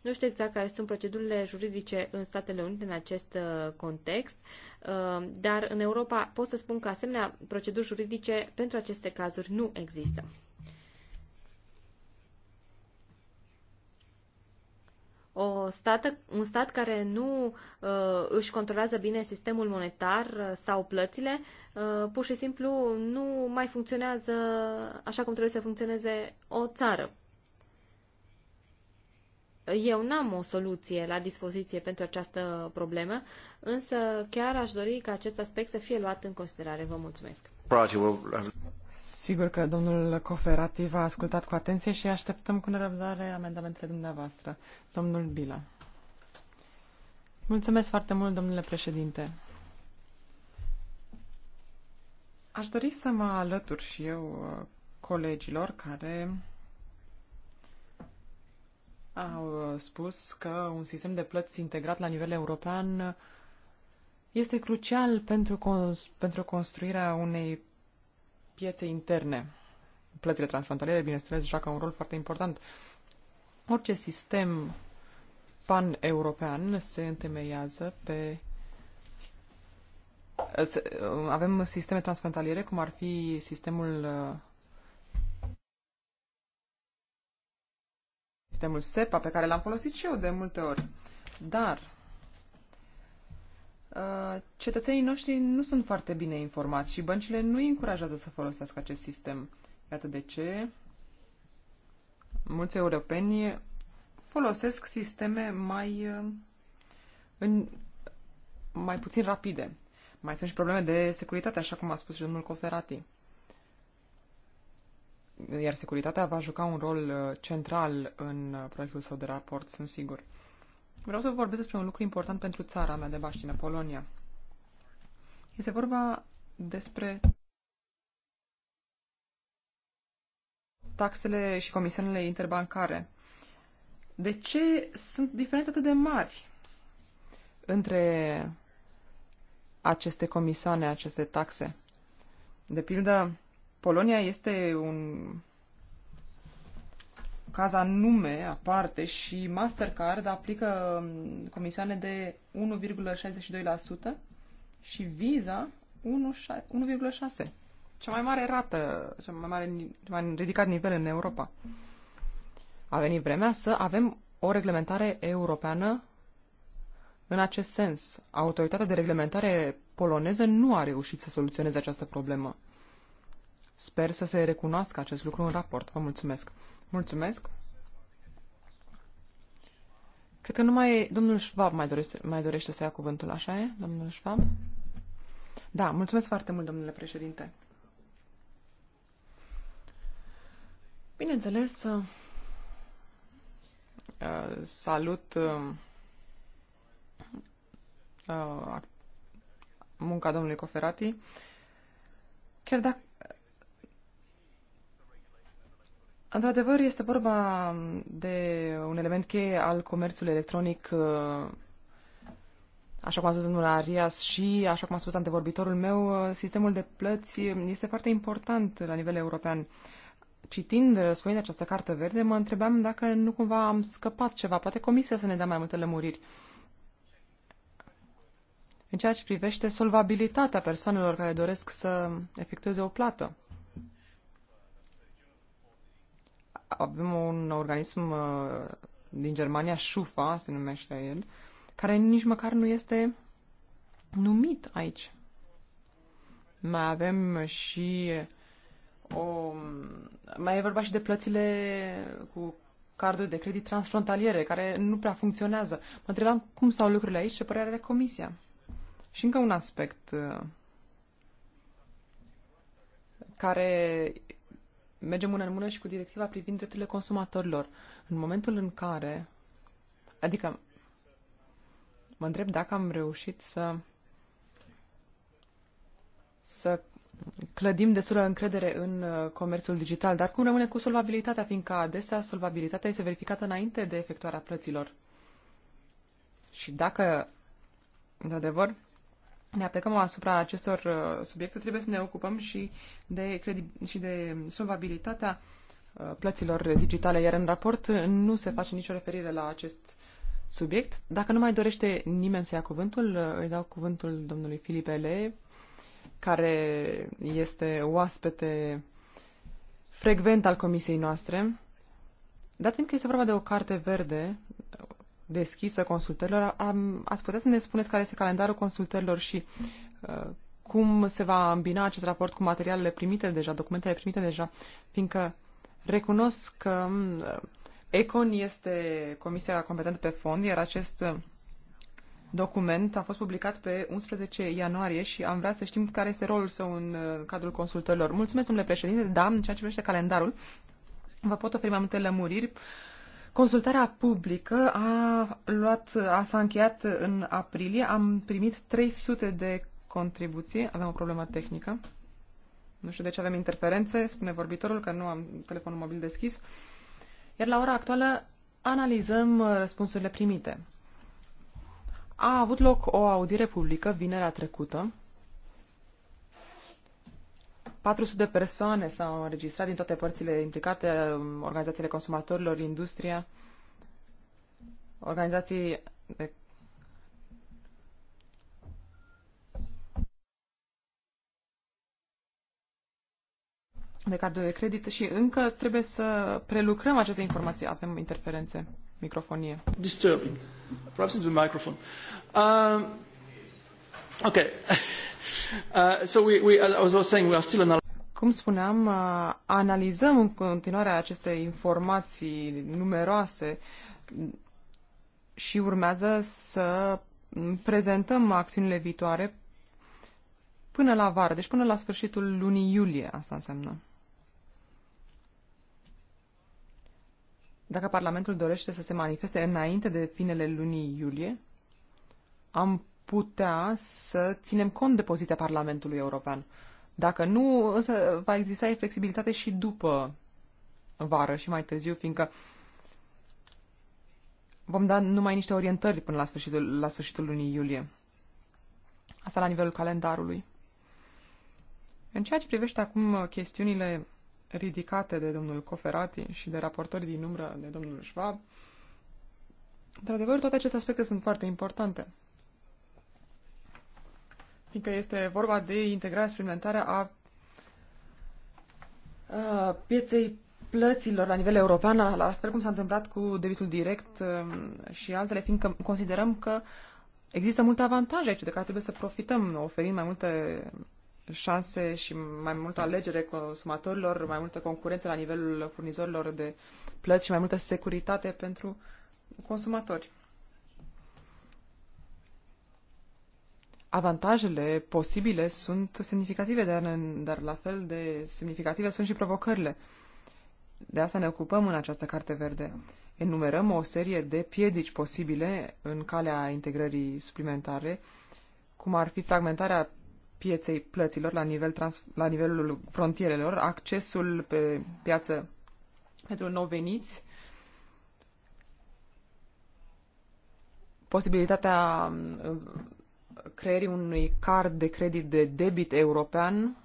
Nu știu exact care sunt procedurile juridice în Statele Unite în acest uh, context, uh, dar în Europa pot să spun că asemenea proceduri juridice pentru aceste cazuri nu există. o stată, un stat care nu uh, își controlează bine sistemul monetar uh, sau plățile, uh, pur și simplu nu mai funcționează așa cum trebuie să funcționeze o țară. Eu n-am o soluție la dispoziție pentru această problemă, însă chiar aș dori ca acest aspect să fie luat în considerare. Vă mulțumesc. Sigur că domnul Coferati v-a ascultat cu atenție și așteptăm cu nerăbdare amendamentele dumneavoastră. Domnul Bila. Mulțumesc foarte mult, domnule președinte. Aș dori să mă alătur și eu uh, colegilor care au uh, spus că un sistem de plăți integrat la nivel european uh, este crucial pentru, cons- pentru construirea unei piețe interne. Plățile transfrontaliere, bineînțeles, joacă un rol foarte important. Orice sistem pan-european se întemeiază pe uh, avem sisteme transfrontaliere, cum ar fi sistemul sistemul SEPA pe care l-am folosit și eu de multe ori. Dar uh, cetățenii noștri nu sunt foarte bine informați și băncile nu îi încurajează să folosească acest sistem. Iată de ce mulți europeni folosesc sisteme mai, uh, în, mai puțin rapide. Mai sunt și probleme de securitate, așa cum a spus și domnul Coferati iar securitatea va juca un rol uh, central în uh, proiectul său de raport, sunt sigur. Vreau să vorbesc despre un lucru important pentru țara mea de baștină, Polonia. Este vorba despre taxele și comisiunile interbancare. De ce sunt diferențe atât de mari între aceste comisioane, aceste taxe? De pildă, Polonia este un caz anume, aparte, și Mastercard aplică um, comisioane de 1,62% și Visa 1,6%. Cea mai mare rată, cea mai mare, cea mai ridicat nivel în Europa. A venit vremea să avem o reglementare europeană în acest sens. Autoritatea de reglementare poloneză nu a reușit să soluționeze această problemă. Sper să se recunoască acest lucru în raport. Vă mulțumesc. Mulțumesc. Cred că numai domnul Schwab mai dorește, mai dorește să ia cuvântul, așa e, domnul Schwab? Da, mulțumesc foarte mult, domnule președinte. Bineînțeles, uh, salut uh, uh, munca domnului Coferati, chiar dacă Într-adevăr, este vorba de un element cheie al comerțului electronic, uh, așa cum a spus domnul Arias și, așa cum a spus antevorbitorul meu, uh, sistemul de plăți este foarte important la nivel european. Citind, răspunind uh, această carte verde, mă întrebam dacă nu cumva am scăpat ceva. Poate comisia să ne dea mai multe lămuriri. În ceea ce privește solvabilitatea persoanelor care doresc să efectueze o plată. avem un organism uh, din Germania, Schufa se numește el, care nici măcar nu este numit aici. Mai avem și o... Mai e vorba și de plățile cu carduri de credit transfrontaliere, care nu prea funcționează. Mă întrebam cum stau lucrurile aici, ce părere are Comisia. Și încă un aspect uh, care Mergem mână în mână și cu directiva privind drepturile consumatorilor. În momentul în care, adică mă întreb dacă am reușit să să clădim destulă încredere în uh, comerțul digital, dar cum rămâne cu solvabilitatea, fiindcă adesea solvabilitatea este verificată înainte de efectuarea plăților. Și dacă, într-adevăr, ne aplicăm asupra acestor uh, subiecte, trebuie să ne ocupăm și de, credi- și de solvabilitatea uh, plăților digitale, iar în raport uh, nu se face nicio referire la acest subiect. Dacă nu mai dorește nimeni să ia cuvântul, îi dau cuvântul domnului Filipele, care este oaspete frecvent al comisiei noastre. Dat fiindcă este vorba de o carte verde, deschisă consultărilor. Am, ați putea să ne spuneți care este calendarul consultărilor și uh, cum se va îmbina acest raport cu materialele primite deja, documentele primite deja, fiindcă recunosc că uh, ECON este comisia competentă pe fond, iar acest uh, document a fost publicat pe 11 ianuarie și am vrea să știm care este rolul său în uh, cadrul consultărilor. Mulțumesc, domnule președinte, da, în ceea ce privește calendarul, vă pot oferi mai multe lămuriri. Uh, Consultarea publică a luat, a, s-a încheiat în aprilie. Am primit 300 de contribuții. Avem o problemă tehnică. Nu știu de ce avem interferențe, spune vorbitorul că nu am telefonul mobil deschis. Iar la ora actuală analizăm răspunsurile primite. A avut loc o audiere publică vinerea trecută 400 de persoane s-au înregistrat din toate părțile implicate, um, organizațiile consumatorilor, industria, organizații de de cardul de credit și încă trebuie să prelucrăm aceste informații. Avem interferențe, microfonie. Disturbing. Perhaps it's the microphone. Um, okay. Uh, so we, we, as I was saying, we are still analyzing cum spuneam, uh, analizăm în continuare aceste informații numeroase și urmează să prezentăm acțiunile viitoare până la vară, deci până la sfârșitul lunii iulie, asta înseamnă. Dacă Parlamentul dorește să se manifeste înainte de finele lunii iulie, am putea să ținem cont de poziția Parlamentului European. Dacă nu, însă va exista flexibilitate și după vară și mai târziu, fiindcă vom da numai niște orientări până la sfârșitul, la sfârșitul lunii iulie. Asta la nivelul calendarului. În ceea ce privește acum chestiunile ridicate de domnul Coferati și de raportorii din umbră de domnul Schwab, într-adevăr, toate aceste aspecte sunt foarte importante fiindcă este vorba de integrarea suplimentară a pieței plăților la nivel european, la fel cum s-a întâmplat cu debitul direct um, și altele, fiindcă considerăm că există multe avantaje aici, de care trebuie să profităm, oferind mai multe șanse și mai multă alegere consumatorilor, mai multă concurență la nivelul furnizorilor de plăți și mai multă securitate pentru consumatori. avantajele posibile sunt semnificative, dar, dar la fel de semnificative sunt și provocările. De asta ne ocupăm în această carte verde. Enumerăm o serie de piedici posibile în calea integrării suplimentare, cum ar fi fragmentarea pieței plăților la, nivel trans, la nivelul frontierelor, accesul pe piață pentru nou veniți, posibilitatea creierii unui card de credit de debit european,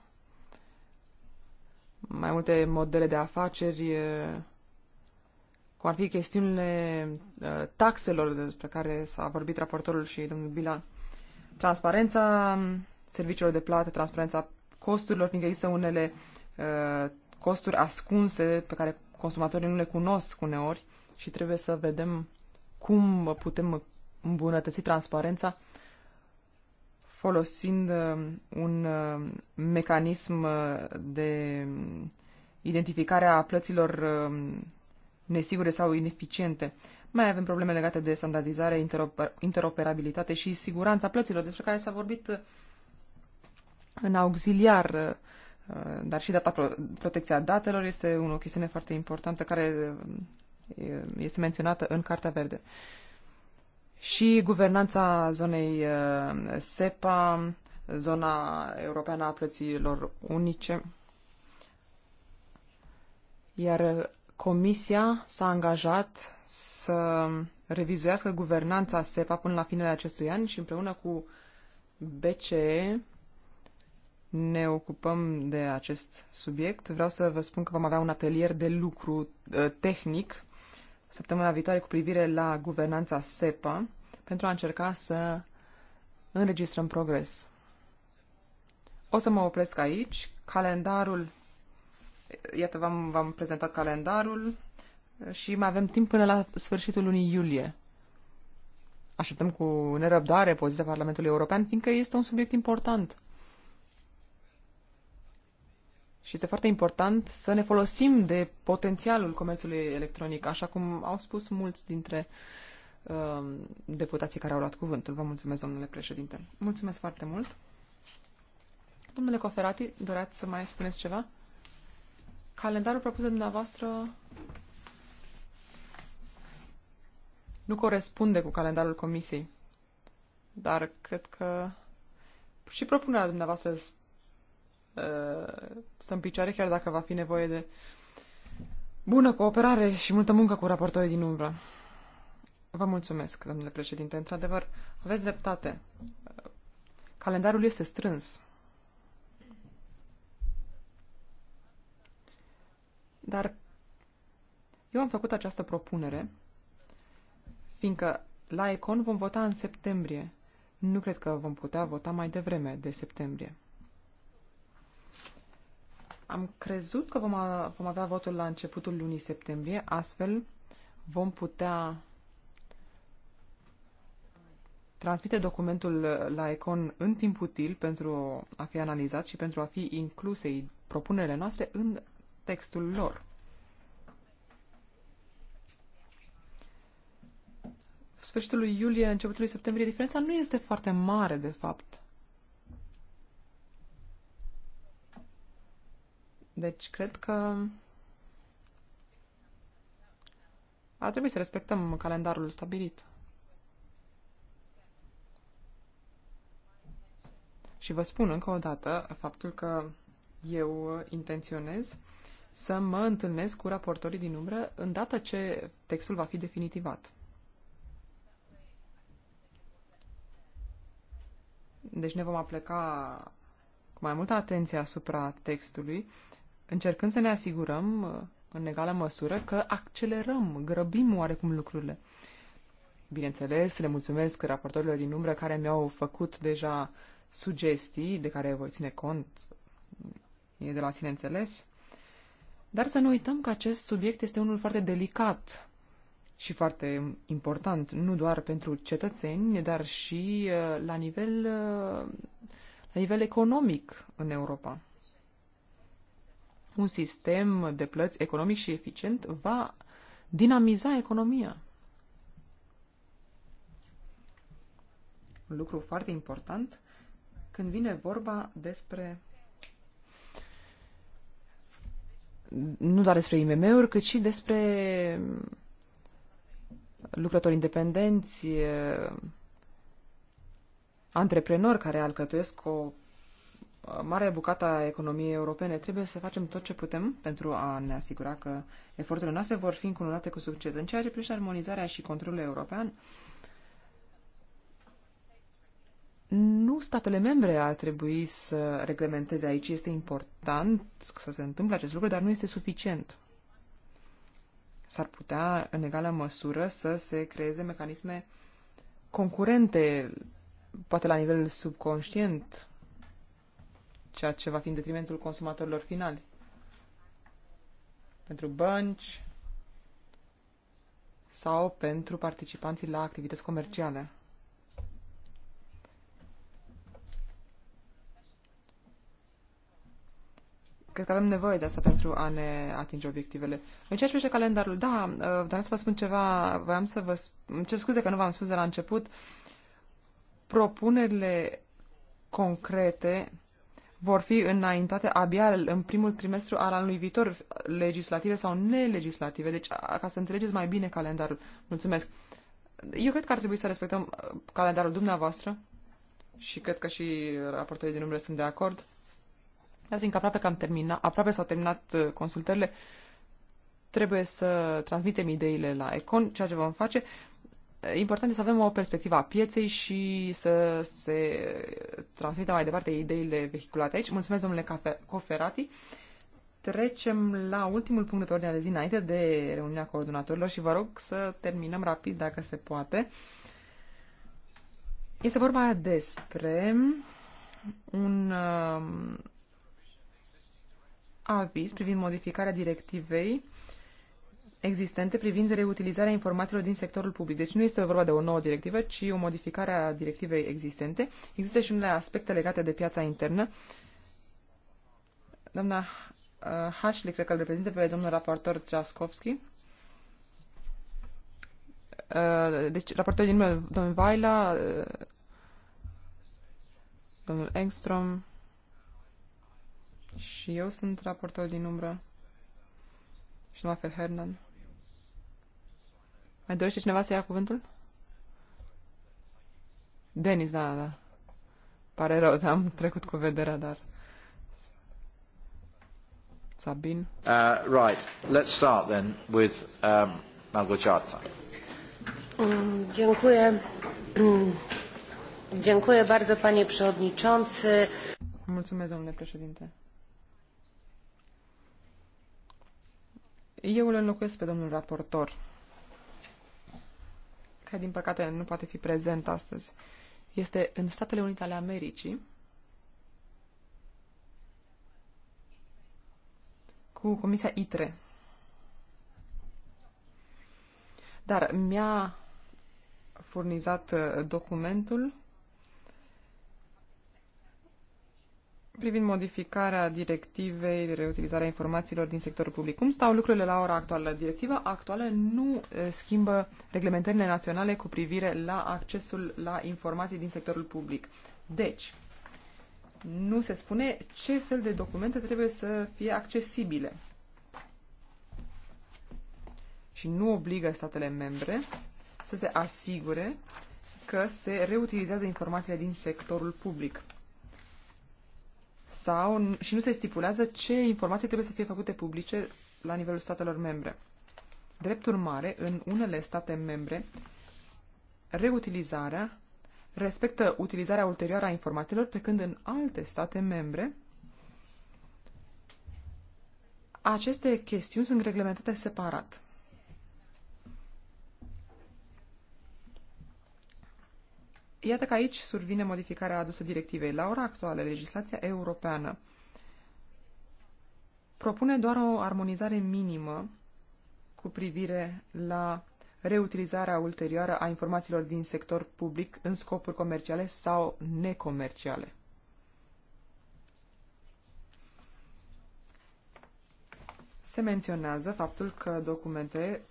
mai multe modele de afaceri, cum ar fi chestiunile taxelor despre care s-a vorbit raportorul și domnul Bilan, transparența serviciilor de plată, transparența costurilor, fiindcă există unele costuri ascunse pe care consumatorii nu le cunosc uneori și trebuie să vedem cum putem îmbunătăți transparența folosind uh, un uh, mecanism uh, de identificare a plăților um, nesigure sau ineficiente. Mai avem probleme legate de standardizare, interoper interoperabilitate și siguranța plăților, despre care s-a vorbit în auxiliar, dar și data pro protecția datelor este o chestiune foarte importantă care este menționată în Cartea Verde și guvernanța zonei uh, SEPA, zona europeană a plăților unice. Iar Comisia s-a angajat să revizuiască guvernanța SEPA până la finele acestui an și împreună cu BCE ne ocupăm de acest subiect. Vreau să vă spun că vom avea un atelier de lucru uh, tehnic săptămâna viitoare cu privire la guvernanța SEPA pentru a încerca să înregistrăm progres. O să mă opresc aici. Calendarul, iată, v-am, v-am prezentat calendarul și mai avem timp până la sfârșitul lunii iulie. Așteptăm cu nerăbdare poziția Parlamentului European, fiindcă este un subiect important. Și este foarte important să ne folosim de potențialul comerțului electronic, așa cum au spus mulți dintre uh, deputații care au luat cuvântul. Vă mulțumesc, domnule președinte. Mulțumesc foarte mult. Domnule Coferati, doreați să mai spuneți ceva? Calendarul propus de dumneavoastră nu corespunde cu calendarul comisiei, dar cred că și propunerea dumneavoastră Uh, să în picioare, chiar dacă va fi nevoie de bună cooperare și multă muncă cu raportorii din umbră. Vă mulțumesc, domnule președinte. Într-adevăr, aveți dreptate. Uh, calendarul este strâns. Dar eu am făcut această propunere, fiindcă la Econ vom vota în septembrie. Nu cred că vom putea vota mai devreme de septembrie. Am crezut că vom, a, vom avea votul la începutul lunii septembrie, astfel vom putea transmite documentul la Econ în timp util pentru a fi analizat și pentru a fi incluse propunerile noastre în textul lor. Sfârșitul lui iulie, începutul lui septembrie, diferența nu este foarte mare, de fapt. Deci, cred că ar trebui să respectăm calendarul stabilit. Și vă spun încă o dată faptul că eu intenționez să mă întâlnesc cu raportorii din umbră data ce textul va fi definitivat. Deci ne vom apleca cu mai multă atenție asupra textului încercând să ne asigurăm uh, în egală măsură că accelerăm, grăbim oarecum lucrurile. Bineînțeles, le mulțumesc raportorilor din umbră care mi-au făcut deja sugestii de care voi ține cont, e de la sine înțeles. Dar să nu uităm că acest subiect este unul foarte delicat și foarte important, nu doar pentru cetățeni, dar și uh, la nivel, uh, la nivel economic în Europa un sistem de plăți economic și eficient va dinamiza economia. Un lucru foarte important când vine vorba despre nu doar despre IMM-uri, cât și despre lucrători independenți, antreprenori care alcătuiesc o marea bucată a economiei europene. Trebuie să facem tot ce putem pentru a ne asigura că eforturile noastre vor fi încununate cu succes. În ceea ce privește armonizarea și controlul european, nu statele membre ar trebui să reglementeze aici. Este important să se întâmple acest lucru, dar nu este suficient. S-ar putea, în egală măsură, să se creeze mecanisme concurente, poate la nivel subconștient, ceea ce va fi în detrimentul consumatorilor finali. Pentru bănci sau pentru participanții la activități comerciale. cred că avem nevoie de asta pentru a ne atinge obiectivele. În ceea ce privește calendarul, da, uh, dar să vă spun ceva, voiam să vă cer scuze că nu v-am spus de la început, propunerile concrete vor fi înaintate abia în primul trimestru al anului viitor, legislative sau nelegislative. Deci, ca să înțelegeți mai bine calendarul. Mulțumesc. Eu cred că ar trebui să respectăm uh, calendarul dumneavoastră și cred că și raportorii din umbră sunt de acord. Dar fiindcă aproape, că am terminat, aproape s-au terminat uh, consultările, trebuie să transmitem ideile la Econ, ceea ce vom face important este să avem o perspectivă a pieței și să se transmită mai departe ideile vehiculate aici. Mulțumesc, domnule Coferati. Trecem la ultimul punct de pe ordinea de zi înainte de reuniunea coordonatorilor și vă rog să terminăm rapid dacă se poate. Este vorba despre un uh, aviz privind modificarea directivei existente privind reutilizarea informațiilor din sectorul public. Deci nu este vorba de o nouă directivă, ci o modificare a directivei existente. Există și unele aspecte legate de piața internă. Doamna uh, Hașli, cred că îl reprezintă pe domnul raportor Traskovski. Uh, deci, raportorul din numele domnul Vaila, uh, domnul Engstrom și eu sunt raportor din umbră și la fel Hernan. Mai dorește cineva să ia cuvântul? Denis, da, da. da. Pare rău, am trecut cu vederea, dar... Sabin. Uh, right, let's start then with um, Malgorzata. Mm, dziękuję. Mm, dziękuję bardzo, panie przewodniczący. Mulțumesc, domnule președinte. Eu îl înlocuiesc pe domnul raportor care din păcate nu poate fi prezent astăzi, este în Statele Unite ale Americii cu Comisia ITRE. Dar mi-a furnizat uh, documentul privind modificarea directivei de reutilizare a informațiilor din sectorul public. Cum stau lucrurile la ora actuală? Directiva actuală nu schimbă reglementările naționale cu privire la accesul la informații din sectorul public. Deci, nu se spune ce fel de documente trebuie să fie accesibile. Și nu obligă statele membre să se asigure că se reutilizează informațiile din sectorul public sau și nu se stipulează ce informații trebuie să fie făcute publice la nivelul statelor membre. Drept urmare, în unele state membre, reutilizarea respectă utilizarea ulterioară a informațiilor, pe când în alte state membre aceste chestiuni sunt reglementate separat. Iată că aici survine modificarea adusă directivei. La ora actuală, legislația europeană propune doar o armonizare minimă cu privire la reutilizarea ulterioară a informațiilor din sector public în scopuri comerciale sau necomerciale. Se menționează faptul că documente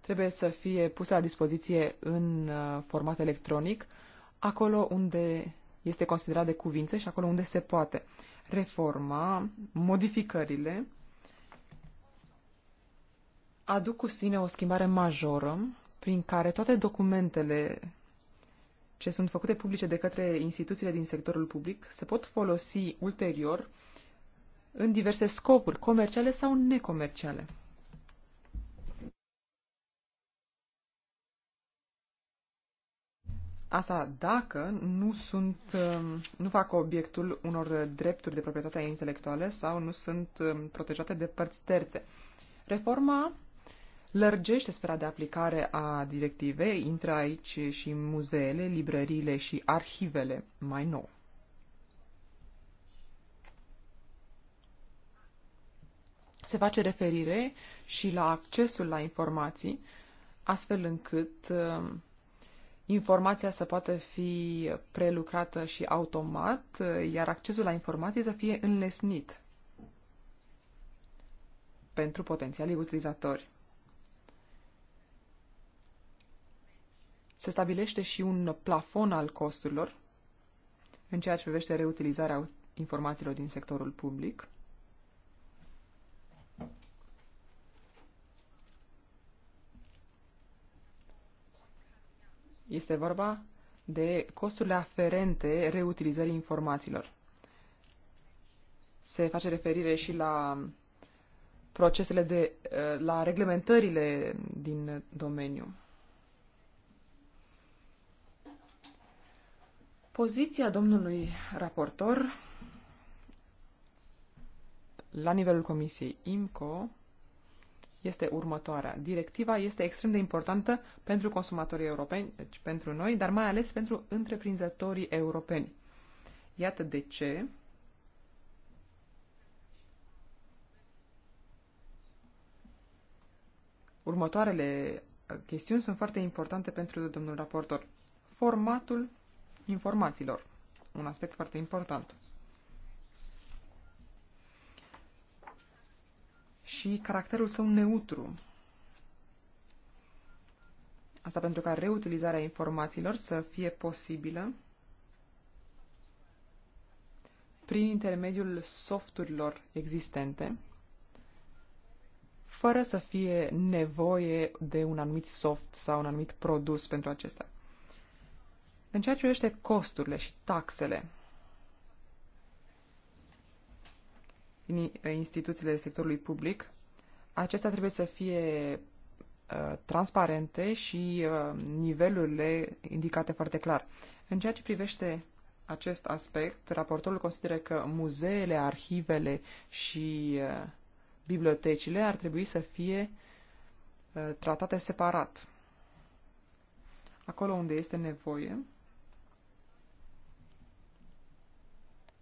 trebuie să fie puse la dispoziție în uh, format electronic acolo unde este considerat de cuvință și acolo unde se poate reforma, modificările aduc cu sine o schimbare majoră prin care toate documentele ce sunt făcute publice de către instituțiile din sectorul public se pot folosi ulterior în diverse scopuri comerciale sau necomerciale. Asta dacă nu sunt, um, nu fac obiectul unor drepturi de proprietate intelectuale sau nu sunt um, protejate de părți terțe. Reforma lărgește sfera de aplicare a directivei, intră aici și muzeele, librăriile și arhivele mai nou. Se face referire și la accesul la informații, astfel încât um, informația să poată fi prelucrată și automat, iar accesul la informații să fie înlesnit pentru potențialii utilizatori. Se stabilește și un plafon al costurilor în ceea ce privește reutilizarea informațiilor din sectorul public. Este vorba de costurile aferente reutilizării informațiilor. Se face referire și la procesele de, eh, la reglementările din domeniu. Poziția domnului raportor la nivelul Comisiei IMCO este următoarea. Directiva este extrem de importantă pentru consumatorii europeni, deci pentru noi, dar mai ales pentru întreprinzătorii europeni. Iată de ce următoarele uh, chestiuni sunt foarte importante pentru domnul raportor. Formatul informațiilor, un aspect foarte important. și caracterul său neutru. Asta pentru ca reutilizarea informațiilor să fie posibilă prin intermediul softurilor existente, fără să fie nevoie de un anumit soft sau un anumit produs pentru acesta. În ceea ce privește costurile și taxele instituțiile sectorului public, acestea trebuie să fie uh, transparente și uh, nivelurile indicate foarte clar. În ceea ce privește acest aspect, raportorul consideră că muzeele, arhivele și uh, bibliotecile ar trebui să fie tratate separat. Acolo unde este nevoie,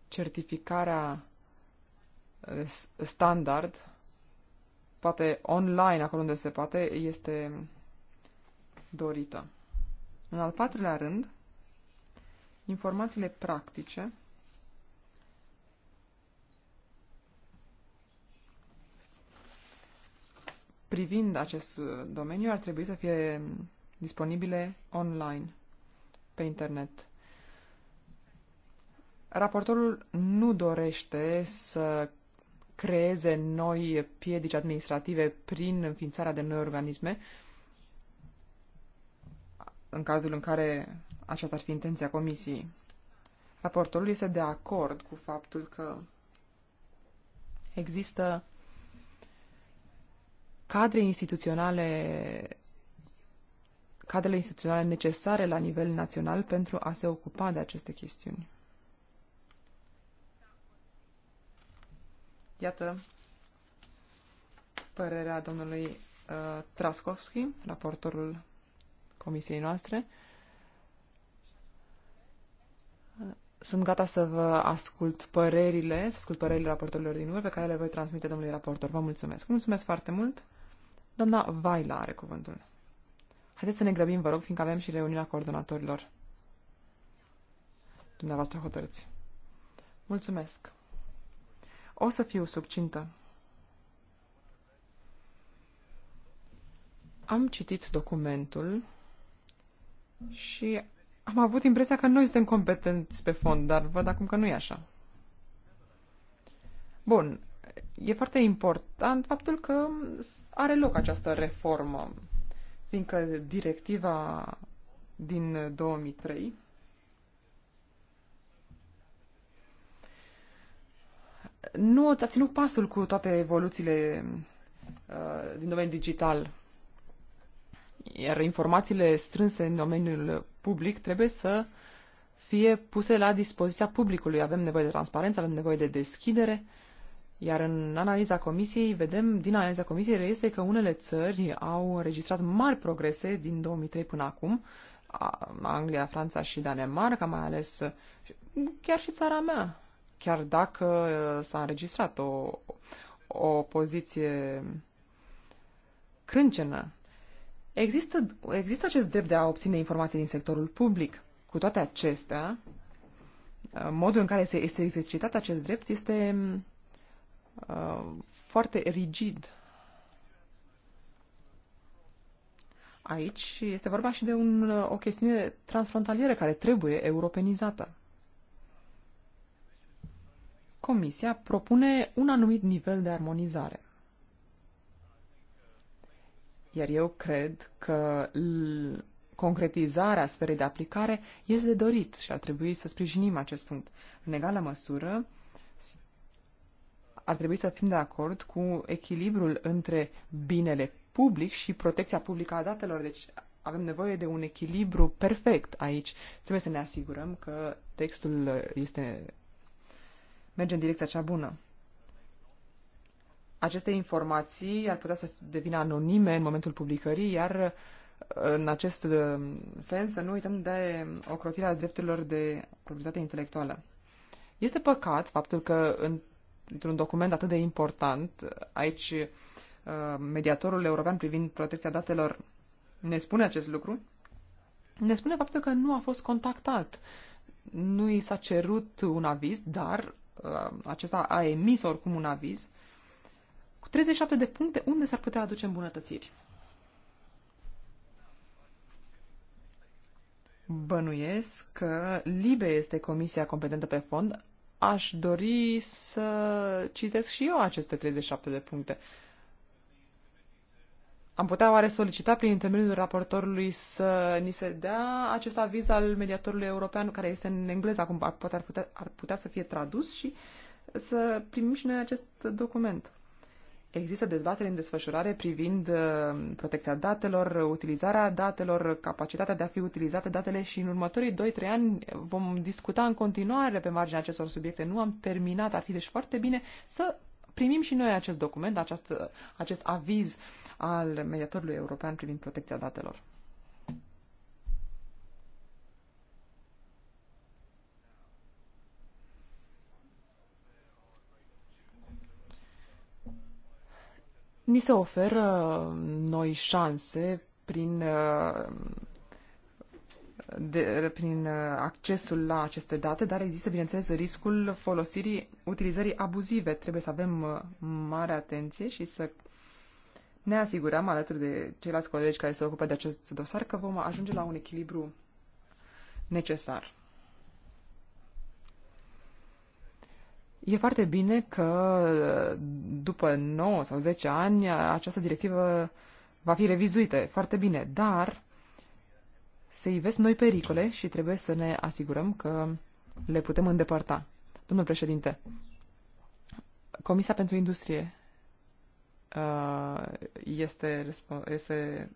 certificarea standard, poate online, acolo unde se poate, este dorită. În al patrulea rând, informațiile practice privind acest uh, domeniu ar trebui să fie disponibile online, pe internet. Raportorul nu dorește să creeze noi piedici administrative prin înființarea de noi organisme, în cazul în care aceasta ar fi intenția comisiei. Raportorul este de acord cu faptul că există cadre instituționale cadrele instituționale necesare la nivel național pentru a se ocupa de aceste chestiuni. Iată părerea domnului uh, Traskovski, raportorul comisiei noastre. Sunt gata să vă ascult părerile, să ascult părerile raportorilor din urmă pe care le voi transmite domnului raportor. Vă mulțumesc. Mulțumesc foarte mult. Doamna Vaila are cuvântul. Haideți să ne grăbim, vă rog, fiindcă avem și reuniunea coordonatorilor. Dumneavoastră hotărâți. Mulțumesc. O să fiu subcintă. Am citit documentul și am avut impresia că noi suntem competenți pe fond, dar văd acum că nu e așa. Bun, e foarte important faptul că are loc această reformă, fiindcă directiva din 2003 nu a ținut pasul cu toate evoluțiile uh, din domeniul digital. Iar informațiile strânse în domeniul public trebuie să fie puse la dispoziția publicului. Avem nevoie de transparență, avem nevoie de deschidere, iar în analiza comisiei, vedem, din analiza comisiei reiese că unele țări au înregistrat mari progrese din 2003 până acum, Anglia, Franța și Danemarca, mai ales chiar și țara mea, chiar dacă uh, s-a înregistrat o, o poziție crâncenă. Există, există acest drept de a obține informații din sectorul public. Cu toate acestea, uh, modul în care se este exercitat acest drept este uh, foarte rigid. Aici este vorba și de un, uh, o chestiune transfrontalieră care trebuie europenizată. Comisia propune un anumit nivel de armonizare. Iar eu cred că concretizarea sferei de aplicare este de dorit și ar trebui să sprijinim acest punct. În egală măsură, ar trebui să fim de acord cu echilibrul între binele public și protecția publică a datelor. Deci avem nevoie de un echilibru perfect aici. Trebuie să ne asigurăm că textul este merge în direcția cea bună. Aceste informații ar putea să devină anonime în momentul publicării, iar în acest uh, sens să nu uităm de ocrotirea drepturilor de proprietate intelectuală. Este păcat faptul că în, într-un document atât de important, aici uh, mediatorul european privind protecția datelor ne spune acest lucru, ne spune faptul că nu a fost contactat, nu i s-a cerut un aviz, dar Uh, acesta a emis oricum un aviz, cu 37 de puncte, unde s-ar putea aduce îmbunătățiri? Bănuiesc că LIBE este comisia competentă pe fond. Aș dori să citesc și eu aceste 37 de puncte. Uh, am putea oare solicita prin intermediul raportorului să ni se dea acest aviz al mediatorului european, care este în engleză acum, ar, putea, ar putea să fie tradus și să primim și noi acest document. Există dezbatere în desfășurare privind uh, protecția datelor, utilizarea datelor, capacitatea de a fi utilizate datele și în următorii 2-3 ani vom discuta în continuare pe marginea acestor subiecte. Nu am terminat, ar fi deci foarte bine să primim și noi acest document, acest, acest aviz al mediatorului european privind protecția datelor. Ni se oferă noi șanse prin uh, de, prin uh, accesul la aceste date, dar există, bineînțeles, riscul folosirii, utilizării abuzive. Trebuie să avem uh, mare atenție și să ne asigurăm, alături de ceilalți colegi care se ocupă de acest dosar, că vom ajunge la un echilibru necesar. E foarte bine că uh, după 9 sau 10 ani această directivă va fi revizuită. Foarte bine, dar se ivesc noi pericole și trebuie să ne asigurăm că le putem îndepărta. Domnul președinte, Comisia pentru Industrie uh, este, este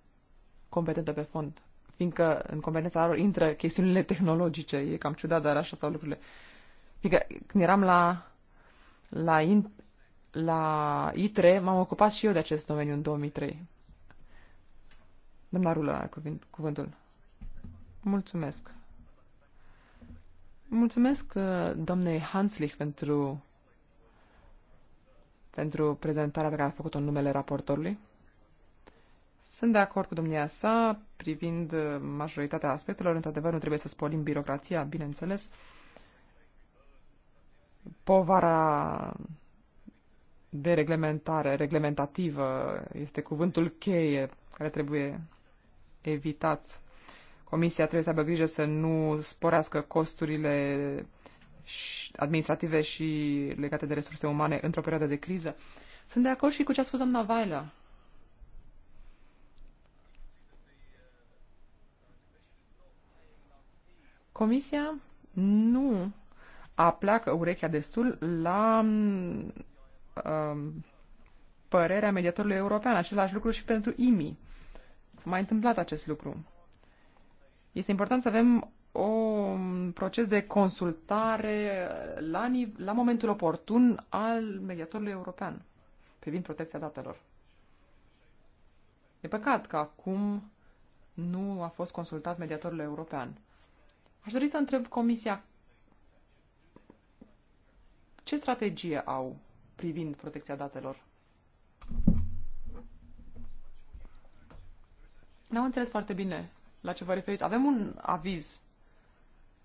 competentă pe fond, fiindcă în competența lor intră chestiunile tehnologice. E cam ciudat, dar așa stau lucrurile. Fiindcă când eram la, la, in, la ITRE, m-am ocupat și eu de acest domeniu în 2003. Domnul Rulă cuvânt, cuvântul. Mulțumesc. Mulțumesc uh, doamnei Hanslich pentru, pentru prezentarea pe care a făcut-o în numele raportorului. Sunt de acord cu domnia sa privind uh, majoritatea aspectelor. Într-adevăr, nu trebuie să spolim birocrația, bineînțeles. Povara de reglementare, reglementativă, este cuvântul cheie care trebuie evitat Comisia trebuie să aibă grijă să nu sporească costurile administrative și legate de resurse umane într-o perioadă de criză. Sunt de acord și cu ce a spus doamna Vaila. Comisia nu aplacă urechea destul la um, părerea mediatorului european. Același lucru și pentru IMI. m a mai întâmplat acest lucru. Este important să avem o, un proces de consultare la, la momentul oportun al mediatorului european privind protecția datelor. E păcat că acum nu a fost consultat mediatorul european. Aș dori să întreb Comisia ce strategie au privind protecția datelor? N-am înțeles foarte bine la ce vă referiți. Avem un aviz.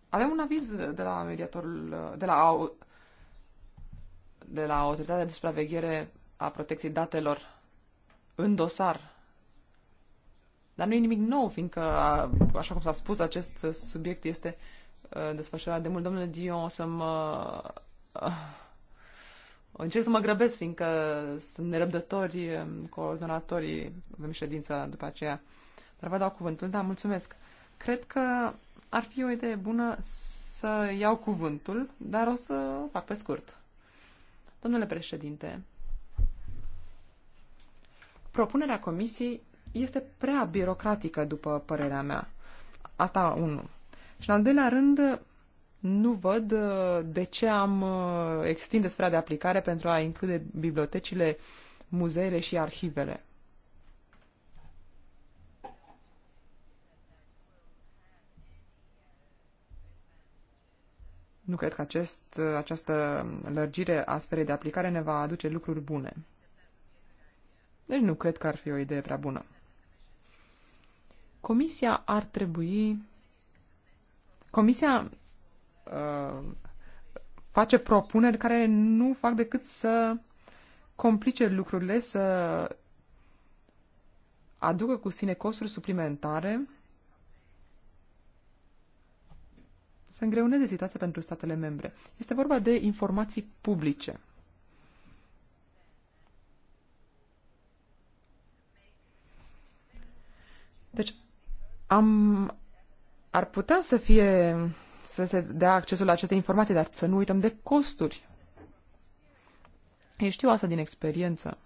Avem un aviz de la mediatorul, de la, de la Autoritatea de Supraveghere a Protecției Datelor în dosar. Dar nu e nimic nou, fiindcă, așa cum s-a spus, acest subiect este uh, desfășurat de mult. Domnule Dion, o să mă... Uh, încerc să mă grăbesc, fiindcă sunt nerăbdători um, coordonatorii, avem ședința după aceea. Vă dau cuvântul, da, mulțumesc. Cred că ar fi o idee bună să iau cuvântul, dar o să fac pe scurt. Domnule președinte, propunerea comisiei este prea birocratică, după părerea mea. Asta unul. Și în al doilea rând, nu văd uh, de ce am uh, extinde sfera de aplicare pentru a include bibliotecile, muzeele și arhivele. Nu cred că acest, această lărgire a sferei de aplicare ne va aduce lucruri bune. Deci nu cred că ar fi o idee prea bună. Comisia ar trebui... Comisia uh, face propuneri care nu fac decât să complice lucrurile, să aducă cu sine costuri suplimentare să îngreuneze situația pentru statele membre. Este vorba de informații publice. Deci, am, ar putea să fie să se dea accesul la aceste informații, dar să nu uităm de costuri. Eu știu asta din experiență.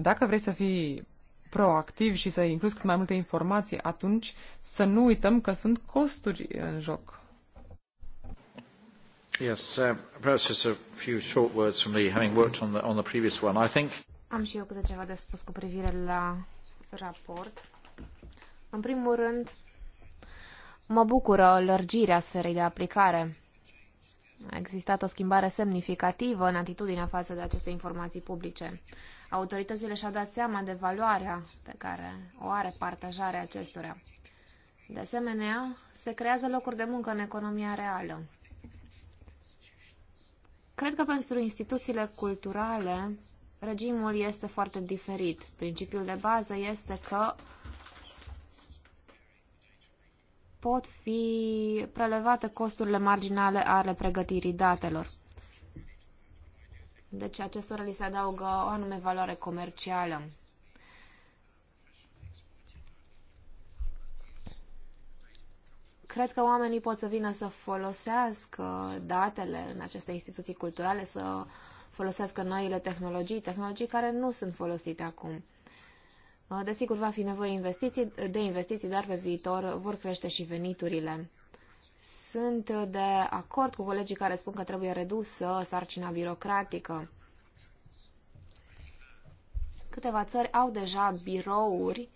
Dacă vrei să fii proactiv și să incluzi cât mai multe informații, atunci să nu uităm că sunt costuri în joc. Yes, uh, perhaps just a few short words from me, having worked on the, on the previous one. I think... Am și eu câte ceva de spus cu privire la raport. În primul rând, mă bucură lărgirea sferei de aplicare. A existat o schimbare semnificativă în atitudinea față de aceste informații publice autoritățile și-au dat seama de valoarea pe care o are partajarea acestora. De asemenea, se creează locuri de muncă în economia reală. Cred că pentru instituțiile culturale regimul este foarte diferit. Principiul de bază este că pot fi prelevate costurile marginale ale pregătirii datelor. Deci acestora li se adaugă o anume valoare comercială. Cred că oamenii pot să vină să folosească datele în aceste instituții culturale, să folosească noile tehnologii, tehnologii care nu sunt folosite acum. Desigur, va fi nevoie investiții, de investiții, dar pe viitor vor crește și veniturile. Sunt de acord cu colegii care spun că trebuie redusă sarcina birocratică. Câteva țări au deja birouri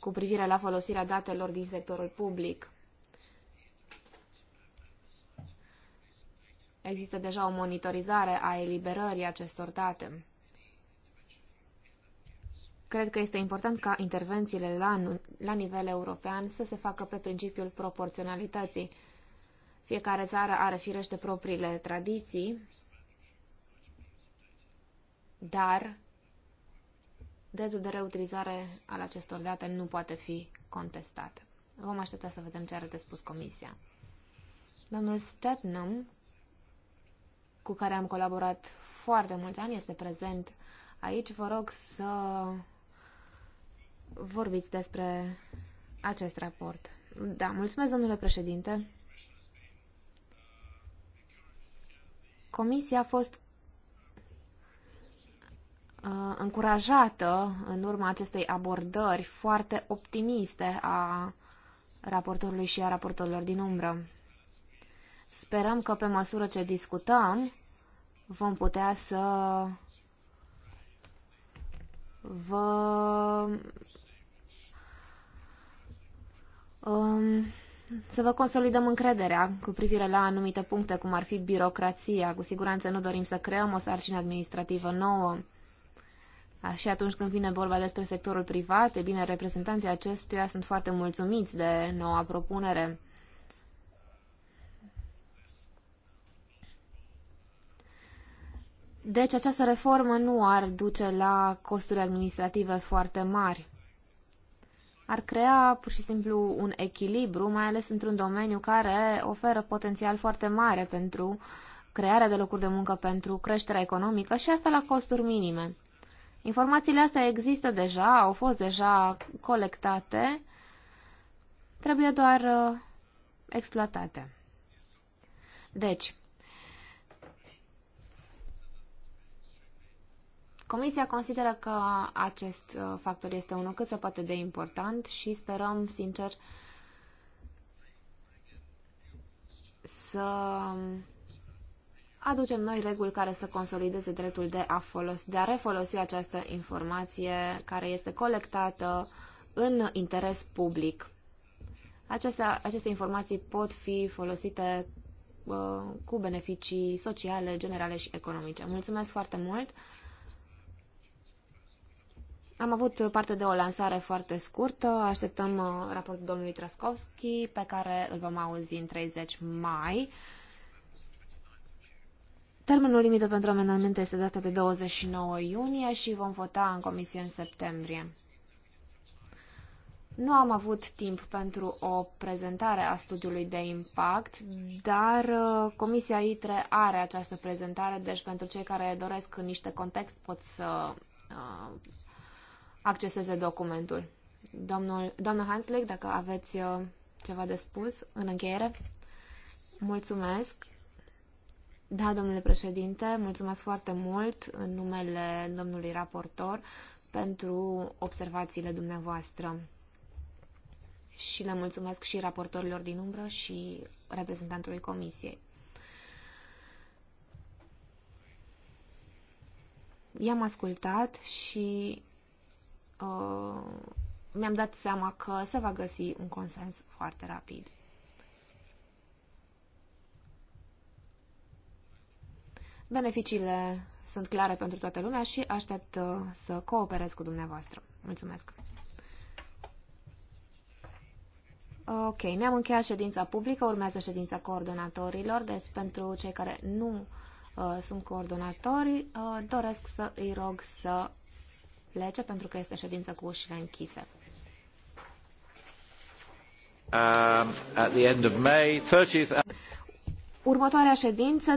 cu privire la folosirea datelor din sectorul public. Există deja o monitorizare a eliberării acestor date. Cred că este important ca intervențiile la, la nivel european să se facă pe principiul proporționalității. Fiecare țară are firește propriile tradiții, dar dreptul de reutilizare al acestor date nu poate fi contestat. Vom aștepta să vedem ce are de spus Comisia. Domnul Stetnum, cu care am colaborat foarte mulți ani, este prezent aici. Vă rog să vorbiți despre acest raport. Da, mulțumesc, domnule președinte. Comisia a fost uh, încurajată în urma acestei abordări foarte optimiste a raportorului și a raportorilor din umbră. Sperăm că pe măsură ce discutăm vom putea să vă um, să vă consolidăm încrederea cu privire la anumite puncte, cum ar fi birocrația. Cu siguranță nu dorim să creăm o sarcină administrativă nouă. Și atunci când vine vorba despre sectorul privat, e bine, reprezentanții acestuia sunt foarte mulțumiți de noua propunere. Deci această reformă nu ar duce la costuri administrative foarte mari ar crea pur și simplu un echilibru, mai ales într-un domeniu care oferă potențial foarte mare pentru crearea de locuri de muncă, pentru creșterea economică și asta la costuri minime. Informațiile astea există deja, au fost deja colectate, trebuie doar uh, exploatate. Deci, Comisia consideră că acest uh, factor este unul cât se poate de important și sperăm, sincer, să aducem noi reguli care să consolideze dreptul de a, folosi, de a refolosi această informație care este colectată în interes public. Aceste, aceste informații pot fi folosite uh, cu beneficii sociale, generale și economice. Mulțumesc foarte mult! Am avut parte de o lansare foarte scurtă. Așteptăm uh, raportul domnului Traskovski, pe care îl vom auzi în 30 mai. Termenul limită pentru amendamente este data de 29 iunie și vom vota în comisie în septembrie. Nu am avut timp pentru o prezentare a studiului de impact, dar uh, Comisia ITRE are această prezentare, deci pentru cei care doresc niște context pot să uh, acceseze documentul. Domnul, doamna Hanslick, dacă aveți uh, ceva de spus în încheiere, mulțumesc. Da, domnule președinte, mulțumesc foarte mult în numele domnului raportor pentru observațiile dumneavoastră. Și le mulțumesc și raportorilor din umbră și reprezentantului comisiei. I-am ascultat și Uh, mi-am dat seama că se va găsi un consens foarte rapid. Beneficiile sunt clare pentru toată lumea și aștept uh, să cooperez cu dumneavoastră. Mulțumesc! Ok, ne-am încheiat ședința publică, urmează ședința coordonatorilor, deci pentru cei care nu uh, sunt coordonatori, uh, doresc să îi rog să lege pentru că este ședință cu ușile închise. Um, at the end of May, 30th... Următoarea ședință,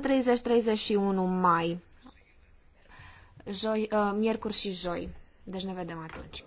30-31 mai, joi, uh, miercuri și joi. Deci ne vedem atunci.